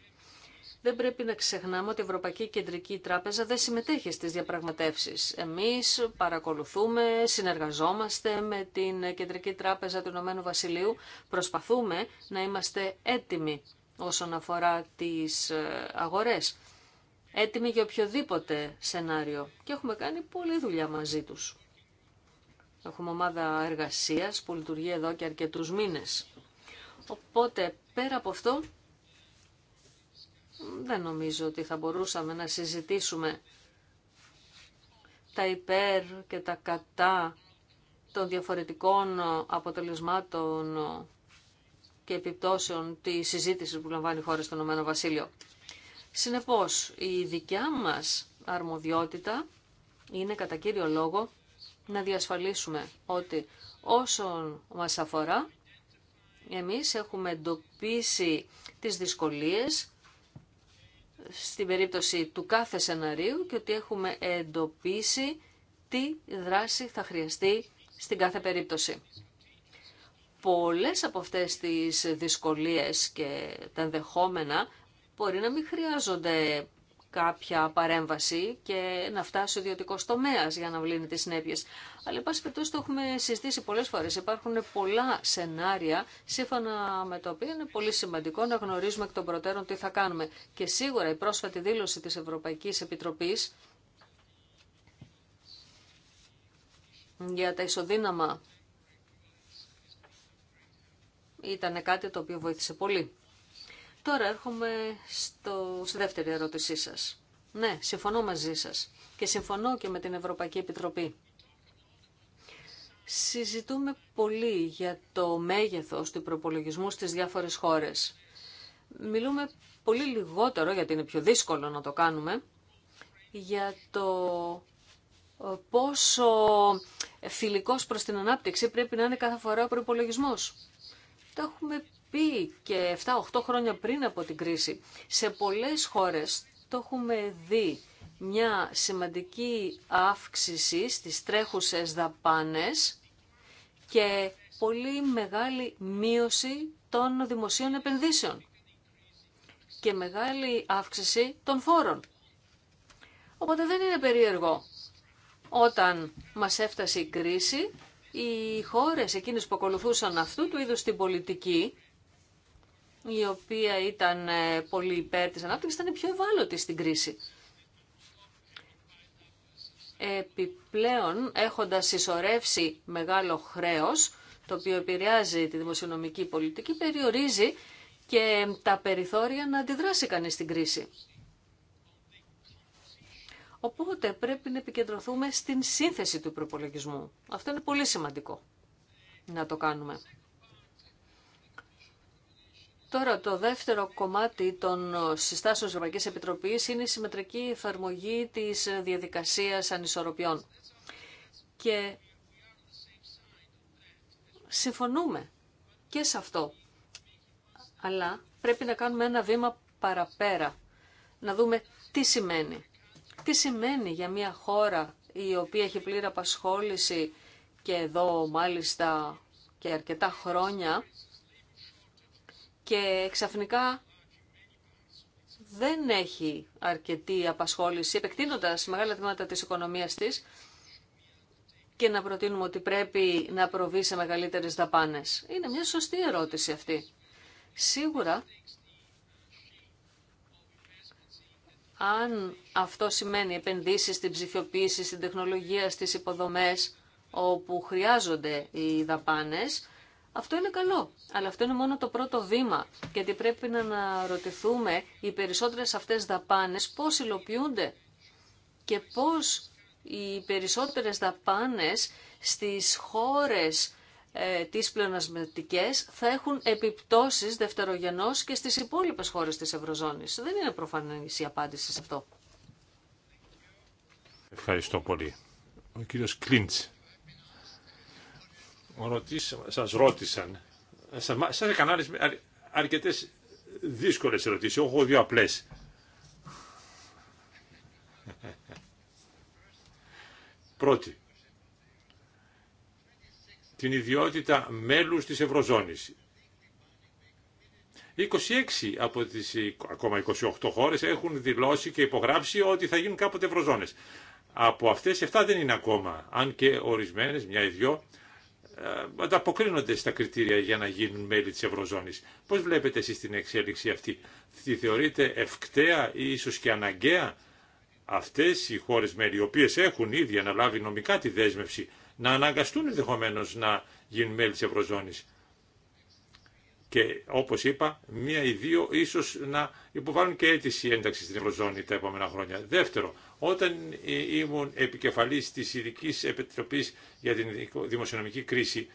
δεν πρέπει να ξεχνάμε ότι η Ευρωπαϊκή Κεντρική Τράπεζα δεν συμμετέχει στις διαπραγματεύσεις. Εμείς παρακολουθούμε, συνεργαζόμαστε με την Κεντρική Τράπεζα του Ηνωμένου Βασιλείου, προσπαθούμε να είμαστε έτοιμοι όσον αφορά τις ε, αγορές έτοιμοι για οποιοδήποτε σενάριο και έχουμε κάνει πολλή δουλειά μαζί τους. Έχουμε ομάδα εργασίας που λειτουργεί εδώ και αρκετούς μήνες. Οπότε πέρα από αυτό δεν νομίζω ότι θα μπορούσαμε να συζητήσουμε τα υπέρ και τα κατά των διαφορετικών αποτελεσμάτων και επιπτώσεων της συζήτησης που λαμβάνει η χώρα στον Ηνωμένο Βασίλειο. Συνεπώς, η δικιά μας αρμοδιότητα είναι κατά κύριο λόγο να διασφαλίσουμε ότι όσον μας αφορά, εμείς έχουμε εντοπίσει τις δυσκολίες στην περίπτωση του κάθε σεναρίου και ότι έχουμε εντοπίσει τι δράση θα χρειαστεί στην κάθε περίπτωση. Πολλές από αυτές τις δυσκολίες και τα ενδεχόμενα μπορεί να μην χρειάζονται κάποια παρέμβαση και να φτάσει ο ιδιωτικό τομέα για να βλύνει τι συνέπειε. Αλλά, εν πάση περιπτώσει, το έχουμε συζητήσει πολλέ φορέ. Υπάρχουν πολλά σενάρια, σύμφωνα με τα οποία είναι πολύ σημαντικό να γνωρίζουμε εκ των προτέρων τι θα κάνουμε. Και σίγουρα η πρόσφατη δήλωση τη Ευρωπαϊκή Επιτροπή για τα ισοδύναμα ήταν κάτι το οποίο βοήθησε πολύ. Τώρα έρχομαι στο, στη δεύτερη ερώτησή σας. Ναι, συμφωνώ μαζί σας και συμφωνώ και με την Ευρωπαϊκή Επιτροπή. Συζητούμε πολύ για το μέγεθος του προπολογισμού στις διάφορες χώρες. Μιλούμε πολύ λιγότερο, γιατί είναι πιο δύσκολο να το κάνουμε, για το ε, πόσο φιλικός προς την ανάπτυξη πρέπει να είναι κάθε φορά ο προπολογισμό. Το και 7-8 χρόνια πριν από την κρίση. Σε πολλές χώρες το έχουμε δει μια σημαντική αύξηση στις τρέχουσες δαπάνες και πολύ μεγάλη μείωση των δημοσίων επενδύσεων και μεγάλη αύξηση των φόρων. Οπότε δεν είναι περίεργο. Όταν μας έφτασε η κρίση, οι χώρες εκείνες που ακολουθούσαν αυτού του είδους την πολιτική η οποία ήταν ε, πολύ υπέρ της ανάπτυξης, ήταν πιο ευάλωτη στην κρίση. Επιπλέον, έχοντας συσσωρεύσει μεγάλο χρέος, το οποίο επηρεάζει τη δημοσιονομική πολιτική, περιορίζει και τα περιθώρια να αντιδράσει κανείς στην κρίση. Οπότε πρέπει να επικεντρωθούμε στην σύνθεση του προπολογισμού. Αυτό είναι πολύ σημαντικό να το κάνουμε. Τώρα το δεύτερο κομμάτι των συστάσεων της Ευρωπαϊκής Επιτροπής είναι η συμμετρική εφαρμογή της διαδικασίας ανισορροπιών. Και συμφωνούμε και σε αυτό. Αλλά πρέπει να κάνουμε ένα βήμα παραπέρα. Να δούμε τι σημαίνει. Τι σημαίνει για μια χώρα η οποία έχει πλήρη απασχόληση και εδώ μάλιστα και αρκετά χρόνια και ξαφνικά δεν έχει αρκετή απασχόληση, επεκτείνοντας μεγάλα τμήματα της οικονομίας της και να προτείνουμε ότι πρέπει να προβεί σε μεγαλύτερες δαπάνες. Είναι μια σωστή ερώτηση αυτή. Σίγουρα, αν αυτό σημαίνει επενδύσεις στην ψηφιοποίηση, στην τεχνολογία, στις υποδομές, όπου χρειάζονται οι δαπάνες, αυτό είναι καλό, αλλά αυτό είναι μόνο το πρώτο βήμα, γιατί πρέπει να αναρωτηθούμε οι περισσότερες αυτές δαπάνες πώς υλοποιούνται και πώς οι περισσότερες δαπάνες στις χώρες ε, τις πλεονασματικές θα έχουν επιπτώσεις δευτερογενώς και στις υπόλοιπες χώρες της Ευρωζώνης. Δεν είναι προφανής η απάντηση σε αυτό. Ευχαριστώ πολύ. Ο κύριος Κλίντς ρωτήσα, σας ρώτησαν, σας έκανα άλλες, αρκετές δύσκολες ερωτήσεις, έχω δύο απλές. Πρώτη, την ιδιότητα μέλους της Ευρωζώνης. 26 από τις ακόμα 28 χώρες έχουν δηλώσει και υπογράψει ότι θα γίνουν κάποτε Ευρωζώνες. Από αυτές 7 δεν είναι ακόμα, αν και ορισμένες, μια ή δυο, ε, ανταποκρίνονται στα κριτήρια για να γίνουν μέλη της Ευρωζώνης. Πώς βλέπετε εσείς την εξέλιξη αυτή. Τη θεωρείτε ευκταία ή ίσως και αναγκαία αυτές οι χώρες μέλη, οι οποίες έχουν ήδη αναλάβει νομικά τη δέσμευση, να αναγκαστούν ενδεχομένω να γίνουν μέλη της Ευρωζώνης. Και όπως είπα, μία ή δύο ίσως να υποβάλουν και αίτηση ένταξη στην Ευρωζώνη τα επόμενα χρόνια. Δεύτερο, όταν ε, ήμουν επικεφαλής της ειδική Επιτροπής για την Δημοσιονομική Κρίση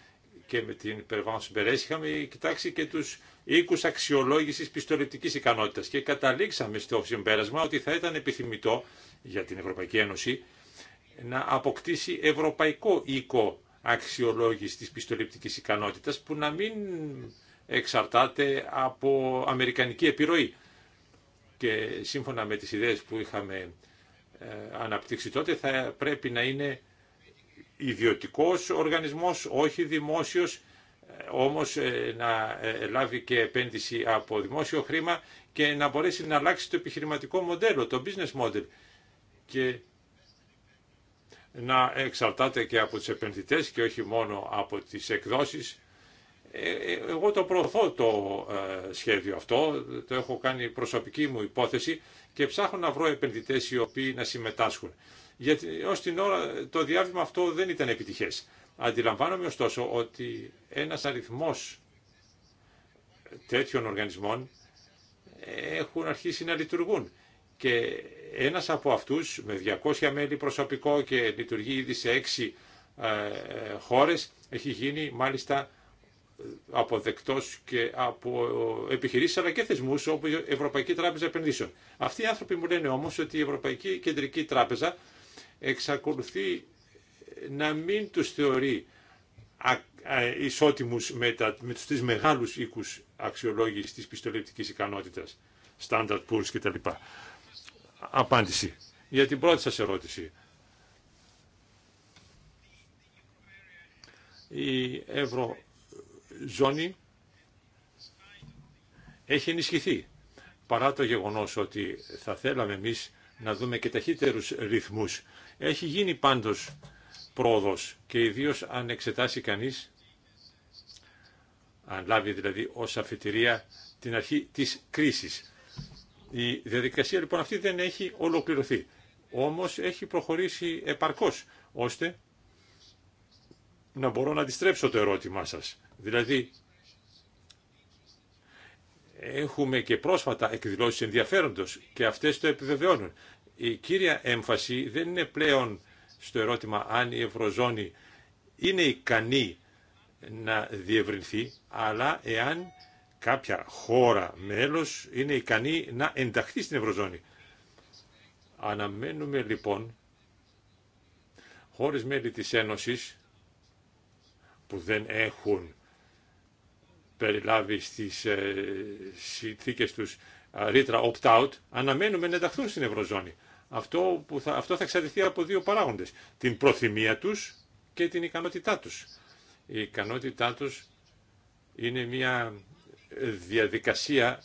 και με την Περβάνς Μπερές είχαμε κοιτάξει και τους οίκου αξιολόγηση πιστοληπτικής ικανότητας και καταλήξαμε στο συμπέρασμα ότι θα ήταν επιθυμητό για την Ευρωπαϊκή Ένωση να αποκτήσει ευρωπαϊκό οίκο αξιολόγηση της πιστοληπτικής ικανότητας που να μην εξαρτάται από αμερικανική επιρροή. Και σύμφωνα με τις ιδέες που είχαμε ε, αναπτύξει τότε θα πρέπει να είναι ιδιωτικός οργανισμός, όχι δημόσιος, ε, όμως ε, να λάβει και επένδυση από δημόσιο χρήμα και να μπορέσει να αλλάξει το επιχειρηματικό μοντέλο, το business model και να εξαρτάται και από τους επενδυτές και όχι μόνο από τις εκδόσεις ε, ε, εγώ το προωθώ το ε, σχέδιο αυτό, το έχω κάνει προσωπική μου υπόθεση και ψάχνω να βρω επενδυτές οι οποίοι να συμμετάσχουν. Γιατί ως την ώρα το διάβημα αυτό δεν ήταν επιτυχές. Αντιλαμβάνομαι ωστόσο ότι ένας αριθμός τέτοιων οργανισμών έχουν αρχίσει να λειτουργούν. Και ένας από αυτούς με 200 μέλη προσωπικό και λειτουργεί ήδη σε 6 χώρες έχει γίνει μάλιστα αποδεκτός και από επιχειρήσεις αλλά και θεσμούς όπου η Ευρωπαϊκή Τράπεζα Επενδύσεων. Αυτοί οι άνθρωποι μου λένε όμως ότι η Ευρωπαϊκή Κεντρική Τράπεζα εξακολουθεί να μην τους θεωρεί ισότιμους με, τα, με τους τρεις μεγάλους οίκους αξιολόγησης της πιστολεπτικής ικανότητας, standard pools κτλ. Απάντηση για την πρώτη σας ερώτηση. Η ζώνη έχει ενισχυθεί. Παρά το γεγονός ότι θα θέλαμε εμείς να δούμε και ταχύτερους ρυθμούς. Έχει γίνει πάντως πρόοδος και ιδίως αν εξετάσει κανείς, αν λάβει δηλαδή ως αφιτηρία την αρχή της κρίσης. Η διαδικασία λοιπόν αυτή δεν έχει ολοκληρωθεί, όμως έχει προχωρήσει επαρκώς, ώστε να μπορώ να αντιστρέψω το ερώτημά σας. Δηλαδή, έχουμε και πρόσφατα εκδηλώσεις ενδιαφέροντος και αυτές το επιβεβαιώνουν. Η κύρια έμφαση δεν είναι πλέον στο ερώτημα αν η Ευρωζώνη είναι ικανή να διευρυνθεί, αλλά εάν κάποια χώρα μέλος είναι ικανή να ενταχθεί στην Ευρωζώνη. Αναμένουμε λοιπόν χώρες μέλη της Ένωσης που δεν έχουν περιλάβει στις ε, συνθήκες τους ρήτρα opt-out, αναμένουμε να ενταχθούν στην Ευρωζώνη. Αυτό, που θα, αυτό θα εξαρτηθεί από δύο παράγοντες. Την προθυμία τους και την ικανότητά τους. Η ικανότητά τους είναι μια διαδικασία,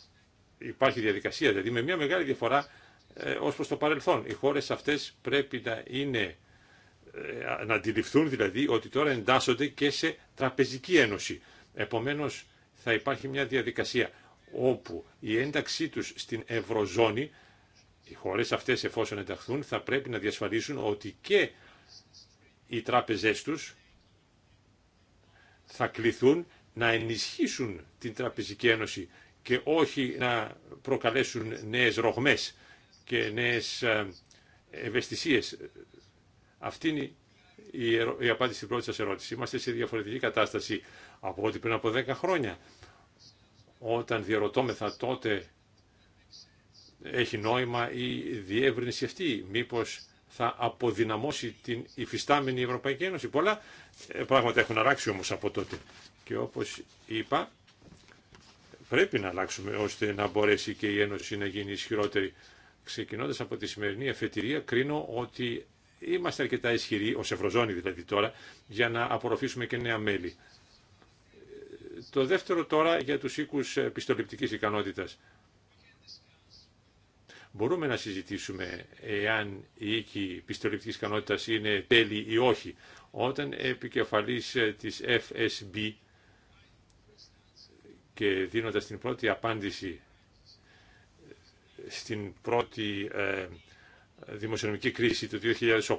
υπάρχει διαδικασία δηλαδή με μια μεγάλη διαφορά ε, ως προς το παρελθόν. Οι χώρες αυτές πρέπει να είναι ε, να αντιληφθούν δηλαδή ότι τώρα εντάσσονται και σε τραπεζική ένωση. Επομένως θα υπάρχει μια διαδικασία όπου η ένταξή τους στην Ευρωζώνη, οι χώρες αυτές εφόσον ενταχθούν, θα πρέπει να διασφαλίσουν ότι και οι τράπεζές τους θα κληθούν να ενισχύσουν την Τραπεζική Ένωση και όχι να προκαλέσουν νέες ρογμές και νέες ε, ευαισθησίες αυτή είναι η, η απάντηση στην πρώτη σα ερώτηση. Είμαστε σε διαφορετική κατάσταση από ό,τι πριν από 10 χρόνια. Όταν διαρωτώμεθα τότε έχει νόημα η διεύρυνση αυτή. Μήπως θα αποδυναμώσει την υφιστάμενη Ευρωπαϊκή Ένωση. Πολλά ε, πράγματα έχουν αλλάξει όμως από τότε. Και όπως είπα, πρέπει να αλλάξουμε ώστε να μπορέσει και η Ένωση να γίνει ισχυρότερη. Ξεκινώντας από τη σημερινή εφετηρία, κρίνω ότι είμαστε αρκετά ισχυροί, ω Ευρωζώνη δηλαδή τώρα, για να απορροφήσουμε και νέα μέλη. Το δεύτερο τώρα για τους οίκους πιστοληπτικής ικανότητας. Μπορούμε να συζητήσουμε εάν η οίκοι πιστοληπτικής ικανότητας είναι τέλη ή όχι. Όταν επικεφαλής της FSB και δίνοντας την πρώτη απάντηση στην πρώτη ε, δημοσιονομική κρίση του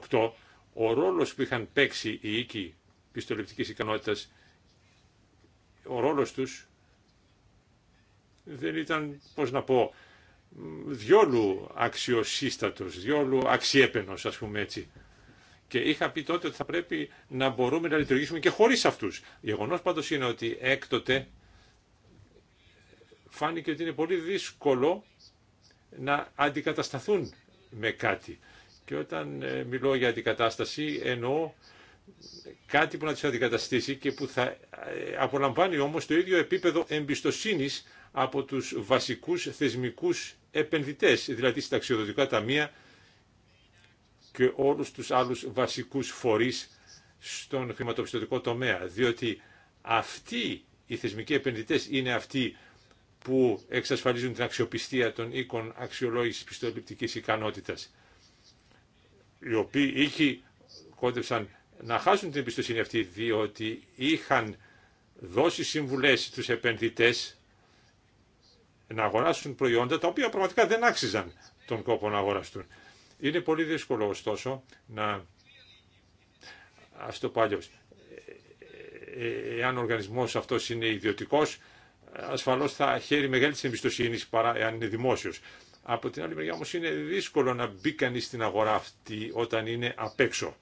2008, ο ρόλος που είχαν παίξει οι οίκοι πιστοληπτικής ικανότητας, ο ρόλος τους δεν ήταν, πώς να πω, διόλου αξιοσύστατος, διόλου αξιέπαινος, ας πούμε έτσι. Και είχα πει τότε ότι θα πρέπει να μπορούμε να λειτουργήσουμε και χωρίς αυτούς. Γεγονός πάντως είναι ότι έκτοτε φάνηκε ότι είναι πολύ δύσκολο να αντικατασταθούν με κάτι. Και όταν ε, μιλώ για αντικατάσταση εννοώ κάτι που να του αντικαταστήσει και που θα ε, απολαμβάνει όμως το ίδιο επίπεδο εμπιστοσύνης από τους βασικούς θεσμικούς επενδυτές, δηλαδή στα αξιοδοτικά ταμεία και όλους τους άλλους βασικούς φορείς στον χρηματοπιστωτικό τομέα. Διότι αυτοί οι θεσμικοί επενδυτές είναι αυτοί που εξασφαλίζουν την αξιοπιστία των οίκων αξιολόγηση πιστοληπτική ικανότητας, οι οποίοι οίκοι να χάσουν την εμπιστοσύνη αυτή, διότι είχαν δώσει συμβουλές στους επενδυτές να αγοράσουν προϊόντα τα οποία πραγματικά δεν άξιζαν τον κόπο να αγοραστούν. Είναι πολύ δύσκολο ωστόσο να... αυτό το πω ε, ε, Εάν ο οργανισμό αυτό είναι ιδιωτικό, ασφαλώς θα χαίρει μεγάλη εμπιστοσύνη παρά εάν είναι δημόσιο. Από την άλλη μεριά όμως είναι δύσκολο να μπει κανεί στην αγορά αυτή όταν είναι απ' έξω.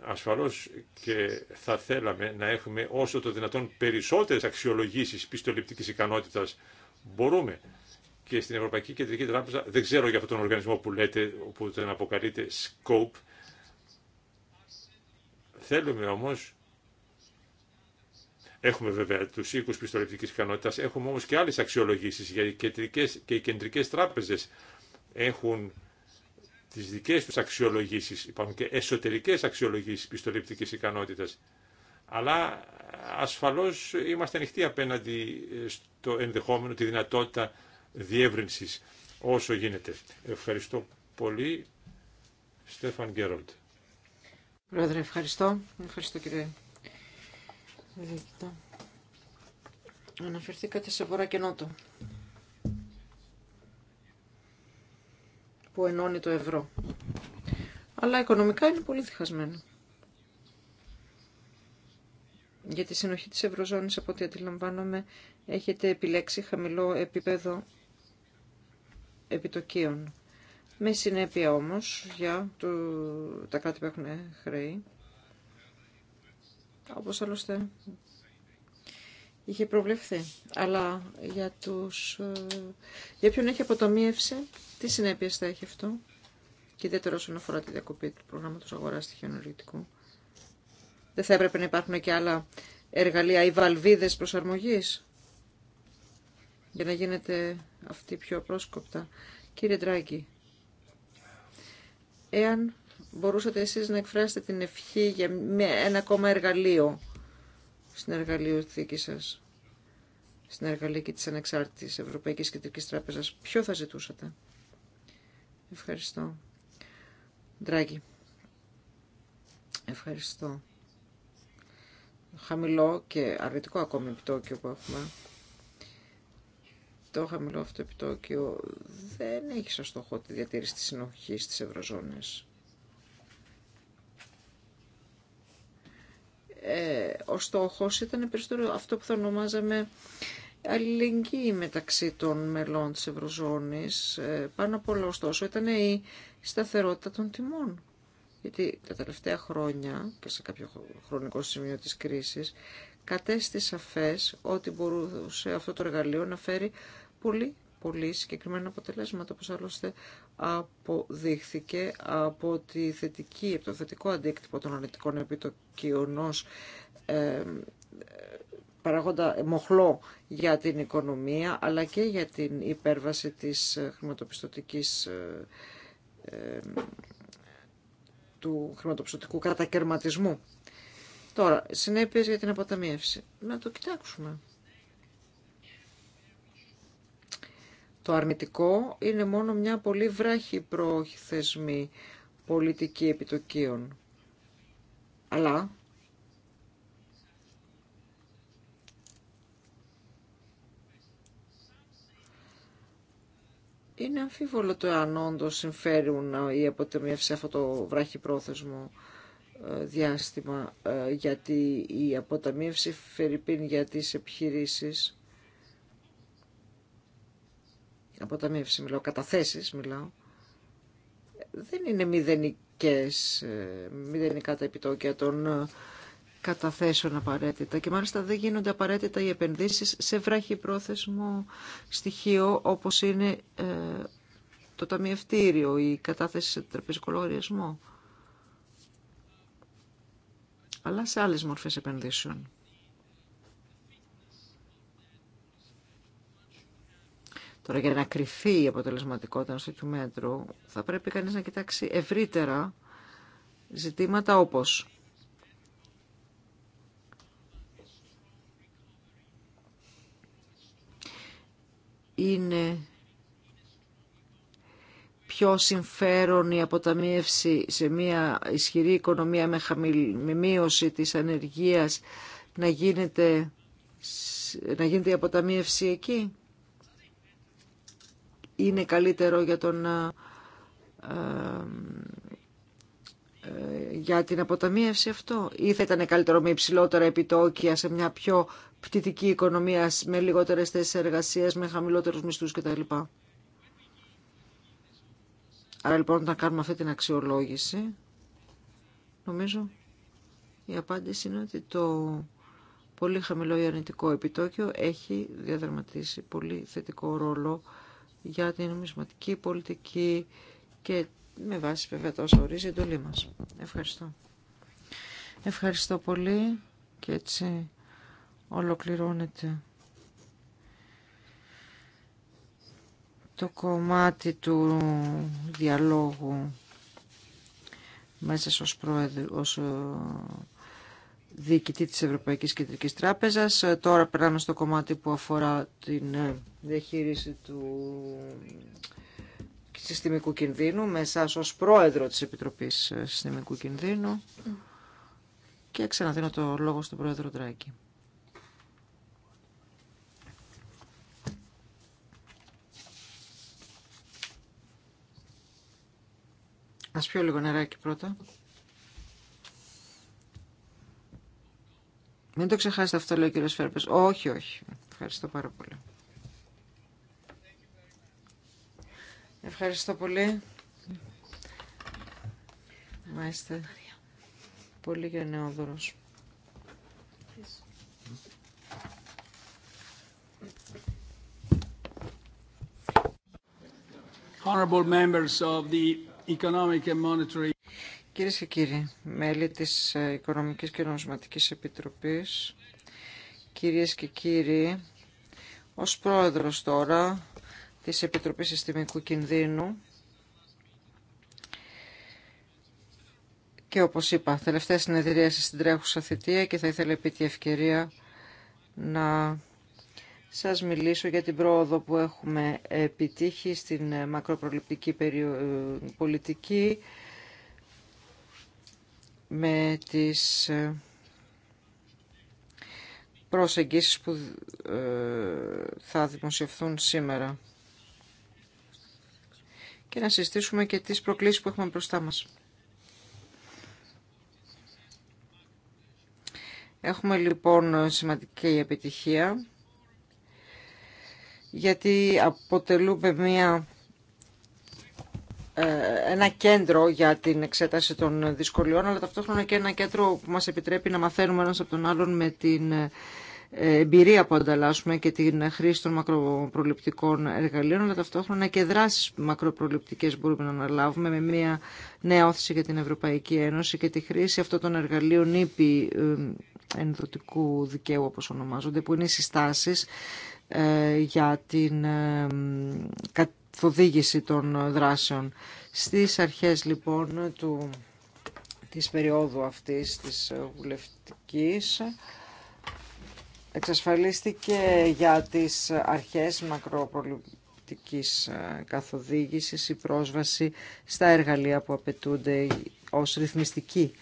Ασφαλώς και θα θέλαμε να έχουμε όσο το δυνατόν περισσότερες αξιολογήσεις πιστοληπτικής ικανότητας μπορούμε και στην Ευρωπαϊκή Κεντρική Τράπεζα, δεν ξέρω για αυτόν τον οργανισμό που λέτε, που τον αποκαλείτε SCOPE. Θέλουμε όμως Έχουμε βέβαια του οίκου πιστοληπτική ικανότητα. έχουμε όμω και άλλε αξιολογήσει, γιατί και οι κεντρικέ τράπεζε έχουν τι δικέ του αξιολογήσει, υπάρχουν και εσωτερικέ αξιολογήσει πιστοληπτική ικανότητα. Αλλά ασφαλώ είμαστε ανοιχτοί απέναντι στο ενδεχόμενο, τη δυνατότητα διεύρυνσης όσο γίνεται. Ευχαριστώ πολύ. Στέφαν Γκέρολτ. Πρόεδρε, ευχαριστώ. Ευχαριστώ κύριε εδώ κοιτά. Αναφερθήκατε σε Βορρά και Νότο. Που ενώνει το ευρώ. Αλλά οικονομικά είναι πολύ διχασμένο. Για τη συνοχή της Ευρωζώνης, από ό,τι αντιλαμβάνομαι, έχετε επιλέξει χαμηλό επίπεδο επιτοκίων. Με συνέπεια όμως για το... τα κράτη που έχουν χρέη όπως άλλωστε είχε προβλεφθεί. Αλλά για, τους, ε, για ποιον έχει αποτομίευση, τι συνέπειες θα έχει αυτό. Και ιδιαίτερα όσον αφορά τη διακοπή του προγράμματος αγοράς στοιχείων ενεργητικού. Δεν θα έπρεπε να υπάρχουν και άλλα εργαλεία ή βαλβίδες προσαρμογής για να γίνεται αυτή πιο πρόσκοπτα. Κύριε Ντράγκη, εάν μπορούσατε εσείς να εκφράσετε την ευχή για ένα ακόμα εργαλείο στην εργαλειοθήκη σας, στην και της Ανεξάρτητης Ευρωπαϊκής Κεντρικής Τράπεζας. Ποιο θα ζητούσατε. Ευχαριστώ. Ντράγκη. Ευχαριστώ. Χαμηλό και αρνητικό ακόμη επιτόκιο που έχουμε. Το χαμηλό αυτό επιτόκιο δεν έχει σαν στόχο τη διατήρηση της συνοχής τη Ευρωζώνης. Ε, ο στόχος ήταν περισσότερο αυτό που θα ονομάζαμε αλληλεγγύη μεταξύ των μελών της Ευρωζώνης. Ε, πάνω απ' όλα ωστόσο ήταν η σταθερότητα των τιμών. Γιατί τα τελευταία χρόνια και σε κάποιο χρονικό σημείο της κρίσης κατέστη σαφές ότι μπορούσε αυτό το εργαλείο να φέρει πολύ πολύ συγκεκριμένα αποτελέσματα, όπως άλλωστε αποδείχθηκε από, τη θετική, το θετικό αντίκτυπο των αρνητικών επιτοκίων ως ε, παράγοντα μοχλό για την οικονομία αλλά και για την υπέρβαση της χρηματοπιστωτικής ε, ε, του χρηματοπιστωτικού κατακαιρματισμού. Τώρα, συνέπειες για την αποταμίευση. Να το κοιτάξουμε. Το αρνητικό είναι μόνο μια πολύ βράχη πρόθεσμη πολιτική επιτοκίων. Αλλά είναι αμφίβολο το αν όντω συμφέρουν η ε, αποτεμιεύσει αυτό το βράχη πρόθεσμο ε, διάστημα ε, γιατί η αποταμίευση φερειπίν για τις επιχειρήσεις αποταμίευση μιλάω, καταθέσεις μιλάω, δεν είναι μηδενικές, ε, μηδενικά τα επιτόκια των ε, καταθέσεων απαραίτητα και μάλιστα δεν γίνονται απαραίτητα οι επενδύσεις σε πρόθεσμο στοιχείο όπως είναι ε, το ταμιευτήριο, η κατάθεση σε τραπεζικό λογαριασμό αλλά σε άλλες μορφές επενδύσεων. Τώρα για να κρυφεί η αποτελεσματικότητα ενός τέτοιου μέτρου θα πρέπει κανείς να κοιτάξει ευρύτερα ζητήματα όπως είναι πιο συμφέρον η αποταμίευση σε μια ισχυρή οικονομία με, μείωση της ανεργίας να γίνεται, να γίνεται η αποταμίευση εκεί είναι καλύτερο για, τον, ε, ε, ε, για την αποταμίευση αυτό ή θα ήταν καλύτερο με υψηλότερα επιτόκια σε μια πιο πτυτική οικονομία με λιγότερες θέσεις εργασίας, με χαμηλότερους μισθούς κτλ. Άρα λοιπόν να κάνουμε αυτή την αξιολόγηση, νομίζω η απάντηση είναι ότι το πολύ χαμηλό ιανητικό επιτόκιο έχει διαδραματίσει πολύ θετικό ρόλο για την νομισματική πολιτική και με βάση βέβαια τόσο ορίζει η εντολή μας. Ευχαριστώ. Ευχαριστώ πολύ και έτσι ολοκληρώνεται το κομμάτι του διαλόγου μέσα ως, πρόεδρο, διοικητή της Ευρωπαϊκής Κεντρικής Τράπεζας. Ε, τώρα περνάμε στο κομμάτι που αφορά την ε, διαχείριση του συστημικού κινδύνου με εσάς ως πρόεδρο της Επιτροπής ε, Συστημικού Κινδύνου και ξαναδίνω το λόγο στον πρόεδρο Ντράκη. Ας πιω λίγο νεράκι πρώτα. Μην το ξεχάσετε αυτό, λέει ο κύριο Φέρπες. Όχι, όχι. Ευχαριστώ πάρα πολύ. Ευχαριστώ πολύ. Μάλιστα. Πολύ γενναιόδωρο. Honorable members of the Economic and Monetary Κυρίε και κύριοι, μέλη της ε, Οικονομικής και Νομισματικής Επιτροπής, κυρίες και κύριοι, ως πρόεδρος τώρα της Επιτροπής Συστημικού Κινδύνου και όπως είπα, τελευταία συνεδρία στην τρέχουσα θητεία και θα ήθελα επί τη ευκαιρία να σας μιλήσω για την πρόοδο που έχουμε επιτύχει στην μακροπροληπτική ε, πολιτική με τις ε, προσεγγίσεις που ε, θα δημοσιευθούν σήμερα και να συστήσουμε και τις προκλήσεις που έχουμε μπροστά μας. Έχουμε λοιπόν σημαντική επιτυχία γιατί αποτελούμε μια ε, ένα κέντρο για την εξέταση των δυσκολιών, αλλά ταυτόχρονα και ένα κέντρο που μας επιτρέπει να μαθαίνουμε ένας από τον άλλον με την ε, εμπειρία που ανταλλάσσουμε και την χρήση των μακροπροληπτικών εργαλείων, αλλά ταυτόχρονα και δράσεις μακροπροληπτικές μπορούμε να αναλάβουμε με μια νέα όθηση για την Ευρωπαϊκή Ένωση και τη χρήση αυτών των εργαλείων ήπη ε, ενδοτικού δικαίου, όπως ονομάζονται, που είναι οι συστάσεις για την καθοδήγηση των δράσεων. Στις αρχές λοιπόν του, της περίοδου αυτής της βουλευτικής εξασφαλίστηκε για τις αρχές μακροπολιτικής καθοδήγησης η πρόσβαση στα εργαλεία που απαιτούνται ως ρυθμιστική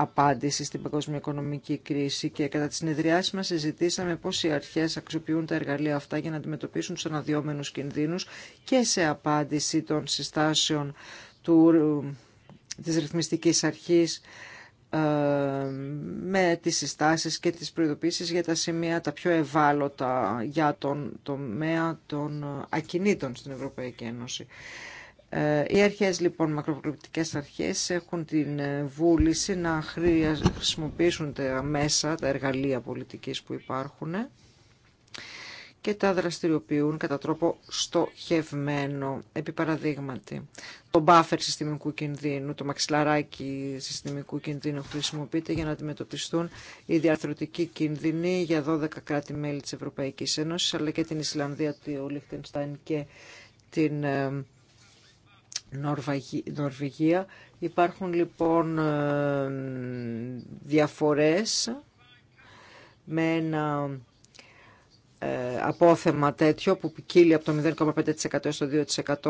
απάντηση στην παγκόσμια οικονομική κρίση και κατά τη συνεδριάση μας συζητήσαμε πώς οι αρχές αξιοποιούν τα εργαλεία αυτά για να αντιμετωπίσουν τους αναδυόμενους κινδύνους και σε απάντηση των συστάσεων του, ε, της ρυθμιστικής αρχής ε, με τις συστάσεις και τις προειδοποίησεις για τα σημεία τα πιο ευάλωτα για τον τομέα των ε, ακινήτων στην Ευρωπαϊκή Ένωση. Ε, οι αρχές λοιπόν, μακροπροκριτικές αρχές έχουν την ε, βούληση να χρησιμοποιήσουν τα μέσα, τα εργαλεία πολιτικής που υπάρχουν και τα δραστηριοποιούν κατά τρόπο στοχευμένο, επί παραδείγματι. Το buffer συστημικού κινδύνου, το μαξιλαράκι συστημικού κινδύνου χρησιμοποιείται για να αντιμετωπιστούν οι διαρθρωτικοί κίνδυνοι για 12 κράτη-μέλη της Ευρωπαϊκής Ένωσης, αλλά και την Ισλανδία, το Λιχτενστάιν και την ε, Νορβηγία. Υπάρχουν λοιπόν ε, διαφορές με ένα ε, απόθεμα τέτοιο που ποικίλει από το 0,5% στο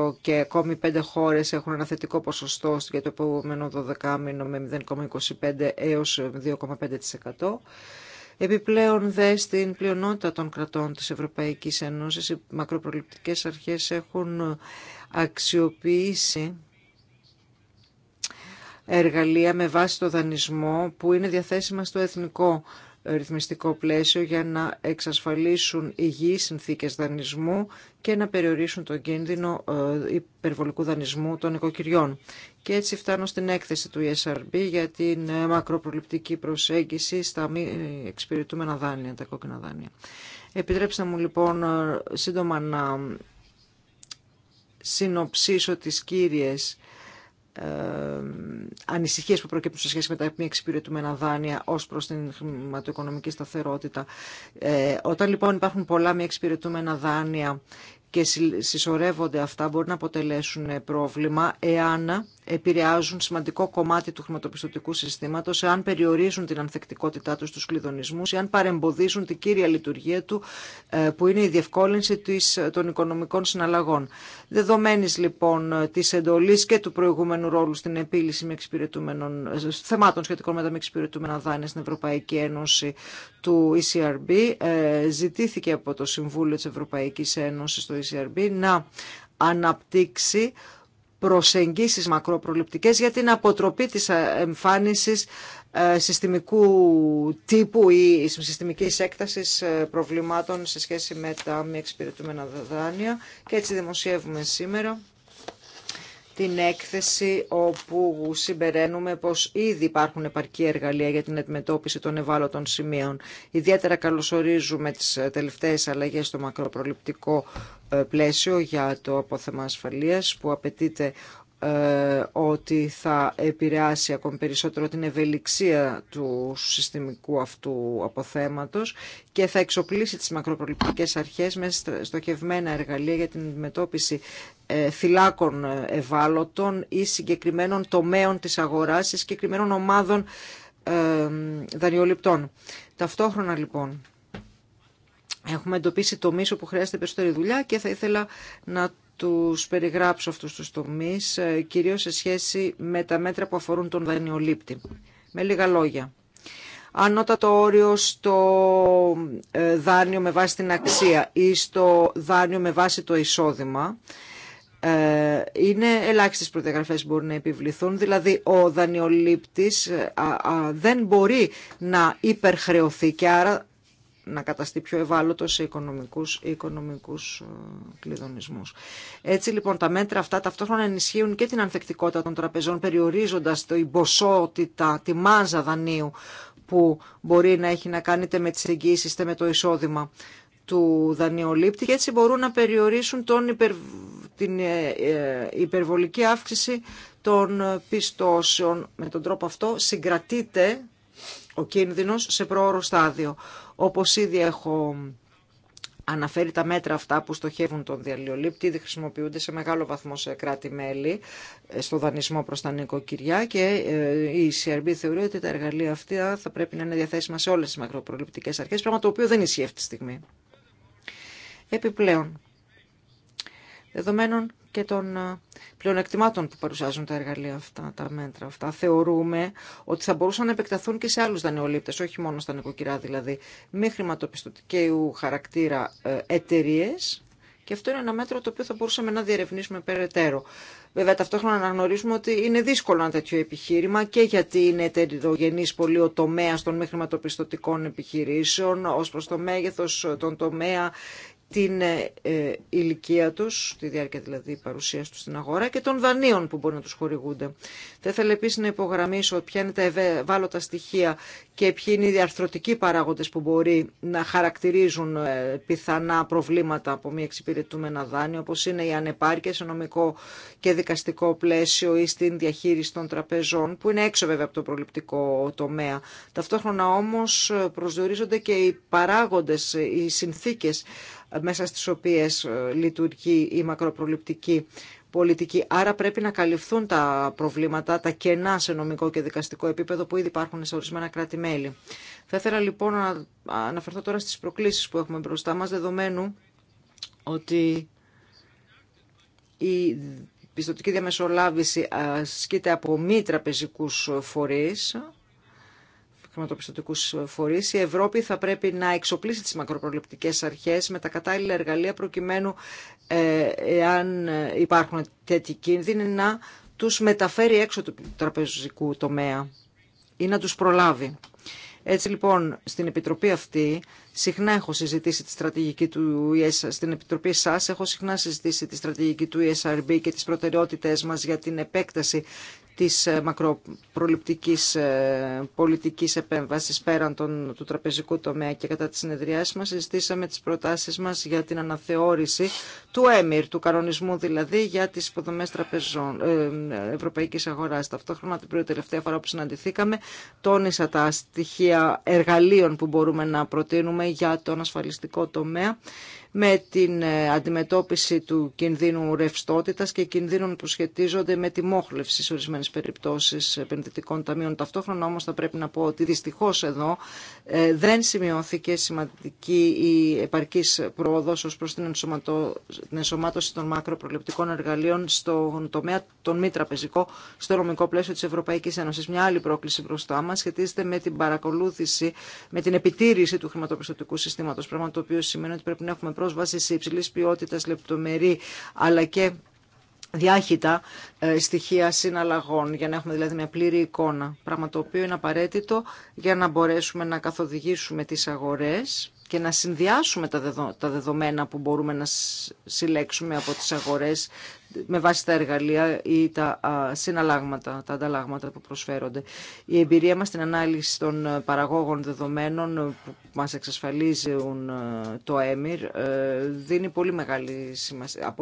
2% και ακόμη πέντε χώρες έχουν ένα θετικό ποσοστό για το επόμενο 12 μήνο με 0,25% έως 2,5%. Επιπλέον δε στην πλειονότητα των κρατών της Ευρωπαϊκής Ένωσης οι μακροπροληπτικές αρχές έχουν αξιοποιήσει εργαλεία με βάση το δανεισμό που είναι διαθέσιμα στο εθνικό ρυθμιστικό πλαίσιο για να εξασφαλίσουν υγιείς συνθήκες δανεισμού και να περιορίσουν τον κίνδυνο ε, υπερβολικού δανεισμού των οικοκυριών. Και έτσι φτάνω στην έκθεση του ESRB για την ε, μακροπροληπτική προσέγγιση στα μη εξυπηρετούμενα δάνεια, τα κόκκινα δάνεια. Επιτρέψτε μου λοιπόν ε, σύντομα να συνοψίσω τις κύριες ε, ανησυχίες που προκύπτουν σε σχέση με τα μη εξυπηρετούμενα δάνεια ως προς την χρηματοοικονομική σταθερότητα. Ε, όταν λοιπόν υπάρχουν πολλά μη εξυπηρετούμενα δάνεια και συσσωρεύονται αυτά μπορεί να αποτελέσουν ε, πρόβλημα εάν επηρεάζουν σημαντικό κομμάτι του χρηματοπιστωτικού συστήματο, εάν περιορίζουν την ανθεκτικότητά του στου κλειδονισμού, εάν παρεμποδίζουν την κύρια λειτουργία του ε, που είναι η διευκόλυνση ε, των οικονομικών συναλλαγών. Δεδομένης λοιπόν τη εντολή και του προηγούμενου ρόλου στην επίλυση με εξυπηρετούμενων, θεμάτων σχετικών με τα μη εξυπηρετούμενα δάνεια στην Ευρωπαϊκή Ένωση του ECRB, ζητήθηκε από το Συμβούλιο τη Ευρωπαϊκή Ένωση. το να αναπτύξει προσεγγίσεις μακροπροληπτικές για την αποτροπή της εμφάνισης ε, συστημικού τύπου ή συστημικής έκτασης ε, προβλημάτων σε σχέση με τα μη εξυπηρετούμενα δάνεια και έτσι δημοσιεύουμε σήμερα την έκθεση όπου συμπεραίνουμε πως ήδη υπάρχουν επαρκή εργαλεία για την αντιμετώπιση των ευάλωτων σημείων. Ιδιαίτερα καλωσορίζουμε τις τελευταίες αλλαγές στο μακροπροληπτικό ε, πλαίσιο για το απόθεμα ασφαλείας που απαιτείται ε, ότι θα επηρεάσει ακόμη περισσότερο την ευελιξία του συστημικού αυτού αποθέματος και θα εξοπλίσει τις μακροπροληπτικές αρχές με στοχευμένα εργαλεία για την αντιμετώπιση θυλάκων ε, ε, ευάλωτων ή συγκεκριμένων τομέων της αγοράς ή συγκεκριμένων ομάδων ε, δανειοληπτών. Ταυτόχρονα λοιπόν έχουμε εντοπίσει τομείς όπου χρειάζεται περισσότερη δουλειά και θα ήθελα να τους περιγράψω αυτούς τους τομείς, κυρίως σε σχέση με τα μέτρα που αφορούν τον δανειολήπτη. Με λίγα λόγια. Ανώτατο όριο στο δάνειο με βάση την αξία ή στο δάνειο με βάση το εισόδημα ε, είναι ελάχιστες προδιαγραφές που μπορούν να επιβληθούν. Δηλαδή ο δανειολήπτης ε, δεν μπορεί να υπερχρεωθεί και άρα να καταστεί πιο ευάλωτο σε οικονομικούς, οικονομικούς ε, κλειδονισμούς. Έτσι λοιπόν τα μέτρα αυτά ταυτόχρονα ενισχύουν και την ανθεκτικότητα των τραπεζών περιορίζοντας την ποσότητα, τη μάζα δανείου που μπορεί να έχει να κάνει με τις εγγύησεις με το εισόδημα του δανειολήπτη και έτσι μπορούν να περιορίσουν τον την ε, ε, υπερβολική αύξηση των πιστώσεων. Με τον τρόπο αυτό συγκρατείται ο κίνδυνος σε προώρο στάδιο. Όπως ήδη έχω αναφέρει τα μέτρα αυτά που στοχεύουν τον διαλυολήπτη, ήδη χρησιμοποιούνται σε μεγάλο βαθμό σε κράτη-μέλη ε, στο δανεισμό προς τα νοικοκυριά και η CRB θεωρεί ότι τα εργαλεία αυτά θα πρέπει να είναι διαθέσιμα σε όλες τις μακροπροληπτικές αρχές, πράγμα το οποίο δεν ισχύει αυτή τη στιγμή επιπλέον. Δεδομένων και των ε, πλεονεκτημάτων που παρουσιάζουν τα εργαλεία αυτά, τα μέτρα αυτά. Θεωρούμε ότι θα μπορούσαν να επεκταθούν και σε άλλους δανειολήπτες, όχι μόνο στα νοικοκυρά δηλαδή, μη χρηματοπιστωτικού χαρακτήρα ε, εταιρείε. Και αυτό είναι ένα μέτρο το οποίο θα μπορούσαμε να διερευνήσουμε περαιτέρω. Βέβαια, ταυτόχρονα να αναγνωρίζουμε ότι είναι δύσκολο ένα τέτοιο επιχείρημα και γιατί είναι εταιρεογενή πολύ ο τομέα των μη χρηματοπιστωτικών επιχειρήσεων ω προ το μέγεθο, ε, τον τομέα την ε, ε, ηλικία τους, τη διάρκεια δηλαδή παρουσία τους στην αγορά και των δανείων που μπορεί να τους χορηγούνται. Θα ήθελα επίσης να υπογραμμίσω ποια είναι τα ευάλωτα στοιχεία και ποιοι είναι οι διαρθρωτικοί παράγοντες που μπορεί να χαρακτηρίζουν ε, πιθανά προβλήματα από μη εξυπηρετούμενα δάνεια, όπως είναι η ανεπάρκεια σε νομικό και δικαστικό πλαίσιο ή στην διαχείριση των τραπεζών, που είναι έξω βέβαια από το προληπτικό τομέα. Ταυτόχρονα όμως προσδιορίζονται και οι παράγοντες, οι συνθήκες μέσα στις οποίες ε, λειτουργεί η μακροπροληπτική πολιτική. Άρα πρέπει να καλυφθούν τα προβλήματα, τα κενά σε νομικό και δικαστικό επίπεδο που ήδη υπάρχουν σε ορισμένα κράτη-μέλη. Θα ήθελα λοιπόν να αναφερθώ τώρα στις προκλήσεις που έχουμε μπροστά μας, δεδομένου ότι η πιστοτική διαμεσολάβηση ασκείται από μη τραπεζικούς φορείς, χρηματοπιστωτικού φορείς, η Ευρώπη θα πρέπει να εξοπλίσει τις μακροπροληπτικές αρχές με τα κατάλληλα εργαλεία προκειμένου, ε, εάν υπάρχουν τέτοιοι κίνδυνοι, να τους μεταφέρει έξω του τραπεζικού τομέα ή να τους προλάβει. Έτσι λοιπόν στην Επιτροπή αυτή συχνά έχω συζητήσει τη στρατηγική του ESR, στην Επιτροπή σας έχω συχνά συζητήσει τη στρατηγική του ESRB και τις προτεραιότητες μας για την επέκταση της ε, μακροπροληπτικής ε, πολιτικής επέμβασης πέραν των, του τραπεζικού τομέα και κατά τις συνεδριάσεις μας συζητήσαμε τις προτάσεις μας για την αναθεώρηση του ΕΜΙΡ, του κανονισμού δηλαδή για τις υποδομές τραπεζών ε, ε, ευρωπαϊκής αγοράς. Ταυτόχρονα την πρώτη τελευταία φορά που συναντηθήκαμε τόνισα τα στοιχεία εργαλείων που μπορούμε να προτείνουμε για τον ασφαλιστικό τομέα με την ε, αντιμετώπιση του κινδύνου ρευστότητα και κινδύνων που σχετίζονται με τη μόχλευση σε ορισμένε περιπτώσει επενδυτικών ταμείων. Ταυτόχρονα όμω θα πρέπει να πω ότι δυστυχώ εδώ ε, δεν σημειώθηκε σημαντική η επαρκή πρόοδο ω προ την ενσωμάτωση των μακροπροληπτικών εργαλείων στον τομέα των μη τραπεζικών στο νομικό πλαίσιο τη Ευρωπαϊκή Ένωση. Μια άλλη πρόκληση μπροστά μα σχετίζεται με την παρακολούθηση, με την επιτήρηση του χρηματοπιστωτικού συστήματο. Πράγμα το οποίο σημαίνει ότι πρέπει να έχουμε πρόσβαση σε υψηλής ποιότητας λεπτομερή αλλά και διάχυτα ε, στοιχεία συναλλαγών, για να έχουμε δηλαδή μια πλήρη εικόνα, πράγμα το οποίο είναι απαραίτητο για να μπορέσουμε να καθοδηγήσουμε τις αγορές και να συνδυάσουμε τα, δεδομένα που μπορούμε να συλλέξουμε από τις αγορές, με βάση τα εργαλεία ή τα συναλλάγματα, τα ανταλλάγματα που προσφέρονται. Η εμπειρία μας στην ανάλυση των ε, παραγόγων δεδομένων που μας εξασφαλίζουν ε, το ΕΜΙΡ ε, δίνει πολύ μεγάλη σημασία,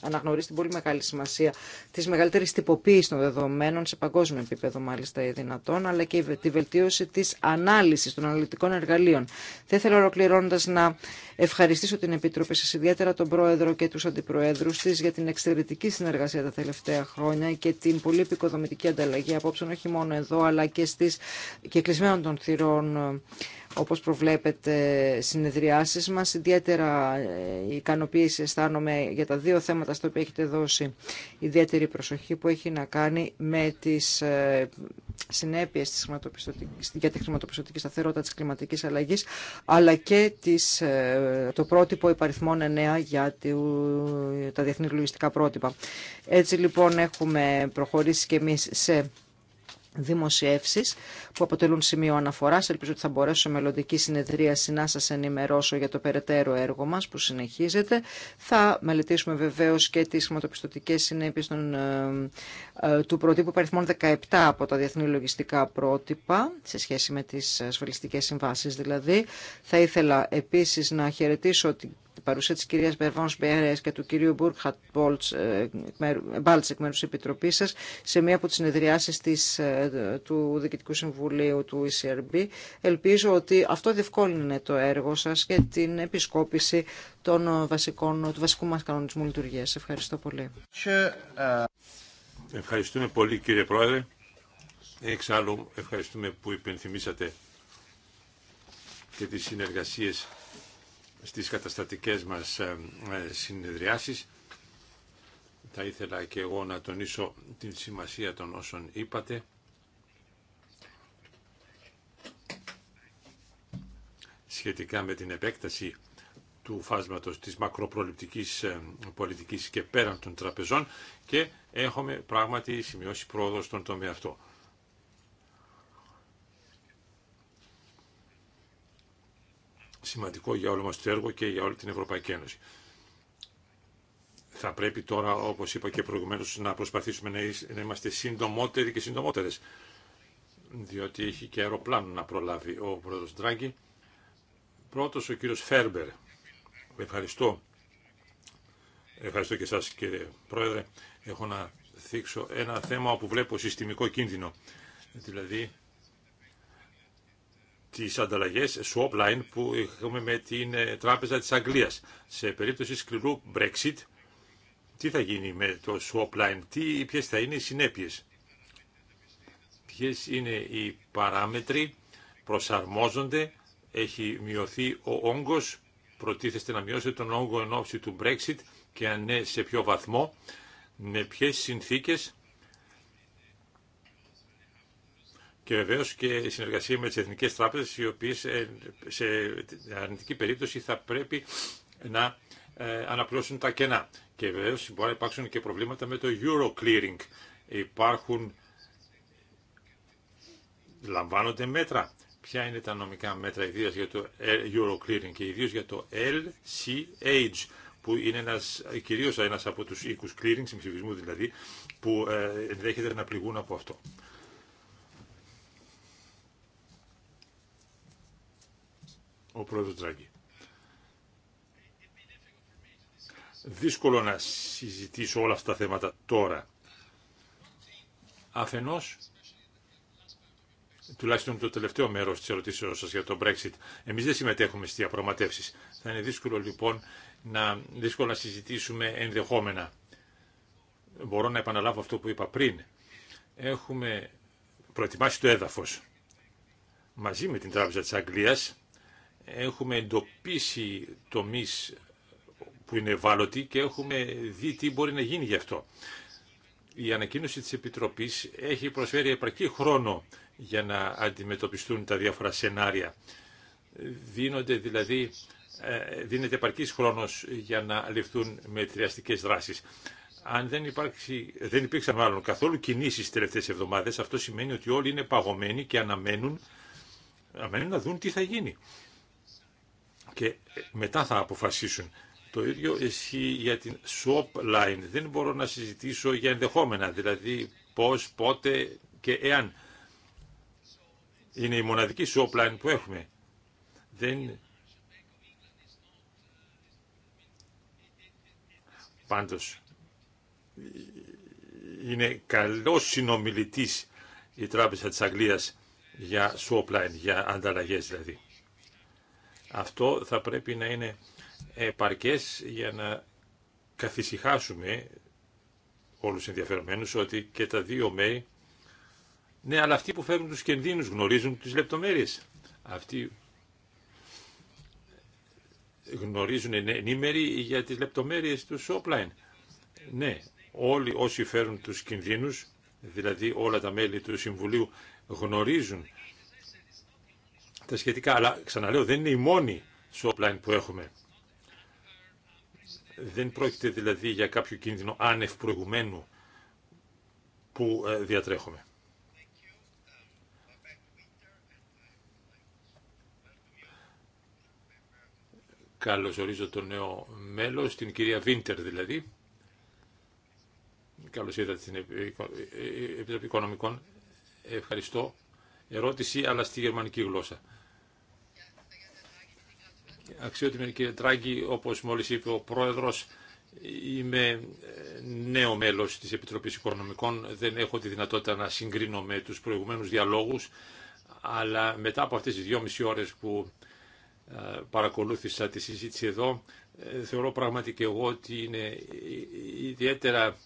αναγνωρίζει την πολύ μεγάλη σημασία της μεγαλύτερης τυποποίησης των δεδομένων σε παγκόσμιο επίπεδο μάλιστα ή δυνατόν, αλλά και τη βελτίωση της ανάλυσης των αναλυτικών εργαλείων. Θα ήθελα ολοκληρώνοντα να ευχαριστήσω την Επιτροπή σας, ιδιαίτερα τον Πρόεδρο και τους Αντιπροέδρους της για την εξαιρετική εξαιρετική συνεργασία τα τελευταία χρόνια και την πολύ επικοδομητική ανταλλαγή απόψεων όχι μόνο εδώ αλλά και στις και των θυρών όπως προβλέπετε, συνεδριάσεις μας. Ιδιαίτερα ε, ικανοποίηση αισθάνομαι για τα δύο θέματα στο οποία έχετε δώσει ιδιαίτερη προσοχή που έχει να κάνει με τις ε, συνέπειες της για τη χρηματοπιστωτική σταθερότητα της κλιματικής αλλαγής αλλά και τις, ε, το πρότυπο υπαριθμών 9 για τα διεθνή λογιστικά πρότυπα. Έτσι λοιπόν έχουμε προχωρήσει και εμείς σε δημοσιεύσεις που αποτελούν σημείο αναφοράς. Ελπίζω ότι θα μπορέσω σε μελλοντική συνεδρίαση να σας ενημερώσω για το περαιτέρω έργο μας που συνεχίζεται. Θα μελετήσουμε βεβαίως και τις χρηματοπιστωτικές συνέπειες των ε, ε, του προτύπου παριθμών 17 από τα διεθνή λογιστικά πρότυπα σε σχέση με τις ασφαλιστικές συμβάσεις δηλαδή. Θα ήθελα επίσης να χαιρετήσω την παρουσία της κυρίας Μπερβάνς Μπέρες και του κυρίου Μπούρχατ ε, ε, Μπάλτς εκ μέρους της Επιτροπής σας σε μία από τις συνεδριάσεις του Διοικητικού Συμβουλίου του ECRB. Ελπίζω ότι αυτό διευκόλυνε το έργο σας και την επισκόπηση των βασικών, του βασικού μας κανονισμού λειτουργίας. Ευχαριστώ πολύ. Uh, Ευχαριστούμε πολύ κύριε Πρόεδρε. Εξάλλου ευχαριστούμε που υπενθυμίσατε και τις συνεργασίες στις καταστατικές μας ε, ε, συνεδριάσεις. Θα ήθελα και εγώ να τονίσω την σημασία των όσων είπατε. σχετικά με την επέκταση του φάσματος της μακροπροληπτικής ε, πολιτικής και πέραν των τραπεζών και έχουμε πράγματι σημειώσει πρόοδο στον τομέα αυτό. Σημαντικό για όλο μας το έργο και για όλη την Ευρωπαϊκή Ένωση. Θα πρέπει τώρα, όπως είπα και προηγουμένως, να προσπαθήσουμε να είμαστε συντομότεροι και συντομότερες, διότι έχει και αεροπλάνο να προλάβει ο πρόεδρος Ντράγκη. Πρώτος ο κύριος Φέρμπερ. Ευχαριστώ. Ευχαριστώ και εσάς κύριε Πρόεδρε. Έχω να θίξω ένα θέμα που βλέπω συστημικό κίνδυνο. Δηλαδή τι ανταλλαγές swap line που έχουμε με την ε, Τράπεζα της Αγγλίας. Σε περίπτωση σκληρού Brexit, τι θα γίνει με το swap line, τι, ποιες θα είναι οι συνέπειες. Ποιες είναι οι παράμετροι, προσαρμόζονται, έχει μειωθεί ο όγκος προτίθεστε να μειώσετε τον όγκο εν ώψη του Brexit και αν ναι σε ποιο βαθμό, με ποιες συνθήκες και βεβαίως και συνεργασία με τις εθνικές τράπεζες οι οποίες ε, σε αρνητική περίπτωση θα πρέπει να ε, αναπληρώσουν τα κενά. Και βεβαίως μπορεί να υπάρξουν και προβλήματα με το Euro Clearing. Υπάρχουν λαμβάνονται μέτρα ποια είναι τα νομικά μέτρα ιδίω για το Euroclearing και ιδίω για το LCH που είναι ένας, κυρίως ένας από τους οίκους clearing, συμψηφισμού δηλαδή, που ε, ενδέχεται να πληγούν από αυτό. Ο πρόεδρος Τράγκη. Δύσκολο να συζητήσω όλα αυτά τα θέματα τώρα. Αφενός, τουλάχιστον το τελευταίο μέρος της ερωτήσεως σας για το Brexit. Εμείς δεν συμμετέχουμε στις διαπραγματεύσεις. Θα είναι δύσκολο λοιπόν να, δύσκολο να συζητήσουμε ενδεχόμενα. Μπορώ να επαναλάβω αυτό που είπα πριν. Έχουμε προετοιμάσει το έδαφος. Μαζί με την Τράπεζα της Αγγλίας έχουμε εντοπίσει τομείς που είναι ευάλωτοι και έχουμε δει τι μπορεί να γίνει γι' αυτό. Η ανακοίνωση της Επιτροπής έχει προσφέρει επαρκή χρόνο για να αντιμετωπιστούν τα διάφορα σενάρια. Δίνονται δηλαδή, ε, δίνεται επαρκής χρόνος για να ληφθούν μετριαστικές δράσεις. Αν δεν, υπάρξει, δεν υπήρξαν μάλλον καθόλου κινήσεις τις τελευταίες εβδομάδες, αυτό σημαίνει ότι όλοι είναι παγωμένοι και αναμένουν, αναμένουν να δουν τι θα γίνει. Και μετά θα αποφασίσουν. Το ίδιο ισχύει για την swap line. Δεν μπορώ να συζητήσω για ενδεχόμενα, δηλαδή πώς, πότε και εάν. Είναι η μοναδική σου που έχουμε. Δεν... Πάντως, είναι καλός συνομιλητής η Τράπεζα της Αγγλίας για swap για ανταλλαγές δηλαδή. Αυτό θα πρέπει να είναι επαρκές για να καθησυχάσουμε όλους ενδιαφερομένους ότι και τα δύο μέρη ναι, αλλά αυτοί που φέρουν τους κινδύνους γνωρίζουν τις λεπτομέρειες. Αυτοί γνωρίζουν ενήμεροι για τις λεπτομέρειες του Σόπλαιν. Ναι, όλοι όσοι φέρουν τους κινδύνους, δηλαδή όλα τα μέλη του Συμβουλίου γνωρίζουν τα σχετικά, αλλά ξαναλέω δεν είναι η μόνη Σόπλαιν που έχουμε. Δεν πρόκειται δηλαδή για κάποιο κίνδυνο άνευ προηγουμένου που ε, διατρέχουμε. Καλωσορίζω τον νέο μέλος, την κυρία Βίντερ δηλαδή. Καλώς ήρθατε στην ε, ε, ε, Επιτροπή Οικονομικών. Ευχαριστώ. Ερώτηση, αλλά στη γερμανική γλώσσα. Αξιότιμη κύριε Τράγκη, όπως μόλις είπε ο πρόεδρος, είμαι νέο μέλος της Επιτροπής Οικονομικών. Δεν έχω τη δυνατότητα να συγκρίνω με τους προηγουμένους διαλόγους, αλλά μετά από αυτές τις δυόμιση ώρες που ε, παρακολούθησα τη συζήτηση εδώ. Ε, θεωρώ πραγματικά και εγώ ότι είναι ιδιαίτερα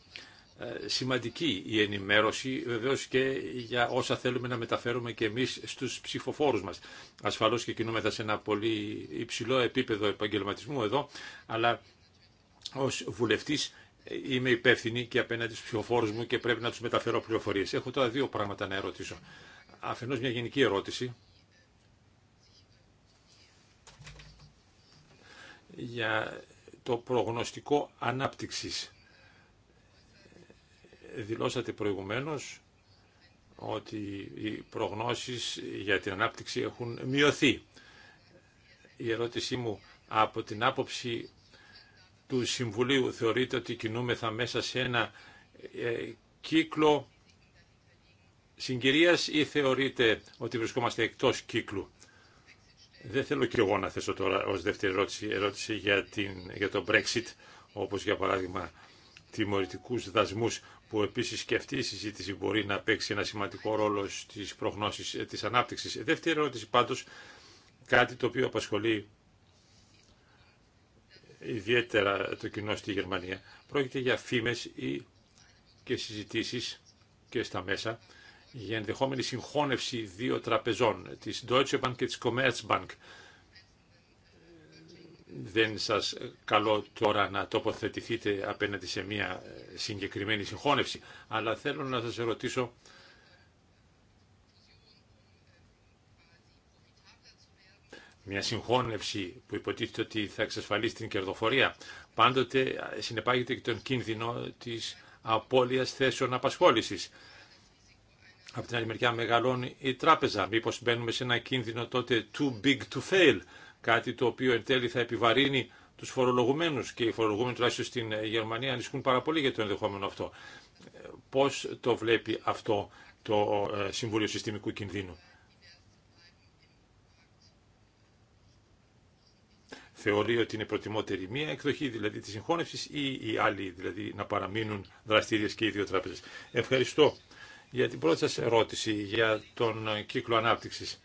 ε, σημαντική η ενημέρωση βεβαίως και για όσα θέλουμε να μεταφέρουμε και εμείς στους ψηφοφόρους μας. Ασφαλώς και κινούμεθα σε ένα πολύ υψηλό επίπεδο επαγγελματισμού εδώ, αλλά ως βουλευτής είμαι υπεύθυνη και απέναντι στους ψηφοφόρους μου και πρέπει να τους μεταφέρω πληροφορίες. Έχω τώρα δύο πράγματα να ερωτήσω. Αφενός μια γενική ερώτηση για το προγνωστικό ανάπτυξης. Δηλώσατε προηγουμένως ότι οι προγνώσεις για την ανάπτυξη έχουν μειωθεί. Η ερώτησή μου από την άποψη του Συμβουλίου θεωρείτε ότι κινούμεθα μέσα σε ένα ε, κύκλο συγκυρίας ή θεωρείτε ότι βρισκόμαστε εκτός κύκλου. Δεν θέλω κι εγώ να θέσω τώρα ως δεύτερη ερώτηση, ερώτηση για, την, για το Brexit, όπως για παράδειγμα τιμωρητικούς δασμούς, που επίσης και αυτή η συζήτηση μπορεί να παίξει ένα σημαντικό ρόλο στις προγνώσεις ε, της ανάπτυξης. Δεύτερη ερώτηση πάντως, κάτι το οποίο απασχολεί ιδιαίτερα το κοινό στη Γερμανία. Πρόκειται για φήμες ή και συζητήσεις και στα μέσα για ενδεχόμενη συγχώνευση δύο τραπεζών, της Deutsche Bank και της Commerzbank. Δεν σας καλώ τώρα να τοποθετηθείτε απέναντι σε μια συγκεκριμένη συγχώνευση, αλλά θέλω να σας ερωτήσω μια συγχώνευση που υποτίθεται ότι θα εξασφαλίσει την κερδοφορία, πάντοτε συνεπάγεται και τον κίνδυνο της απώλειας θέσεων απασχόλησης. Από την άλλη μεριά μεγαλώνει η τράπεζα. Μήπως μπαίνουμε σε ένα κίνδυνο τότε too big to fail, κάτι το οποίο εν τέλει θα επιβαρύνει τους φορολογουμένους και οι φορολογούμενοι τουλάχιστον στην Γερμανία ανησυχούν πάρα πολύ για το ενδεχόμενο αυτό. Πώς το βλέπει αυτό το ε, Συμβούλιο Συστημικού Κινδύνου. θεωρεί ότι είναι προτιμότερη μία εκδοχή, δηλαδή τη συγχώνευση, ή οι άλλοι, δηλαδή να παραμείνουν δραστήριε και οι δύο τράπεζε. Ευχαριστώ για την πρώτη σας ερώτηση για τον κύκλο ανάπτυξης.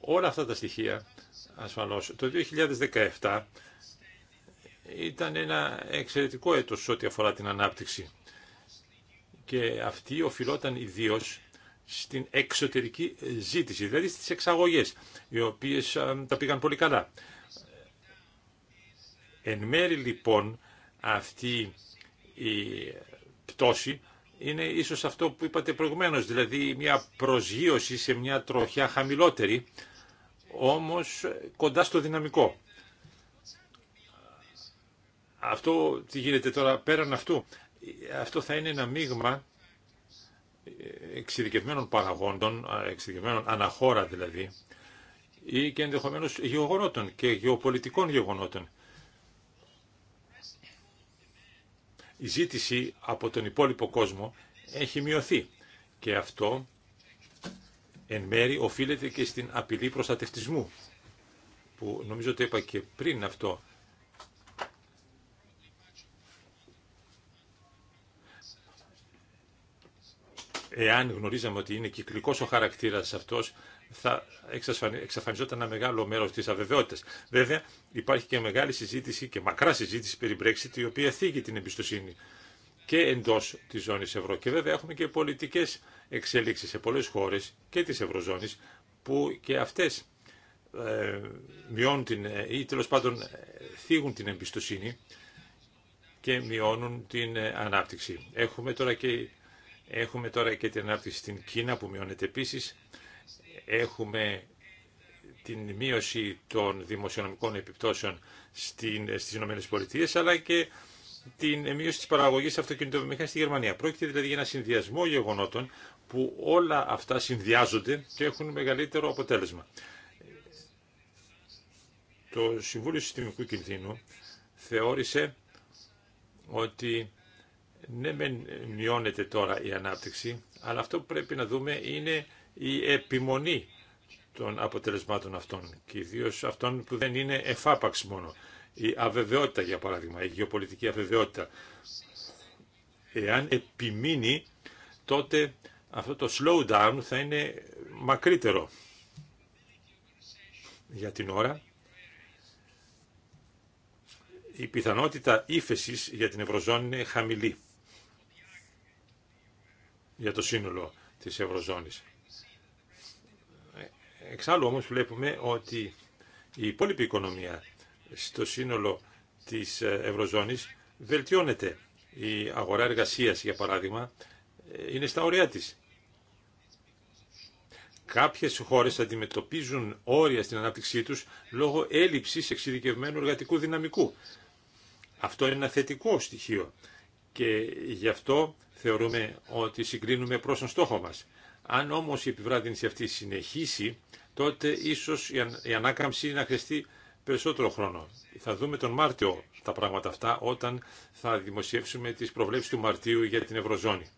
Όλα αυτά τα στοιχεία, ασφαλώς, το 2017 ήταν ένα εξαιρετικό έτος ό,τι αφορά την ανάπτυξη και αυτή οφειλόταν ιδίω στην εξωτερική ζήτηση, δηλαδή στις εξαγωγές, οι οποίες τα πήγαν πολύ καλά. Εν μέρη λοιπόν αυτή η πτώση είναι ίσως αυτό που είπατε προηγουμένως, δηλαδή μια προσγείωση σε μια τροχιά χαμηλότερη, όμως κοντά στο δυναμικό. Αυτό τι γίνεται τώρα πέραν αυτού. Αυτό θα είναι ένα μείγμα εξειδικευμένων παραγόντων, εξειδικευμένων αναχώρα δηλαδή, ή και ενδεχομένως γεγονότων και γεωπολιτικών γεγονότων. η ζήτηση από τον υπόλοιπο κόσμο έχει μειωθεί και αυτό εν μέρη οφείλεται και στην απειλή προστατευτισμού που νομίζω το είπα και πριν αυτό εάν γνωρίζαμε ότι είναι κυκλικός ο χαρακτήρας αυτός θα εξαφανιζόταν ένα μεγάλο μέρο τη αβεβαιότητα. Βέβαια, υπάρχει και μεγάλη συζήτηση και μακρά συζήτηση περί Brexit, η οποία θίγει την εμπιστοσύνη και εντό τη ζώνη ευρώ. Και βέβαια, έχουμε και πολιτικέ εξέλιξει σε πολλέ χώρε και τη ευρωζώνη, που και αυτέ ε, μειώνουν την, ε, ή τέλο πάντων ε, θίγουν την εμπιστοσύνη και μειώνουν την ε, ανάπτυξη. Έχουμε τώρα και Έχουμε τώρα και την ανάπτυξη στην Κίνα που μειώνεται επίσης. Έχουμε την μείωση των δημοσιονομικών επιπτώσεων στις Ηνωμένες Πολιτείες, αλλά και την μείωση της παραγωγής αυτοκινητοβιομηχανίας στη Γερμανία. Πρόκειται δηλαδή για ένα συνδυασμό γεγονότων που όλα αυτά συνδυάζονται και έχουν μεγαλύτερο αποτέλεσμα. Το Συμβούλιο Συστημικού Κινδύνου θεώρησε ότι ναι μειώνεται τώρα η ανάπτυξη, αλλά αυτό που πρέπει να δούμε είναι η επιμονή των αποτελεσμάτων αυτών και ιδίω αυτών που δεν είναι εφάπαξ μόνο. Η αβεβαιότητα, για παράδειγμα, η γεωπολιτική αβεβαιότητα. Εάν επιμείνει, τότε αυτό το slowdown θα είναι μακρύτερο. Για την ώρα, η πιθανότητα ύφεση για την Ευρωζώνη είναι χαμηλή για το σύνολο της Ευρωζώνης. Εξάλλου όμως βλέπουμε ότι η υπόλοιπη οικονομία στο σύνολο της ε, Ευρωζώνης βελτιώνεται. Η αγορά εργασίας, για παράδειγμα, ε, είναι στα ωριά της. Κάποιες χώρες αντιμετωπίζουν όρια στην ανάπτυξή τους λόγω έλλειψης εξειδικευμένου εργατικού δυναμικού. Αυτό είναι ένα θετικό στοιχείο και γι' αυτό θεωρούμε ότι συγκρίνουμε προς τον στόχο μας. Αν όμως η επιβράδυνση αυτή συνεχίσει, τότε ίσως η ανάκαμψη να χρειαστεί περισσότερο χρόνο. Θα δούμε τον Μάρτιο τα πράγματα αυτά όταν θα δημοσιεύσουμε τις προβλέψεις του Μαρτίου για την Ευρωζώνη.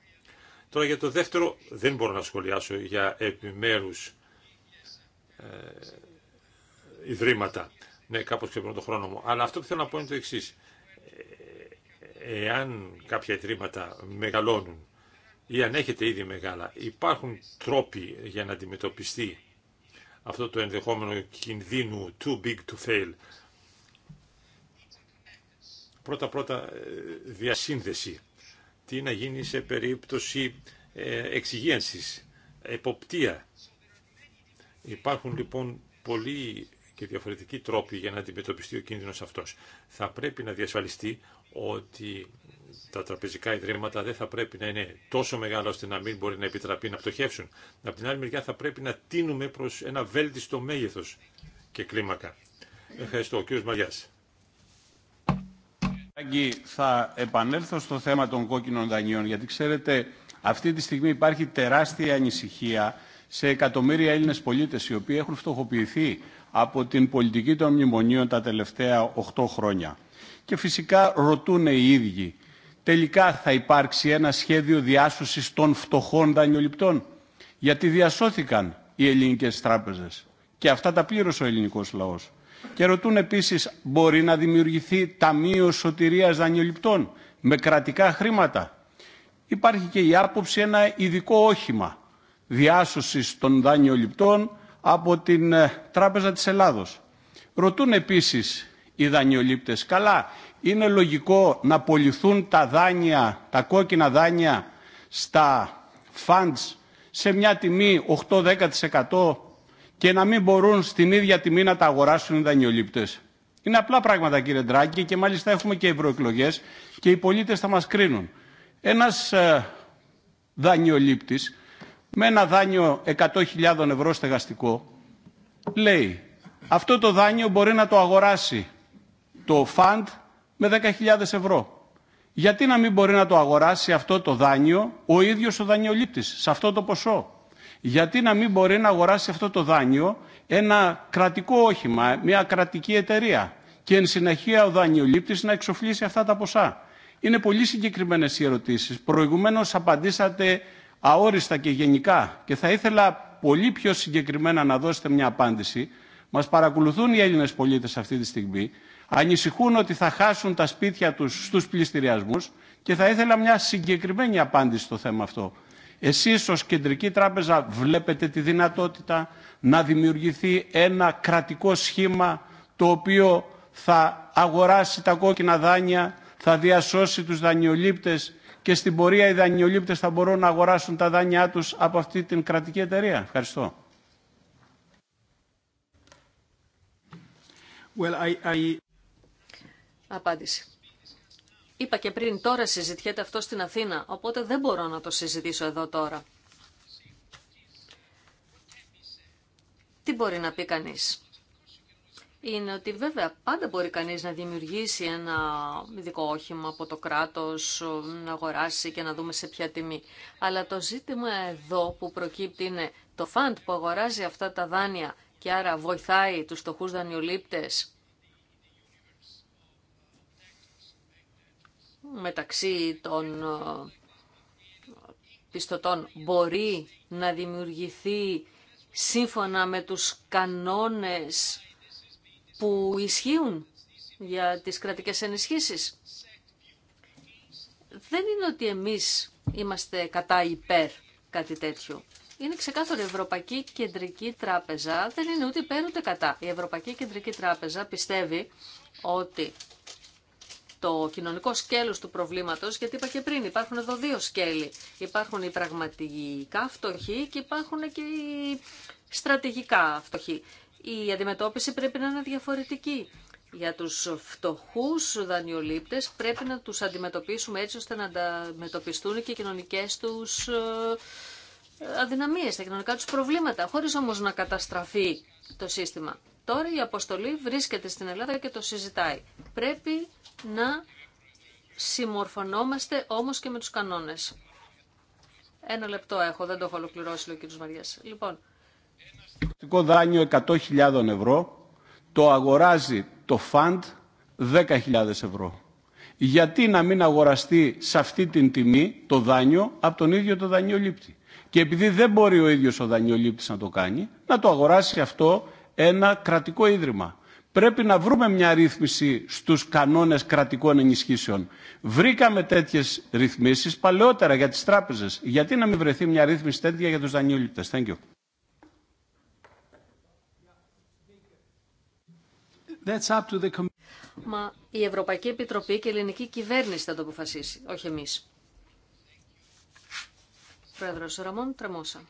Τώρα για το δεύτερο δεν μπορώ να σχολιάσω για επιμέρους ε, ιδρύματα. Ναι, κάπως ξεπερνώ τον χρόνο μου. Αλλά αυτό που θέλω να πω είναι το εξή. Ε, εάν κάποια ιδρύματα μεγαλώνουν ή αν έχετε ήδη μεγάλα, υπάρχουν τρόποι για να αντιμετωπιστεί αυτό το ενδεχόμενο κινδύνου too big to fail. Πρώτα-πρώτα ε, διασύνδεση. Τι να γίνει σε περίπτωση ε, εξυγίανσης, εποπτεία. Υπάρχουν λοιπόν πολλοί και διαφορετικοί τρόποι για να αντιμετωπιστεί ο κίνδυνος αυτός. Θα πρέπει να διασφαλιστεί ότι τα τραπεζικά ιδρύματα δεν θα πρέπει να είναι τόσο μεγάλα ώστε να μην μπορεί να επιτραπεί να πτωχεύσουν. Από την άλλη μεριά θα πρέπει να τίνουμε προς ένα βέλτιστο μέγεθος και κλίμακα. Ευχαριστώ. Ο κύριος Μαριάς. Θα επανέλθω στο θέμα των κόκκινων δανείων, γιατί ξέρετε αυτή τη στιγμή υπάρχει τεράστια ανησυχία σε εκατομμύρια Έλληνες πολίτες οι οποίοι έχουν φτωχοποιηθεί από την πολιτική των μνημονίων τα τελευταία 8 χρόνια. Και φυσικά ρωτούν οι ίδιοι τελικά θα υπάρξει ένα σχέδιο διάσωσης των φτωχών δανειοληπτών. Γιατί διασώθηκαν οι ελληνικές τράπεζες και αυτά τα πλήρωσε ο ελληνικός λαός. Και ρωτούν επίσης μπορεί να δημιουργηθεί ταμείο σωτηρίας δανειοληπτών με κρατικά χρήματα. Υπάρχει και η άποψη ένα ειδικό όχημα διάσωσης των δανειοληπτών από την ε, Τράπεζα της Ελλάδος. Ρωτούν επίσης οι δανειολήπτες. Καλά, είναι λογικό να πολιθούν τα δάνεια, τα κόκκινα δάνεια στα funds σε μια τιμή 8-10% και να μην μπορούν στην ίδια τιμή να τα αγοράσουν οι δανειολήπτες. Είναι απλά πράγματα κύριε Ντράγκη και μάλιστα έχουμε και ευρωεκλογέ και οι πολίτες θα μας κρίνουν. Ένας ε, δανειολήπτης με ένα δάνειο 100.000 ευρώ στεγαστικό λέει αυτό το δάνειο μπορεί να το αγοράσει το φαντ με 10.000 ευρώ. Γιατί να μην μπορεί να το αγοράσει αυτό το δάνειο ο ίδιος ο δανειολήπτης σε αυτό το ποσό. Γιατί να μην μπορεί να αγοράσει αυτό το δάνειο ένα κρατικό όχημα, μια κρατική εταιρεία και εν συνεχεία ο δανειολήπτης να εξοφλήσει αυτά τα ποσά. Είναι πολύ συγκεκριμένες οι ερωτήσεις. Προηγουμένως απαντήσατε αόριστα και γενικά και θα ήθελα πολύ πιο συγκεκριμένα να δώσετε μια απάντηση. Μας παρακολουθούν οι Έλληνες πολίτες αυτή τη στιγμή ανησυχούν ότι θα χάσουν τα σπίτια τους στους πληστηριασμούς και θα ήθελα μια συγκεκριμένη απάντηση στο θέμα αυτό. Εσείς ως Κεντρική Τράπεζα βλέπετε τη δυνατότητα να δημιουργηθεί ένα κρατικό σχήμα το οποίο θα αγοράσει τα κόκκινα δάνεια, θα διασώσει τους δανειολήπτες και στην πορεία οι δανειολήπτες θα μπορούν να αγοράσουν τα δάνειά τους από αυτή την κρατική εταιρεία. Ευχαριστώ απάντηση. Είπα και πριν, τώρα συζητιέται αυτό στην Αθήνα, οπότε δεν μπορώ να το συζητήσω εδώ τώρα. Τι μπορεί να πει κανείς. Είναι ότι βέβαια πάντα μπορεί κανείς να δημιουργήσει ένα ειδικό όχημα από το κράτος, να αγοράσει και να δούμε σε ποια τιμή. Αλλά το ζήτημα εδώ που προκύπτει είναι το φαντ που αγοράζει αυτά τα δάνεια και άρα βοηθάει τους φτωχού δανειολήπτες μεταξύ των ε, πιστωτών μπορεί να δημιουργηθεί σύμφωνα με τους κανόνες που ισχύουν για τις κρατικές ενισχύσεις. Δεν είναι ότι εμείς είμαστε κατά υπέρ κάτι τέτοιο. Είναι ξεκάθαρο η Ευρωπαϊκή Κεντρική Τράπεζα δεν είναι ούτε υπέρ ούτε κατά. Η Ευρωπαϊκή Κεντρική Τράπεζα πιστεύει ότι το κοινωνικό σκέλος του προβλήματος, γιατί είπα και πριν, υπάρχουν εδώ δύο σκέλη. Υπάρχουν οι πραγματικά φτωχοί και υπάρχουν και οι στρατηγικά φτωχοί. Η αντιμετώπιση πρέπει να είναι διαφορετική. Για τους φτωχούς δανειολήπτες πρέπει να τους αντιμετωπίσουμε έτσι ώστε να αντιμετωπιστούν και οι κοινωνικές τους ε, αδυναμίες, τα κοινωνικά τους προβλήματα, χωρίς όμως να καταστραφεί το σύστημα. Τώρα η αποστολή βρίσκεται στην Ελλάδα και το συζητάει. Πρέπει να συμμορφωνόμαστε όμως και με τους κανόνες. Ένα λεπτό έχω, δεν το έχω ολοκληρώσει, λέει ο κ. Μαριάς. Λοιπόν. Το δάνειο 100.000 ευρώ το αγοράζει το φαντ 10.000 ευρώ. Γιατί να μην αγοραστεί σε αυτή την τιμή το δάνειο από τον ίδιο το δανειολήπτη. Και επειδή δεν μπορεί ο ίδιος ο δανειολήπτης να το κάνει, να το αγοράσει αυτό ένα κρατικό ίδρυμα. Πρέπει να βρούμε μια ρύθμιση στους κανόνες κρατικών ενισχύσεων. Βρήκαμε τέτοιες ρυθμίσεις παλαιότερα για τις τράπεζες. Γιατί να μην βρεθεί μια ρύθμιση τέτοια για τους δανειολήπτες. Thank you. Μα η Ευρωπαϊκή Επιτροπή και η ελληνική κυβέρνηση θα το αποφασίσει, όχι εμείς. Πρόεδρος Ραμόν Τρεμόσα.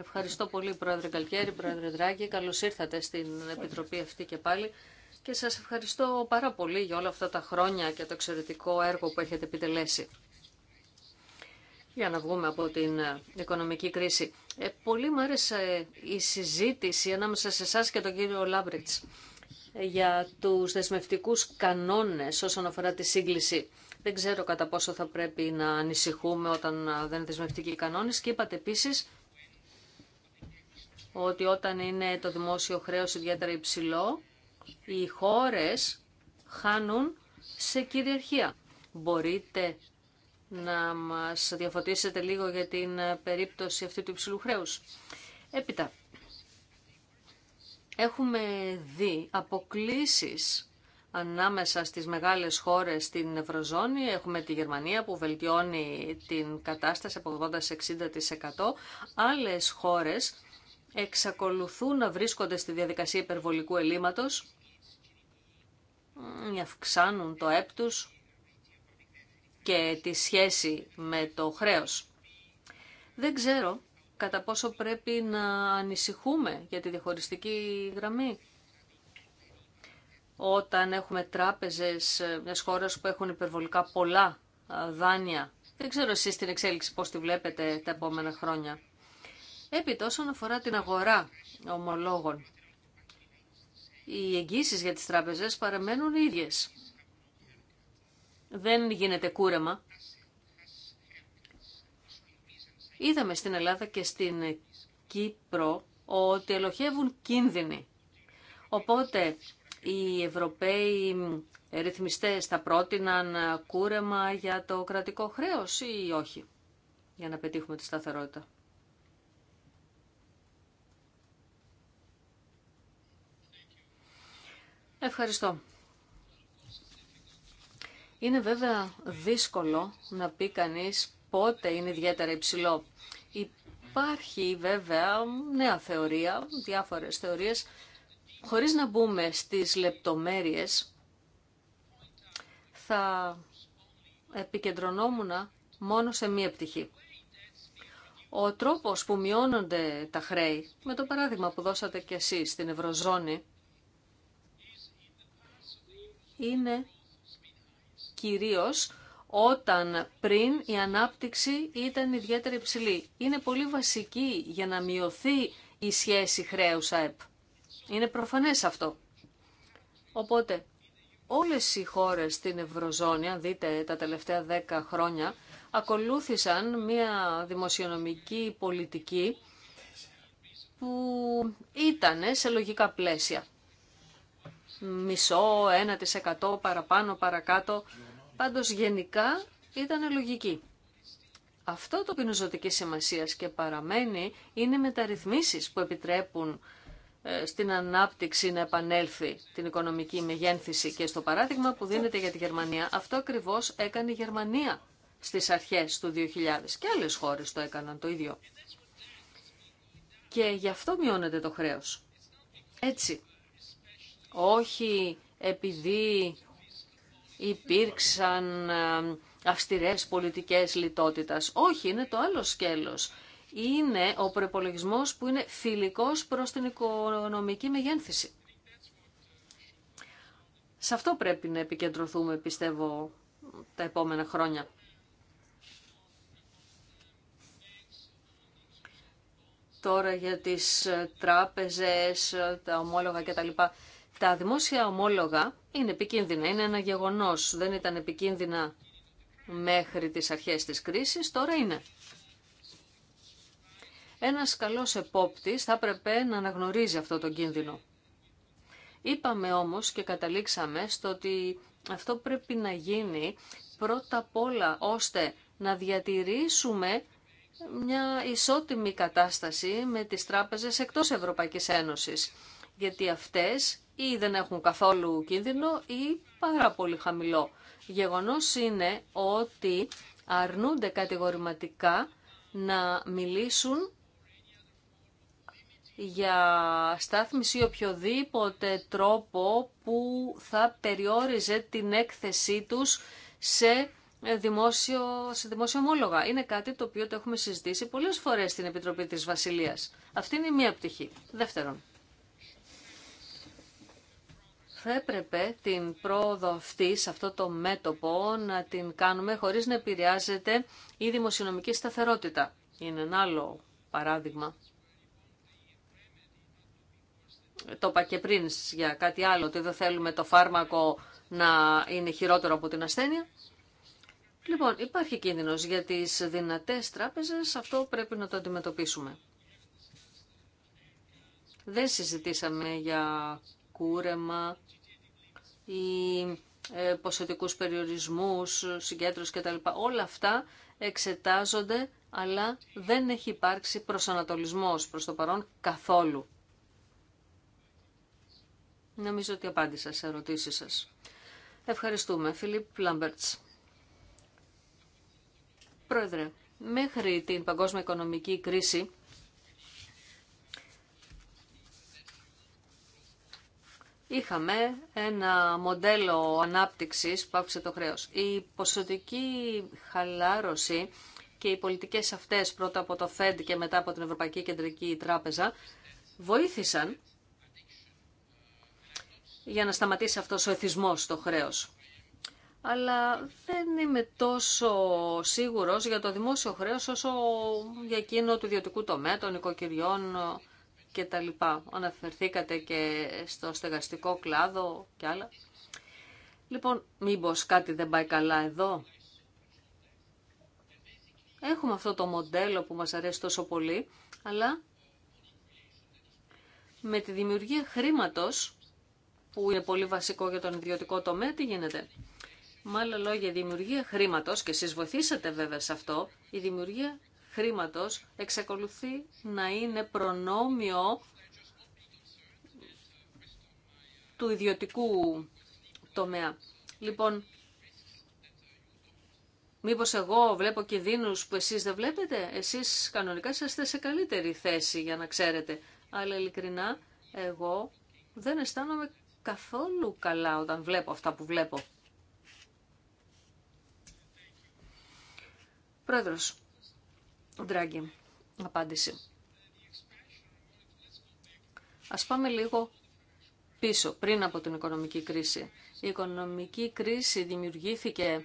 Ευχαριστώ πολύ, Πρόεδρε Καλκέρη, Πρόεδρε Δράγκη. Καλώς ήρθατε στην Επιτροπή αυτή και πάλι. Και σα ευχαριστώ πάρα πολύ για όλα αυτά τα χρόνια και το εξαιρετικό έργο που έχετε επιτελέσει. Για να βγούμε από την οικονομική κρίση. Ε, πολύ μου άρεσε η συζήτηση ανάμεσα σε εσά και τον κύριο Λάμπριτ ε, για του δεσμευτικού κανόνε όσον αφορά τη σύγκληση. Δεν ξέρω κατά πόσο θα πρέπει να ανησυχούμε όταν δεν είναι δεσμευτικοί κανόνε και είπατε επίση ότι όταν είναι το δημόσιο χρέος ιδιαίτερα υψηλό, οι χώρες χάνουν σε κυριαρχία. Μπορείτε να μας διαφωτίσετε λίγο για την περίπτωση αυτή του υψηλού χρέους. Έπειτα, έχουμε δει αποκλίσεις ανάμεσα στις μεγάλες χώρες στην Ευρωζώνη. Έχουμε τη Γερμανία που βελτιώνει την κατάσταση από 80-60%. Άλλες χώρες εξακολουθούν να βρίσκονται στη διαδικασία υπερβολικού ελλείμματος αυξάνουν το έπτους και τη σχέση με το χρέος. Δεν ξέρω κατά πόσο πρέπει να ανησυχούμε για τη διαχωριστική γραμμή. Όταν έχουμε τράπεζες μιας χώρας που έχουν υπερβολικά πολλά ε, δάνεια, δεν ξέρω εσείς την εξέλιξη πώς τη βλέπετε τα επόμενα χρόνια. Έπειτα όσον αφορά την αγορά ομολόγων, οι εγγύσει για τις τράπεζες παραμένουν ίδιες. Δεν γίνεται κούρεμα. Είδαμε στην Ελλάδα και στην Κύπρο ότι ελοχεύουν κίνδυνοι. Οπότε οι Ευρωπαίοι ρυθμιστές θα πρότειναν κούρεμα για το κρατικό χρέος ή όχι, για να πετύχουμε τη σταθερότητα. Ευχαριστώ. Είναι βέβαια δύσκολο να πει κανείς πότε είναι ιδιαίτερα υψηλό. Υπάρχει βέβαια νέα θεωρία, διάφορες θεωρίες, χωρίς να μπούμε στις λεπτομέρειες, θα επικεντρωνόμουν μόνο σε μία πτυχή. Ο τρόπος που μειώνονται τα χρέη, με το παράδειγμα που δώσατε κι εσείς στην Ευρωζώνη, είναι κυρίως όταν πριν η ανάπτυξη ήταν ιδιαίτερα υψηλή. Είναι πολύ βασική για να μειωθεί η σχέση χρέους ΑΕΠ. Είναι προφανές αυτό. Οπότε, όλες οι χώρες στην Ευρωζώνη, δείτε τα τελευταία δέκα χρόνια, ακολούθησαν μια δημοσιονομική πολιτική που ήταν σε λογικά πλαίσια μισό, ένα εκατό, παραπάνω, παρακάτω. Πάντως γενικά ήταν λογική. Αυτό το ζωτική σημασία και παραμένει είναι μεταρρυθμίσεις που επιτρέπουν ε, στην ανάπτυξη να επανέλθει την οικονομική μεγένθηση και στο παράδειγμα που δίνεται για τη Γερμανία. Αυτό ακριβώς έκανε η Γερμανία στις αρχές του 2000 και άλλες χώρες το έκαναν το ίδιο. Και γι' αυτό μειώνεται το χρέος. Έτσι, όχι επειδή υπήρξαν ε, αυστηρές πολιτικές λιτότητας. Όχι, είναι το άλλο σκέλος. Είναι ο προπολογισμό που είναι φιλικός προς την οικονομική μεγένθηση. Σε αυτό πρέπει να επικεντρωθούμε, πιστεύω, τα επόμενα χρόνια. Τώρα για τις τράπεζες, τα ομόλογα κτλ. Τα δημόσια ομόλογα είναι επικίνδυνα, είναι ένα γεγονός. Δεν ήταν επικίνδυνα μέχρι τις αρχές της κρίσης, τώρα είναι. Ένας καλός επόπτης θα έπρεπε να αναγνωρίζει αυτό το κίνδυνο. Είπαμε όμως και καταλήξαμε στο ότι αυτό πρέπει να γίνει πρώτα απ' όλα ώστε να διατηρήσουμε μια ισότιμη κατάσταση με τις τράπεζες εκτός Ευρωπαϊκής Ένωσης. Γιατί αυτές ή δεν έχουν καθόλου κίνδυνο ή πάρα πολύ χαμηλό. Γεγονός είναι ότι αρνούνται κατηγορηματικά να μιλήσουν για στάθμιση ή οποιοδήποτε τρόπο που θα περιόριζε την έκθεσή τους σε δημόσιο, σε δημόσιο ομόλογα. Είναι κάτι το οποίο το έχουμε συζητήσει πολλές φορές στην Επιτροπή της Βασιλείας. Αυτή είναι η μία πτυχή. Δεύτερον, θα έπρεπε την πρόοδο αυτή σε αυτό το μέτωπο να την κάνουμε χωρίς να επηρεάζεται η δημοσιονομική σταθερότητα. Είναι ένα άλλο παράδειγμα. Το είπα και πριν για κάτι άλλο, ότι δεν θέλουμε το φάρμακο να είναι χειρότερο από την ασθένεια. Λοιπόν, υπάρχει κίνδυνος για τις δυνατές τράπεζες, αυτό πρέπει να το αντιμετωπίσουμε. Δεν συζητήσαμε για κούρεμα ή ε, ποσοτικούς περιορισμούς, συγκέντρωση κτλ. Όλα αυτά εξετάζονται, αλλά δεν έχει υπάρξει προσανατολισμός προς το παρόν καθόλου. Νομίζω ότι απάντησα σε ερωτήσεις σας. Ευχαριστούμε. Φιλίπ Λάμπερτς. Πρόεδρε, μέχρι την παγκόσμια οικονομική κρίση, είχαμε ένα μοντέλο ανάπτυξης που άφησε το χρέος. Η ποσοτική χαλάρωση και οι πολιτικές αυτές πρώτα από το ΦΕΔ και μετά από την Ευρωπαϊκή Κεντρική Τράπεζα βοήθησαν για να σταματήσει αυτός ο εθισμός στο χρέος. Αλλά δεν είμαι τόσο σίγουρος για το δημόσιο χρέος όσο για εκείνο του ιδιωτικού τομέα, των οικοκυριών, και τα λοιπά. Αναφερθήκατε και στο στεγαστικό κλάδο και άλλα. Λοιπόν, μήπως κάτι δεν πάει καλά εδώ. Έχουμε αυτό το μοντέλο που μας αρέσει τόσο πολύ, αλλά με τη δημιουργία χρήματος, που είναι πολύ βασικό για τον ιδιωτικό τομέα, τι γίνεται. Με άλλα λόγια, η δημιουργία χρήματος, και εσείς βοηθήσατε βέβαια σε αυτό, η δημιουργία χρήματος εξακολουθεί να είναι προνόμιο του ιδιωτικού τομέα. Λοιπόν, μήπως εγώ βλέπω κινδύνους που εσείς δεν βλέπετε, εσείς κανονικά είστε σε καλύτερη θέση για να ξέρετε. Αλλά ειλικρινά, εγώ δεν αισθάνομαι καθόλου καλά όταν βλέπω αυτά που βλέπω. Πρόεδρος, Ντράγκη, απάντηση. Ας πάμε λίγο πίσω, πριν από την οικονομική κρίση. Η οικονομική κρίση δημιουργήθηκε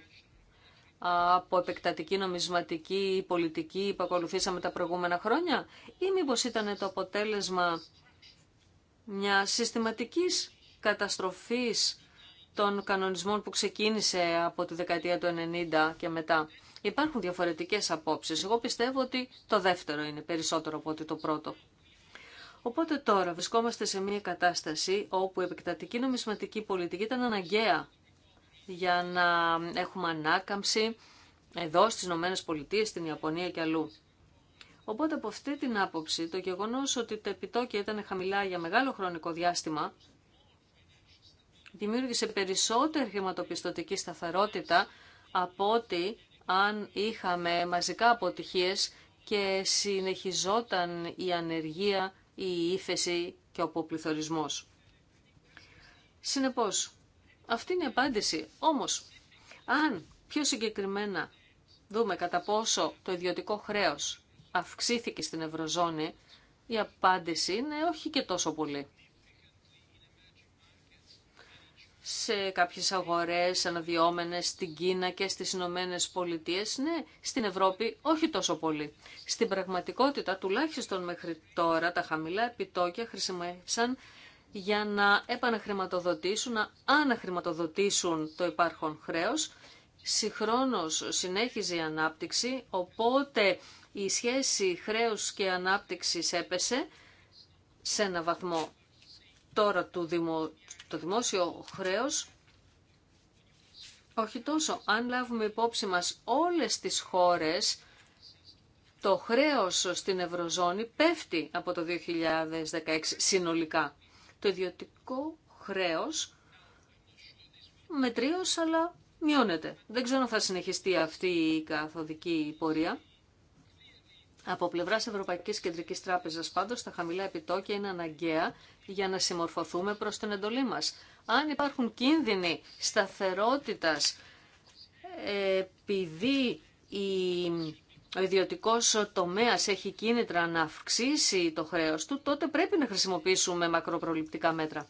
από επεκτατική νομισματική πολιτική που ακολουθήσαμε τα προηγούμενα χρόνια ή μήπω ήταν το αποτέλεσμα μια συστηματικής καταστροφής των κανονισμών που ξεκίνησε από τη δεκαετία του 90 και μετά. Υπάρχουν διαφορετικές απόψεις. Εγώ πιστεύω ότι το δεύτερο είναι περισσότερο από ότι το πρώτο. Οπότε τώρα βρισκόμαστε σε μια κατάσταση όπου η επεκτατική νομισματική πολιτική ήταν αναγκαία για να έχουμε ανάκαμψη εδώ στις Ηνωμένες Πολιτείες, στην Ιαπωνία και αλλού. Οπότε από αυτή την άποψη το γεγονός ότι τα επιτόκια ήταν χαμηλά για μεγάλο χρονικό διάστημα δημιούργησε περισσότερη χρηματοπιστωτική σταθερότητα από ότι αν είχαμε μαζικά αποτυχίες και συνεχιζόταν η ανεργία, η ύφεση και ο αποπληθωρισμός. Συνεπώς, αυτή είναι η απάντηση. Όμως, αν πιο συγκεκριμένα δούμε κατά πόσο το ιδιωτικό χρέος αυξήθηκε στην Ευρωζώνη, η απάντηση είναι όχι και τόσο πολύ. σε κάποιες αγορές αναδυόμενες στην Κίνα και στις Ηνωμένε Πολιτείε, ναι, στην Ευρώπη όχι τόσο πολύ. Στην πραγματικότητα, τουλάχιστον μέχρι τώρα, τα χαμηλά επιτόκια χρησιμεύσαν για να επαναχρηματοδοτήσουν, να αναχρηματοδοτήσουν το υπάρχον χρέος. Συγχρόνως συνέχιζε η ανάπτυξη, οπότε η σχέση χρέους και ανάπτυξης έπεσε σε ένα βαθμό. Τώρα το, το δημόσιο χρέος όχι τόσο. Αν λάβουμε υπόψη μας όλες τις χώρες, το χρέος στην Ευρωζώνη πέφτει από το 2016 συνολικά. Το ιδιωτικό χρέος μετρίως αλλά μειώνεται. Δεν ξέρω αν θα συνεχιστεί αυτή η καθοδική πορεία. Από πλευρά Ευρωπαϊκή Κεντρική Τράπεζα, πάντω, τα χαμηλά επιτόκια είναι αναγκαία για να συμμορφωθούμε προ την εντολή μα. Αν υπάρχουν κίνδυνοι σταθερότητα επειδή η, ο ιδιωτικό τομέα έχει κίνητρα να αυξήσει το χρέο του, τότε πρέπει να χρησιμοποιήσουμε μακροπροληπτικά μέτρα.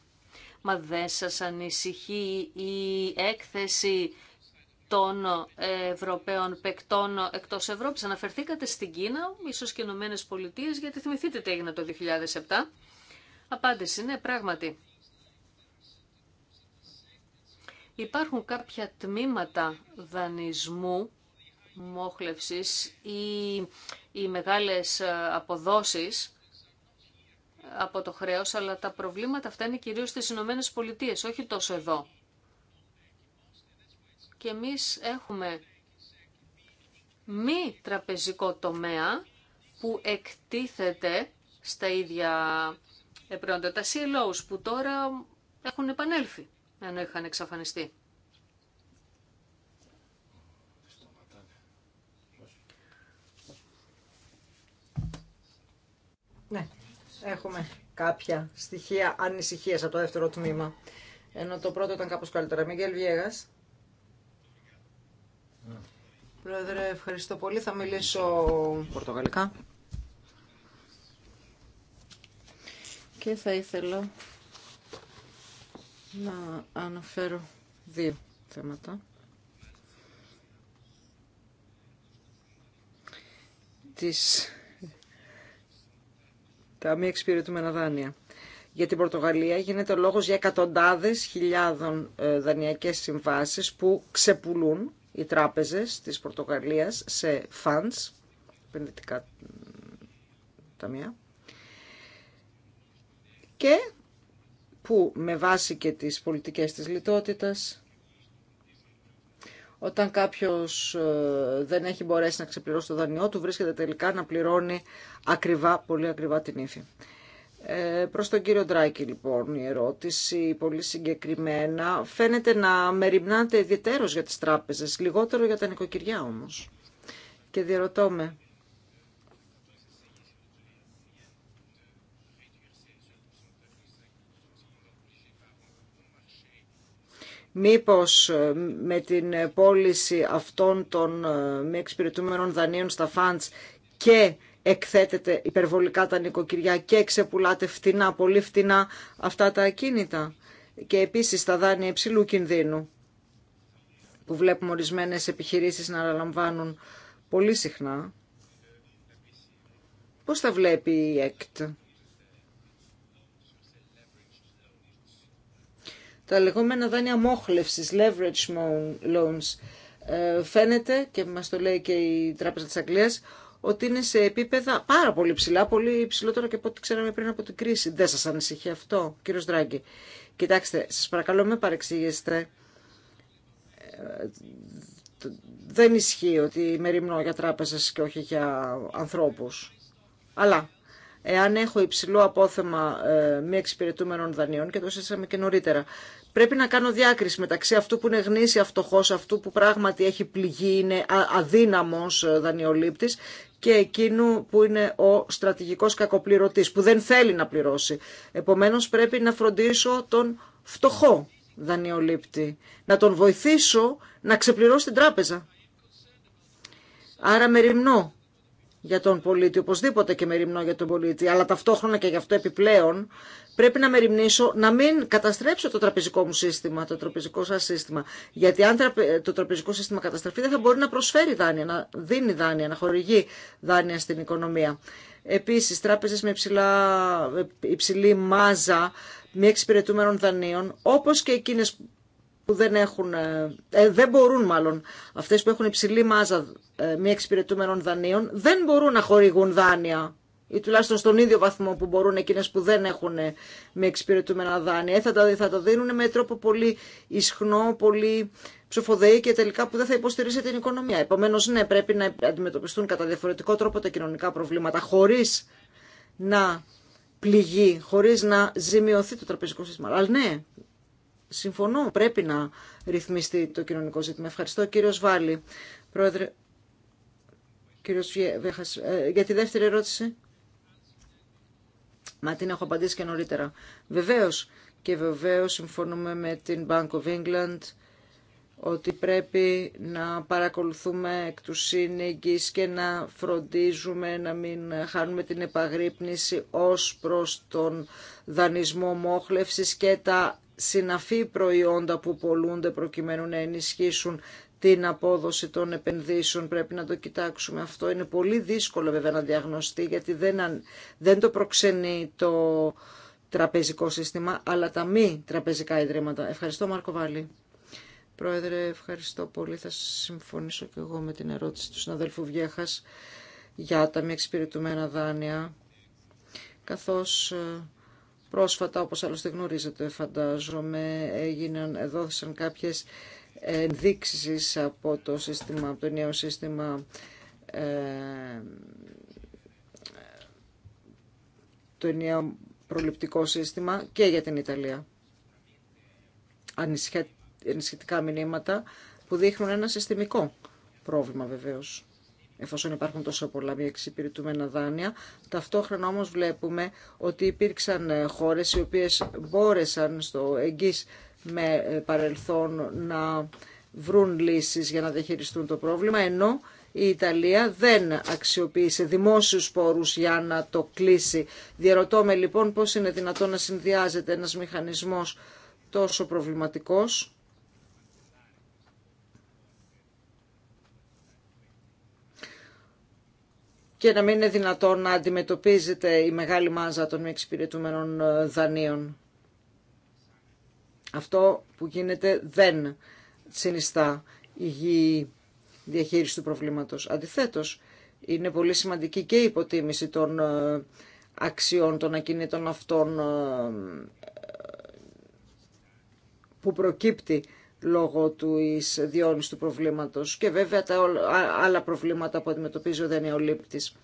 Μα δεν σα ανησυχεί η έκθεση των Ευρωπαίων παικτών εκτός Ευρώπης. Αναφερθήκατε στην Κίνα, ίσως και Ηνωμένε Πολιτείε, γιατί θυμηθείτε τι έγινε το 2007. Απάντηση, ναι, πράγματι. Υπάρχουν κάποια τμήματα δανεισμού, μόχλευσης ή οι μεγάλες ε, αποδόσεις από το χρέος, αλλά τα προβλήματα αυτά είναι κυρίως στις Ηνωμένε Πολιτείε, όχι τόσο εδώ και εμείς έχουμε μη τραπεζικό τομέα που εκτίθεται στα ίδια προϊόντα. Τα CLOs που τώρα έχουν επανέλθει, ενώ είχαν εξαφανιστεί. Ναι, έχουμε κάποια στοιχεία ανησυχίας από το δεύτερο τμήμα. Ενώ το πρώτο ήταν κάπως καλύτερα. Μιγγέλ Βιέγας. Πρόεδρε, ευχαριστώ πολύ. Θα μιλήσω πορτογαλικά. Και θα ήθελα να αναφέρω δύο θέματα. Τις... Τα μη εξυπηρετούμενα δάνεια. Για την Πορτογαλία γίνεται λόγος για εκατοντάδες χιλιάδων ε, δανειακές συμβάσεις που ξεπουλούν οι τράπεζες της Πορτογαλίας σε funds, επενδυτικά ταμεία, και που με βάση και τις πολιτικές της λιτότητας, όταν κάποιος ε, δεν έχει μπορέσει να ξεπληρώσει το δανειό του, βρίσκεται τελικά να πληρώνει ακριβά, πολύ ακριβά την ύφη. Ε, προς τον κύριο Ντράκη λοιπόν η ερώτηση πολύ συγκεκριμένα. Φαίνεται να μεριμνάτε ιδιαίτερος για τις τράπεζες, λιγότερο για τα νοικοκυριά όμως. Και διαρωτώ με, Μήπως ε, με την πώληση αυτών των ε, μη εξυπηρετούμενων δανείων στα φαντς και εκθέτεται υπερβολικά τα νοικοκυριά και ξεπουλάτε φτηνά, πολύ φτηνά αυτά τα ακίνητα και επίσης τα δάνεια υψηλού κινδύνου που βλέπουμε ορισμένες επιχειρήσεις να αναλαμβάνουν πολύ συχνά. Πώς τα βλέπει η ΕΚΤ. Τα λεγόμενα δάνεια μόχλευσης, leverage loans, ε, φαίνεται και μας το λέει και η Τράπεζα της Αγγλίας ότι είναι σε επίπεδα πάρα πολύ ψηλά, πολύ υψηλότερα και από ό,τι ξέραμε πριν από την κρίση. Δεν σας ανησυχεί αυτό, κύριος Δράγκη. Κοιτάξτε, σας παρακαλώ με παρεξηγήσετε. Ε, δεν ισχύει ότι μεριμνώ για τράπεζες και όχι για ανθρώπους. Αλλά εάν έχω υψηλό απόθεμα ε, μη εξυπηρετούμενων δανείων, και το σύστησαμε και νωρίτερα, Πρέπει να κάνω διάκριση μεταξύ αυτού που είναι γνήσια φτωχός, αυτού που πράγματι έχει πληγεί, είναι αδύναμος ε, δανειολήπτης και εκείνου που είναι ο στρατηγικός κακοπληρωτής, που δεν θέλει να πληρώσει. Επομένως πρέπει να φροντίσω τον φτωχό δανειολήπτη, να τον βοηθήσω να ξεπληρώσει την τράπεζα. Άρα με ρημνώ για τον πολίτη, οπωσδήποτε και με ρημνώ για τον πολίτη, αλλά ταυτόχρονα και γι' αυτό επιπλέον πρέπει να μεριμνήσω να μην καταστρέψω το τραπεζικό μου σύστημα, το τραπεζικό σας σύστημα. Γιατί αν το τραπεζικό σύστημα καταστραφεί δεν θα μπορεί να προσφέρει δάνεια, να δίνει δάνεια, να χορηγεί δάνεια στην οικονομία. Επίσης, τράπεζες με υψηλή μάζα μη εξυπηρετούμενων δανείων, όπως και εκείνες που δεν έχουν, ε, ε, δεν μπορούν μάλλον, αυτές που έχουν υψηλή μάζα ε, μη εξυπηρετούμενων δανείων, δεν μπορούν να χορηγούν δάνεια ή τουλάχιστον στον ίδιο βαθμό που μπορούν εκείνε που δεν έχουν με εξυπηρετούμενα δάνεια. Ε, θα τα, θα τα δίνουν με τρόπο πολύ ισχνό, πολύ ψοφοδέη και τελικά που δεν θα υποστηρίζει την οικονομία. Επομένω, ναι, πρέπει να αντιμετωπιστούν κατά διαφορετικό τρόπο τα κοινωνικά προβλήματα χωρί να πληγεί, χωρί να ζημιωθεί το τραπεζικό σύστημα. Αλλά ναι, συμφωνώ, πρέπει να ρυθμιστεί το κοινωνικό ζήτημα. Ευχαριστώ Κύριο Βάλη. Πρόεδρε, κύριος ε, για τη δεύτερη ερώτηση. Μα την έχω απαντήσει και νωρίτερα. Βεβαίως και βεβαίως συμφωνούμε με την Bank of England ότι πρέπει να παρακολουθούμε εκ του και να φροντίζουμε να μην χάνουμε την επαγρύπνηση ως προς τον δανεισμό μόχλευσης και τα συναφή προϊόντα που πολλούνται προκειμένου να ενισχύσουν την απόδοση των επενδύσεων. Πρέπει να το κοιτάξουμε αυτό. Είναι πολύ δύσκολο βέβαια να διαγνωστεί γιατί δεν, δεν το προξενεί το τραπεζικό σύστημα, αλλά τα μη τραπεζικά ιδρύματα. Ευχαριστώ Μάρκο Πρόεδρε, ευχαριστώ πολύ. Θα συμφωνήσω και εγώ με την ερώτηση του συναδέλφου Βιέχας για τα μη εξυπηρετουμένα δάνεια, καθώς ε, πρόσφατα, όπως άλλωστε γνωρίζετε, φαντάζομαι, έγιναν, δόθησαν κάποιες ενδείξεις από το, σύστημα, το νέο σύστημα ε, το νέο προληπτικό σύστημα και για την Ιταλία. Ανισχυτικά μηνύματα που δείχνουν ένα συστημικό πρόβλημα βεβαίως εφόσον υπάρχουν τόσο πολλά μη εξυπηρετούμενα δάνεια. Ταυτόχρονα όμως βλέπουμε ότι υπήρξαν ε, χώρες οι οποίες μπόρεσαν στο εγγύς με παρελθόν να βρουν λύσεις για να διαχειριστούν το πρόβλημα, ενώ η Ιταλία δεν αξιοποίησε δημόσιους πόρους για να το κλείσει. Διαρωτώ με λοιπόν πώς είναι δυνατόν να συνδυάζεται ένας μηχανισμός τόσο προβληματικός. και να μην είναι δυνατόν να αντιμετωπίζεται η μεγάλη μάζα των μη εξυπηρετούμενων ε, δανείων αυτό που γίνεται δεν συνιστά υγιή διαχείριση του προβλήματος. Αντιθέτως, είναι πολύ σημαντική και η υποτίμηση των ε, αξιών των ακινήτων αυτών ε, που προκύπτει λόγω του εις του προβλήματος και βέβαια τα άλλα προβλήματα που αντιμετωπίζει ο δανειολήπτης.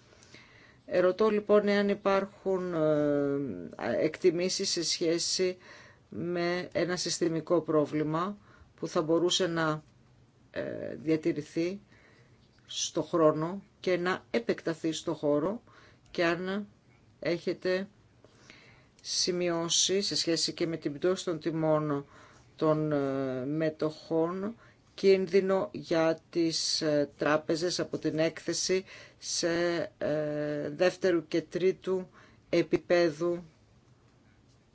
Ερωτώ λοιπόν εάν υπάρχουν ε, εκτιμήσεις σε σχέση με ένα συστημικό πρόβλημα που θα μπορούσε να ε, διατηρηθεί στο χρόνο και να επεκταθεί στο χώρο και αν έχετε σημειώσει σε σχέση και με την πτώση των τιμών των ε, μετοχών κίνδυνο για τις ε, τράπεζες από την έκθεση σε δεύτερου και τρίτου επίπεδου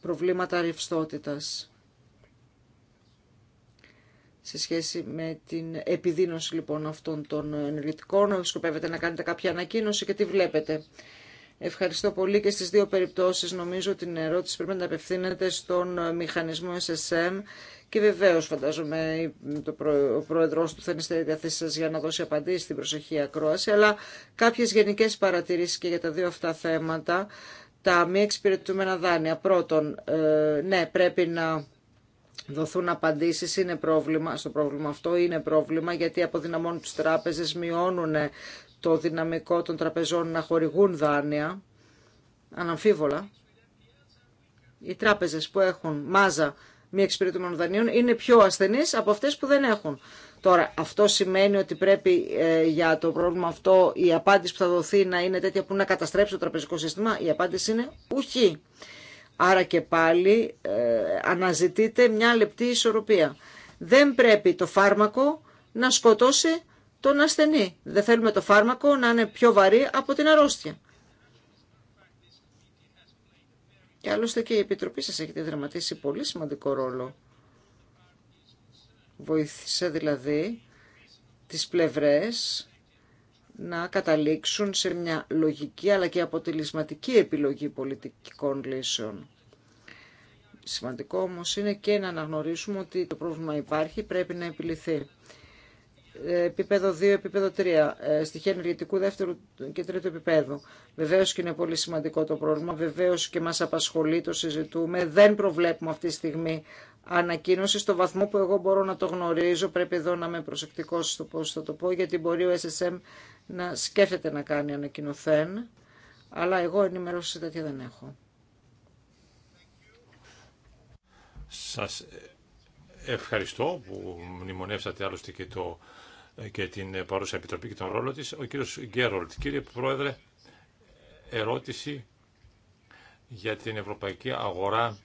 προβλήματα ρευστότητας. Σε σχέση με την επιδείνωση λοιπόν αυτών των ενεργητικών, σκοπεύετε να κάνετε κάποια ανακοίνωση και τι βλέπετε. Ευχαριστώ πολύ και στις δύο περιπτώσεις νομίζω την ερώτηση πρέπει να απευθύνεται στον μηχανισμό SSM και βεβαίως φαντάζομαι το ο πρόεδρος του θα είναι στη διαθέση σας για να δώσει απαντήσεις στην προσοχή ακρόαση αλλά κάποιες γενικές παρατηρήσεις και για τα δύο αυτά θέματα τα μη εξυπηρετούμενα δάνεια. Πρώτον, ε, ναι, πρέπει να δοθούν απαντήσεις, είναι πρόβλημα, στο πρόβλημα αυτό είναι πρόβλημα γιατί αποδυναμώνουν τις τράπεζες, μειώνουν το δυναμικό των τραπεζών να χορηγούν δάνεια, αναμφίβολα. Οι τράπεζες που έχουν μάζα μη εξυπηρετούμενων δανείων είναι πιο ασθενείς από αυτές που δεν έχουν. Τώρα, αυτό σημαίνει ότι πρέπει ε, για το πρόβλημα αυτό η απάντηση που θα δοθεί να είναι τέτοια που να καταστρέψει το τραπεζικό σύστημα. Η απάντηση είναι ουχή. Άρα και πάλι ε, αναζητείται μια λεπτή ισορροπία. Δεν πρέπει το φάρμακο να σκοτώσει τον ασθενή. Δεν θέλουμε το φάρμακο να είναι πιο βαρύ από την αρρώστια. Και άλλωστε και η Επιτροπή σας έχει δραματίσει πολύ σημαντικό ρόλο Βοήθησε δηλαδή τις πλευρές να καταλήξουν σε μια λογική αλλά και αποτελεσματική επιλογή πολιτικών λύσεων. Σημαντικό όμως είναι και να αναγνωρίσουμε ότι το πρόβλημα υπάρχει, πρέπει να επιληθεί. Επίπεδο 2, επίπεδο 3, ε, στοιχεία ενεργητικού δεύτερου και τρίτου επίπεδου. Βεβαίω και είναι πολύ σημαντικό το πρόβλημα, βεβαίω και μα απασχολεί, το συζητούμε. Δεν προβλέπουμε αυτή τη στιγμή ανακοίνωση στο βαθμό που εγώ μπορώ να το γνωρίζω. Πρέπει εδώ να είμαι προσεκτικός στο πώς θα το πω, γιατί μπορεί ο SSM να σκέφτεται να κάνει ανακοινωθέν, αλλά εγώ ενημέρωση τέτοια δεν έχω. Σας ευχαριστώ που μνημονεύσατε άλλωστε και, το, και την παρούσα επιτροπή και τον ρόλο της. Ο κύριος Γκέρολτ, κύριε Πρόεδρε, ερώτηση για την ευρωπαϊκή αγορά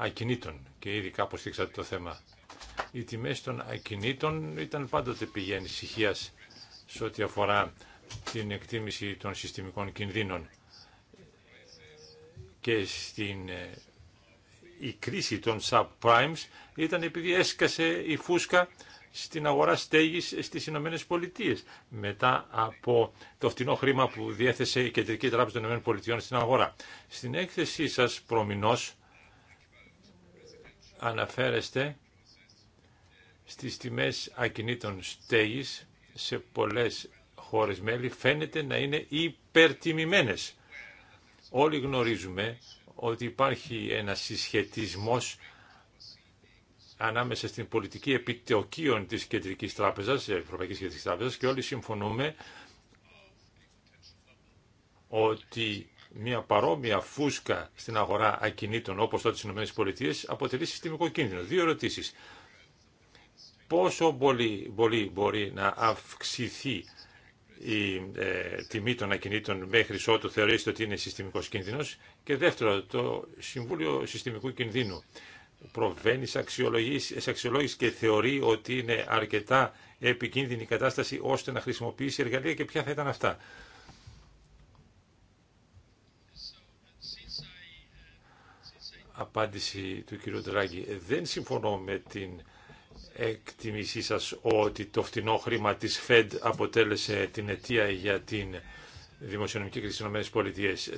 ακινήτων και ήδη κάπως θίξατε το θέμα. Οι τιμέ των ακινήτων ήταν πάντοτε πηγή ανησυχία σε ό,τι αφορά την εκτίμηση των συστημικών κινδύνων και στην ε, η κρίση των subprimes ήταν επειδή έσκασε η φούσκα στην αγορά στέγης στις Ηνωμένες Πολιτείες μετά από το φτηνό χρήμα που διέθεσε η Κεντρική Τράπεζα των Ηνωμένων Πολιτειών στην αγορά. Στην έκθεσή σας προμηνός αναφέρεστε στις τιμές ακινήτων στέγης σε πολλές χώρες μέλη φαίνεται να είναι υπερτιμημένες. Όλοι γνωρίζουμε ότι υπάρχει ένα συσχετισμός ανάμεσα στην πολιτική επιτοκίων της Κεντρικής Τράπεζας, της Ευρωπαϊκής Κεντρικής Τράπεζας και όλοι συμφωνούμε ότι μια παρόμοια φούσκα στην αγορά ακινήτων όπως τότε στις ΗΠΑ αποτελεί συστημικό κίνδυνο. Δύο ερωτήσεις. Πόσο πολύ, πολύ μπορεί να αυξηθεί η ε, τιμή των ακινήτων μέχρι ότου θεωρήσετε ότι είναι συστημικός κίνδυνος και δεύτερο το Συμβούλιο Συστημικού Κινδύνου προβαίνει σε αξιολόγηση και θεωρεί ότι είναι αρκετά επικίνδυνη η κατάσταση ώστε να χρησιμοποιήσει εργαλεία και ποια θα ήταν αυτά. απάντηση του κ. Ντράγκη. Ε, δεν συμφωνώ με την εκτιμήσή σας ότι το φτηνό χρήμα της ΦΕΔ αποτέλεσε την αιτία για την δημοσιονομική κρίση στις ΗΠΑ.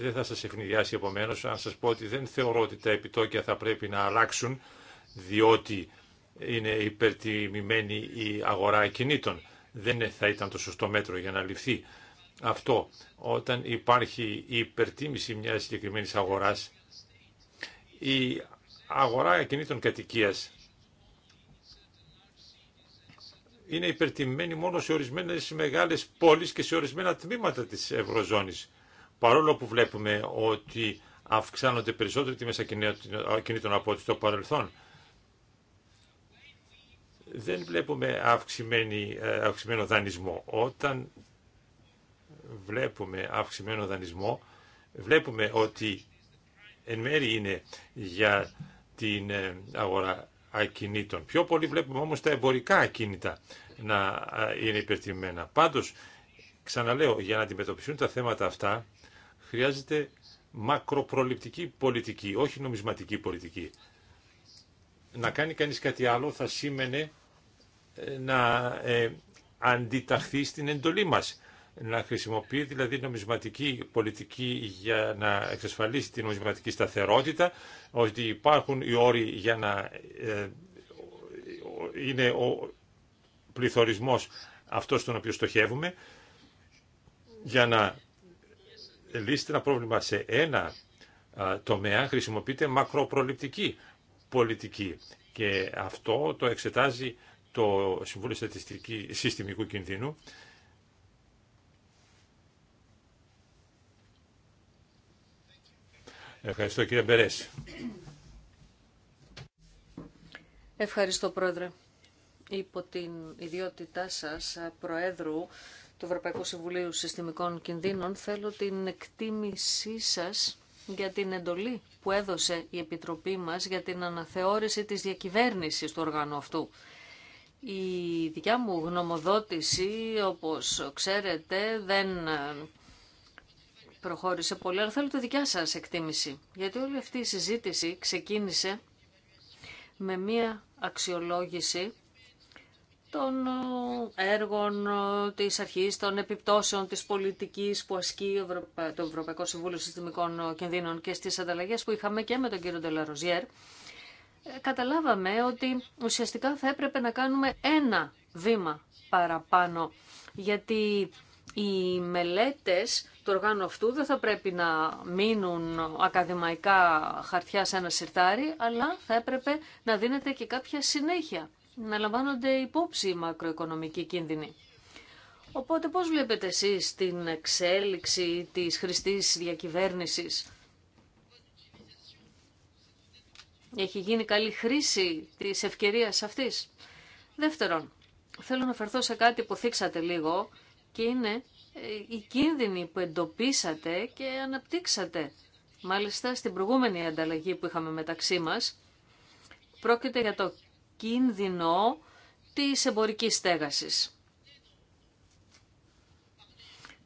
Δεν θα σας ευνηδιάσει επομένω αν σας πω ότι δεν θεωρώ ότι τα επιτόκια θα πρέπει να αλλάξουν διότι είναι υπερτιμημένη η αγορά κινήτων. Δεν θα ήταν το σωστό μέτρο για να ληφθεί αυτό. Όταν υπάρχει υπερτίμηση μιας συγκεκριμένης αγοράς η αγορά κινήτων κατοικίας είναι υπερτιμμένη μόνο σε ορισμένες μεγάλες πόλεις και σε ορισμένα τμήματα της Ευρωζώνης. Παρόλο που βλέπουμε ότι αυξάνονται περισσότερο τιμές ακινήτων από ό,τι στο παρελθόν. Δεν βλέπουμε αυξημένη, ε, αυξημένο δανεισμό. Όταν βλέπουμε αυξημένο δανεισμό, βλέπουμε ότι εν μέρη είναι για την ε, αγορά ακινήτων. Πιο πολύ βλέπουμε όμως τα εμπορικά ακίνητα να ε, είναι υπερτιμμένα. Πάντως, ξαναλέω, για να αντιμετωπιστούν τα θέματα αυτά χρειάζεται μακροπροληπτική πολιτική, όχι νομισματική πολιτική. Να κάνει κανείς κάτι άλλο θα σήμαινε ε, να αντιταχθεί στην εντολή μας να χρησιμοποιεί δηλαδή νομισματική πολιτική για να εξασφαλίσει την νομισματική σταθερότητα, ότι υπάρχουν οι όροι για να ε, είναι ο πληθωρισμός αυτός τον οποίο στοχεύουμε, για να λύσετε ένα πρόβλημα σε ένα τομέα χρησιμοποιείται μακροπροληπτική πολιτική και αυτό το εξετάζει το Συμβούλιο Στατιστική Συστημικού Κινδύνου Ευχαριστώ κύριε Μπερέση. Ευχαριστώ πρόεδρε. Υπό την ιδιότητά σας προέδρου του Ευρωπαϊκού Συμβουλίου Συστημικών Κινδύνων θέλω την εκτίμησή σας για την εντολή που έδωσε η Επιτροπή μας για την αναθεώρηση της διακυβέρνησης του οργάνου αυτού. Η δικιά μου γνωμοδότηση, όπως ξέρετε, δεν προχώρησε πολύ, αλλά θέλω τη δικιά σας εκτίμηση. Γιατί όλη αυτή η συζήτηση ξεκίνησε με μία αξιολόγηση των ε, έργων ε, της αρχής, των επιπτώσεων της πολιτικής που ασκεί το Ευρωπαϊκό Συμβούλιο Συστημικών Κινδύνων και στις ανταλλαγές που είχαμε και με τον κύριο Ντελαροζιέρ, ε, καταλάβαμε ότι ουσιαστικά θα έπρεπε να κάνουμε ένα βήμα παραπάνω, γιατί οι μελέτες του οργάνου αυτού δεν θα πρέπει να μείνουν ακαδημαϊκά χαρτιά σε ένα σιρτάρι, αλλά θα έπρεπε να δίνεται και κάποια συνέχεια, να λαμβάνονται υπόψη οι μακροοικονομικοί κίνδυνοι. Οπότε πώς βλέπετε εσείς την εξέλιξη της χρηστής διακυβέρνησης. Έχει γίνει καλή χρήση της ευκαιρίας αυτής. Δεύτερον, θέλω να φερθώ σε κάτι που θίξατε λίγο, και είναι η ε, κίνδυνοι που εντοπίσατε και αναπτύξατε. Μάλιστα στην προηγούμενη ανταλλαγή που είχαμε μεταξύ μας, πρόκειται για το κίνδυνο της εμπορικής στέγασης.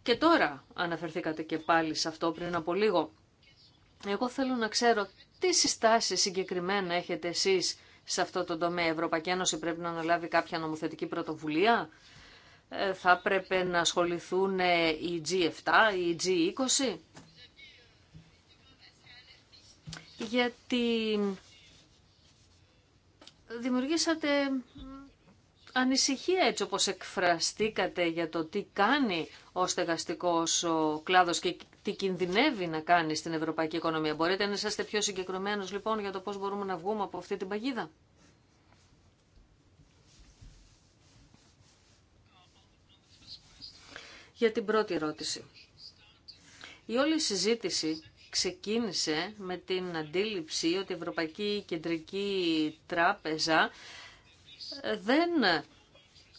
Και τώρα αναφερθήκατε και πάλι σε αυτό πριν από λίγο. Εγώ θέλω να ξέρω τι συστάσεις συγκεκριμένα έχετε εσείς σε αυτό το τομέα. Η Ευρωπαϊκή Ένωση πρέπει να αναλάβει κάποια νομοθετική πρωτοβουλία ε, θα πρέπει να ασχοληθούν ε, οι G7, οι G20. Γιατί δημιουργήσατε ανησυχία έτσι όπως εκφραστήκατε για το τι κάνει ο στεγαστικός ο κλάδος και τι κινδυνεύει να κάνει στην ευρωπαϊκή οικονομία. Μπορείτε να είσαστε πιο συγκεκριμένους λοιπόν για το πώς μπορούμε να βγούμε από αυτή την παγίδα. Για την πρώτη ερώτηση. Η όλη συζήτηση ξεκίνησε με την αντίληψη ότι η Ευρωπαϊκή Κεντρική Τράπεζα ε, δεν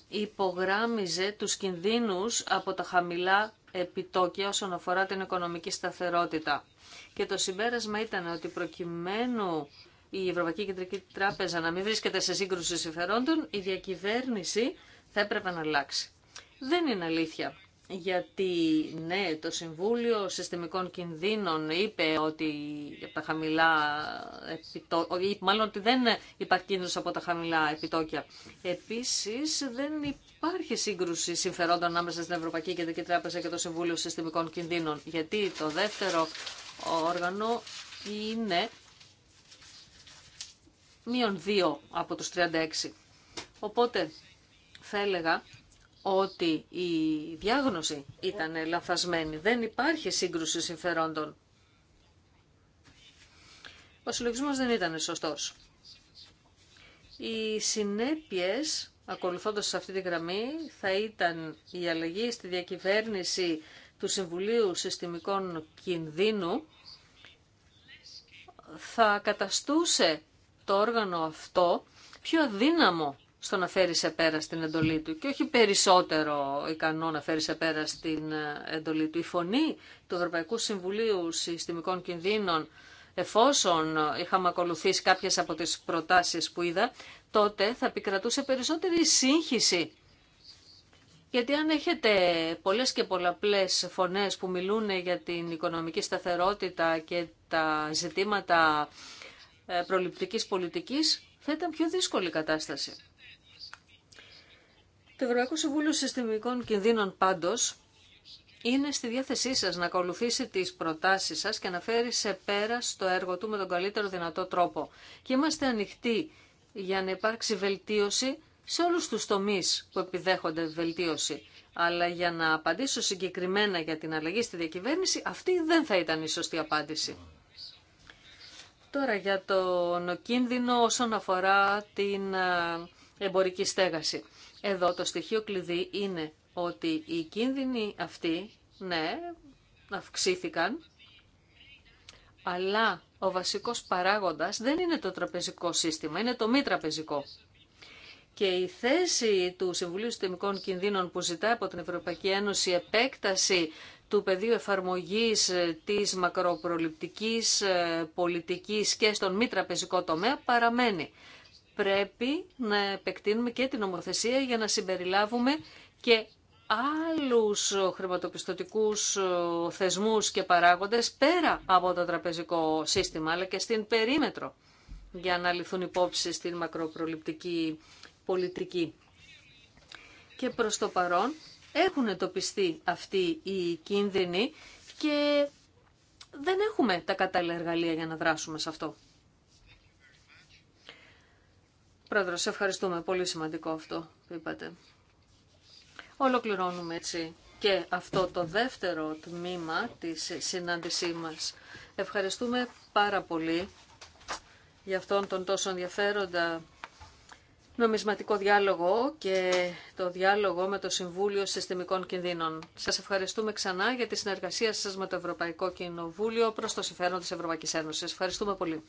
υπογράμμιζε τους κινδύνους από τα χαμηλά επιτόκια όσον αφορά την οικονομική σταθερότητα. Και το συμπέρασμα ήταν ότι προκειμένου η Ευρωπαϊκή Κεντρική Τράπεζα να μην βρίσκεται σε σύγκρουση συμφερόντων, η διακυβέρνηση θα έπρεπε να αλλάξει. Δεν είναι αλήθεια γιατί ναι, το Συμβούλιο Συστημικών Κινδύνων είπε ότι από τα χαμηλά επιτόκια, μάλλον ότι δεν υπάρχει κίνδυνος από τα χαμηλά επιτόκια. Επίσης δεν υπάρχει σύγκρουση συμφερόντων ανάμεσα στην Ευρωπαϊκή Κεντρική Τράπεζα και το Συμβούλιο Συστημικών Κινδύνων, γιατί το δεύτερο όργανο είναι μείον 2 από τους 36. Οπότε θα έλεγα ότι η διάγνωση ήταν λανθασμένη. Δεν υπάρχει σύγκρουση συμφερόντων. Ο συλλογισμός δεν ήταν σωστός. Οι συνέπειες, ακολουθώντας αυτή τη γραμμή, θα ήταν η αλλαγή στη διακυβέρνηση του Συμβουλίου Συστημικών Κινδύνου, θα καταστούσε το όργανο αυτό πιο αδύναμο στο να φέρει σε πέρα στην εντολή του και όχι περισσότερο ικανό να φέρει σε πέρα στην ε, εντολή του. Η φωνή του Ευρωπαϊκού Συμβουλίου Συστημικών Κινδύνων, εφόσον είχαμε ακολουθήσει κάποιες από τις προτάσεις που είδα, τότε θα επικρατούσε περισσότερη σύγχυση. Γιατί αν έχετε πολλές και πολλαπλές φωνές που μιλούν για την οικονομική σταθερότητα και τα ζητήματα ε, προληπτικής πολιτικής, θα ήταν πιο δύσκολη κατάσταση. Το Ευρωπαϊκό Συμβούλιο Συστημικών Κινδύνων πάντως είναι στη διάθεσή σας να ακολουθήσει τις προτάσεις σας και να φέρει σε πέρα στο έργο του με τον καλύτερο δυνατό τρόπο. Και είμαστε ανοιχτοί για να υπάρξει βελτίωση σε όλους τους τομείς που επιδέχονται βελτίωση. Αλλά για να απαντήσω συγκεκριμένα για την αλλαγή στη διακυβέρνηση, αυτή δεν θα ήταν η σωστή απάντηση. Τώρα για τον κίνδυνο όσον αφορά την ε, εμπορική στέγαση. Εδώ το στοιχείο κλειδί είναι ότι οι κίνδυνοι αυτοί, ναι, αυξήθηκαν, αλλά ο βασικός παράγοντας δεν είναι το τραπεζικό σύστημα, είναι το μη τραπεζικό. Και η θέση του Συμβουλίου Συντημικών Κινδύνων που ζητά από την Ευρωπαϊκή Ένωση επέκταση του πεδίου εφαρμογής της μακροπροληπτικής ε, πολιτικής και στον μη τραπεζικό τομέα παραμένει πρέπει να επεκτείνουμε και την ομοθεσία για να συμπεριλάβουμε και άλλους χρηματοπιστωτικούς θεσμούς και παράγοντες πέρα από το τραπεζικό σύστημα, αλλά και στην περίμετρο, για να λυθούν υπόψη στην μακροπροληπτική πολιτική. Και προς το παρόν έχουν εντοπιστεί αυτοί οι κίνδυνοι και δεν έχουμε τα κατάλληλα εργαλεία για να δράσουμε σε αυτό. Πρόεδρος, ευχαριστούμε. Πολύ σημαντικό αυτό που είπατε. Ολοκληρώνουμε έτσι και αυτό το δεύτερο τμήμα της συνάντησή μας. Ευχαριστούμε πάρα πολύ για αυτόν τον τόσο ενδιαφέροντα νομισματικό διάλογο και το διάλογο με το Συμβούλιο Συστημικών Κινδύνων. Σας ευχαριστούμε ξανά για τη συνεργασία σας με το Ευρωπαϊκό Κοινοβούλιο προς το συμφέρον της Ευρωπαϊκής Ένωσης. Ευχαριστούμε πολύ.